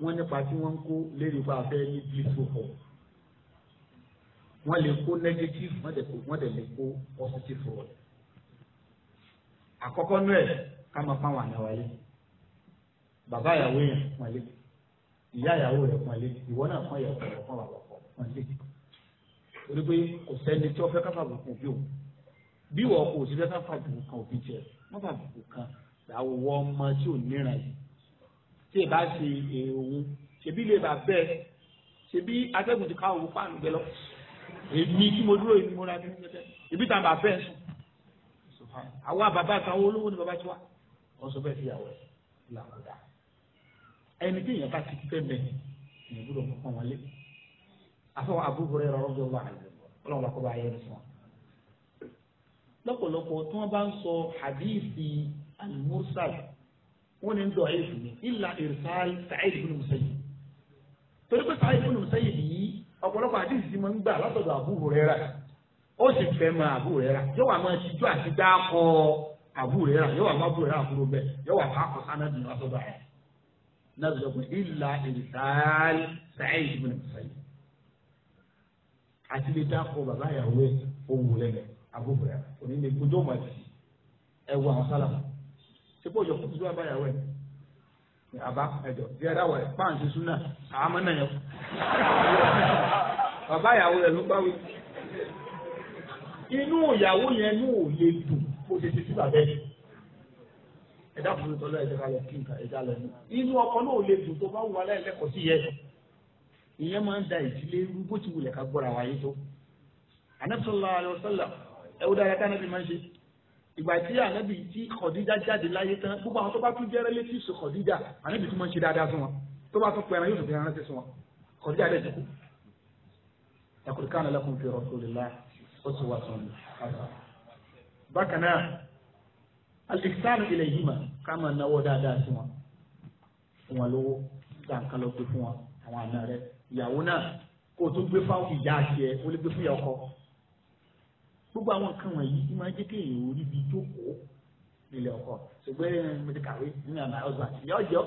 wọ́n nípa tí wọ́n ń kó lérí bá a ní bíi tó wọ́n lè kó negative wọ́n lè kó wọ́n lè kó positive role. àkọ́kọ́ nú ẹ̀ ká máa pa àwọn àna wa lé bàbá ìyàwó yẹn pọ́n lé ìyá ìyàwó rẹ̀ pọ́n lé ìwọ náà pọ́n ìyàwó rẹ̀ pọ́n bàbá pọ́n lé torí pé kò sẹ́ni tí wọ́n fẹ́ káfà bùkún òbí òun bí wọ́n kò sí fẹ́ káfà bùkún òbí tiẹ̀ wọ́n fà bùkún kan àwọ̀ ọmọ tí ò níran yìí tí ì bá ṣe èèwù ṣèbí lè bà bẹ́ẹ̀ ṣèbí atẹ́gùn ti ká òun fáànù bẹ́ẹ̀ lọ èmi tí mo dúró yìí ni mo ra nínú tẹ́tẹ́ ibi tá a bá bẹ́ẹ̀ sùn àwa bàbá kan àwọn olówó ni bàbá ti wá wọ́n sọ bẹ́ẹ̀ fìyàwó ẹ̀ làkúdà ẹni tí èèyàn bá ti fẹ́ mẹ́ èèyàn gbọ́dọ̀ mọ̀ pọ́n wọn lé afọ Abu Hurairah rọ́jò wà ọlọ́run làkọ́ bá yẹ ẹ̀ sùn. lọ́pọ̀lọpọ̀ tí wọ́n bá ń sọ hadithi al-mursal wọ́n ní dọ̀ ẹ̀fù ni illa irsal Sa'id ibn Musayyib torí pé Sa'id ibn Musayyib yìí ọ̀pọ̀lọpọ̀ àdìsí ti máa ń gbà látọ̀dọ̀ Abu Huraira ó sì fẹ́ mọ Abu Huraira yóò wà máa ṣíjú àti dáàkọ Abu Huraira yóò wà máa Abu Huraira kúrò bẹ́ẹ̀ yóò wà máa kọ látọ̀dọ̀ náà ìlà ìrìsàl àti lè bàbá ìyàwó ẹ̀ òwò àbá ẹjọ bí ẹ dáwọ ẹ pàǹ ṣe súnà àmọ́ náà yẹ bàbá ìyàwó rẹ ló bá wí. inú ìyàwó yẹn ní ò lè dùn kó ṣe ṣe sí bàbá ẹ ẹ dákun ní tọ́lá ẹ̀jẹ̀ ká lọ kí nǹkan ẹ̀jẹ̀ lọ ní. inú ọkọ náà ò lè dùn tó bá wù wá lẹ́ẹ̀lẹ́kọ̀ọ́ sí yẹ ìyẹn máa ń da ìdílé bó ti wulẹ̀ ká gbọ́ra wáyé tó. àná sọ̀rọ̀ àlọ́ sọ̀rọ̀ ẹ̀ wọ́n náà fi máa ń ṣe ìgbà tí ànábì tí kọ̀díjà jáde láyé tán gbogbo àwọn tó bá tún jẹ́ relatives kọ̀díjà ànábì tún máa ń ṣe dáadáa fún wọn tó bá tún pẹ̀rẹ̀ yóò tún fi ránṣẹ́ sí wọn kọ̀díjà dẹ̀ jẹ́kú. ẹ̀kọ́ kan lẹ́kùn fi rasulillah ó ti wà sọ̀rọ̀ bákan náà alìsàn ilẹ̀ yìí mà ká máa náwó dáadáa sí wọn fún wọn lówó gbà nǹkan lọ pé fún wọn àwọn àna rẹ ìyàwó gbogbo àwọn nǹkan wọ̀nyí ti máa jẹ́ kéèyàn orí bíi jókòó nílé ọkọ ṣùgbọ́n eh, mo ti kàwé nínú àmà ọgbà ìyá ọjọ́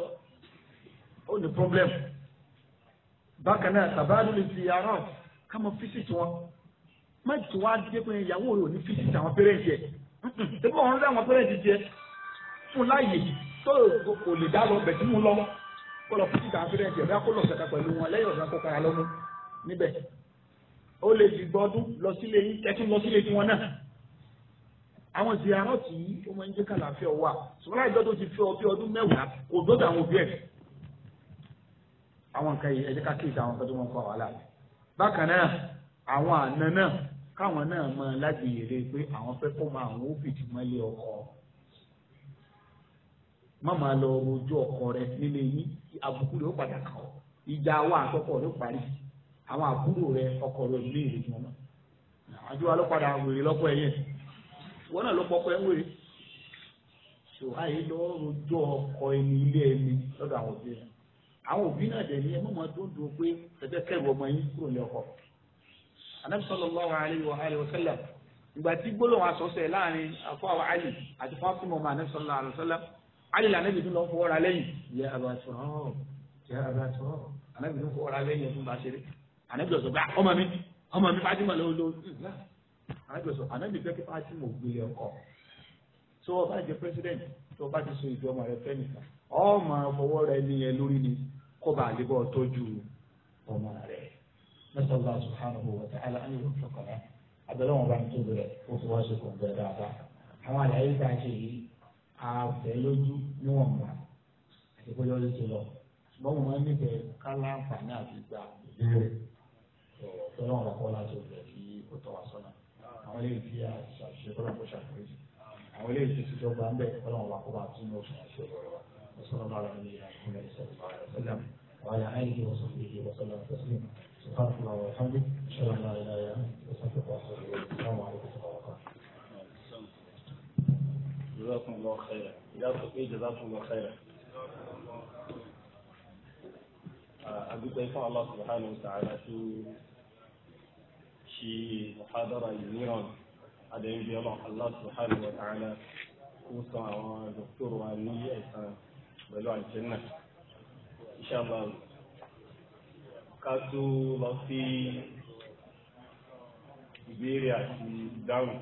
ó ní problem bákan náà sàbáàdù lè fi ara ká mọ físìtì wọn má tún wá dé pé ìyàwó rẹ ò ní físìtì àwọn pẹrẹntì ẹ ṣùgbọ́n òun rí àwọn pẹrẹntì jẹ fún láàyè tó kò lè dá lọ bẹ̀tí mú lọ kó lọ físìtì àwọn pẹrẹntì ẹ bá wọn kó kára lọ́mú ó lè fi gbọdún lọ sílé yín kẹtún lọ sílé tiwọn náà àwọn ziyarọ tí ó máa ń jẹ́ kàlàáfíà wà ṣùgbọ́n láì gbọ́dọ̀ ti fi ọbí ọdún mẹ́wàá kò gbọ́dọ̀ àwọn òbí ẹ̀ àwọn nǹkan yìí ẹ jẹ́ ká kíyèsí àwọn nǹkan tó máa ń fa wàhálà bákan náà àwọn àna náà káwọn náà máa lágbèyèrè pé àwọn fẹ́ kó máa àwọn òbí ti mọ́lé ọkọ má máa lọ rojú ọkọ rẹ nílé yín àbùkù rẹ ó padà kàn ìjà wa àkọ́kọ́ rẹ ó parí àwọn àbúrò rẹ ọkọ rẹ ní ìlú wọn náà àjọ alọ́padà wèrè lọ́pọ̀ ẹ̀yẹ wọn náà ló pọpọ ẹ̀ ń wèrè so àyè lọ́wọ́ rojọ́ ọkọ ẹni ilé ẹni lọ́dọ̀ àwọn òbí rẹ àwọn òbí náà dẹ̀ ní ẹ mọ̀mọ́ tó ń dùn pé ẹgbẹ́ kẹrù ọmọ yín kúrò ní ọkọ anabi sallallahu alayhi wa alihi wa sallam ìgbà tí gbólóhùn asọ̀sẹ̀ láàrin afọ àwọn àlì àti fáfúnmọ́ ọmọ anabi sallallahu alayhi wa sallam àlì lànà ibi lọ fọwọ́ra lẹ́yìn yẹ abàtọ̀ yẹ abàtọ̀ anabi ló fọwọ́ra lẹ́yìn ẹ̀fún bá ànábì ọ̀sọ̀ pé ah, ọmọ mi ọmọ mi Fatima ló ló ànábì ọ̀sọ̀ ànábì fẹ́ kí Fatima ò gbélé ọkọ tó o bá jẹ president tó o bá ti so ìjọ ọmọ rẹ fẹ́ nìkan ọmọ fọwọ́ rẹ ní ẹ lórí ni kó bàa lè bọ́ tọ́jú ọmọ rẹ nẹ́sọ̀ bá subhanahu wa ta'ala á ní ìlú fọkànlá abẹ́rẹ́ wọn bá ń tóbi rẹ̀ ó fi wá kò bẹ́ẹ̀ dáadáa àwọn àlàyé tá a ṣe yìí àfẹ́ lójú níwọ̀nba àti kó yọ lóṣù lọ ṣùgbọ́n mo máa ń nífẹ̀ẹ́ ká láǹfààní àti gbà ìbéèrè. tọ́lọ́run ọkọ láti ọ̀gbẹ̀ tí ó tọ́ wa sọ́nà àwọn eléyìí tí a ṣàṣe kọ́lọ́run kó ṣàkóso àwọn eléyìí tí sísọ gba ń bẹ̀ kọ́lọ́run wa kó bá tún ní oṣù àṣẹ ọ̀rọ̀ wa وصلى الله على نبينا محمد صلى الله عليه وسلم وعلى اله وصحبه وسلم تسليما سبحانك اللهم وبحمدك اشهد ان لا اله الا انت استغفرك واتوب اليك السلام عليكم ورحمه الله وبركاته جزاكم الله خيرا جزاكم الله خيرا adúpẹ́ fún Allah subhanahu wa ta'ala tí ṣe mọ̀hádọ́rà yìí mìíràn adẹ́yìnbí Allah subhanahu wa ta'ala kó san àwọn dọ́kítọ̀rù wa ní ẹ̀sán pẹ̀lú àjẹ́nà inshallah ká tó lọ sí ìbéèrè àti ìdáhùn.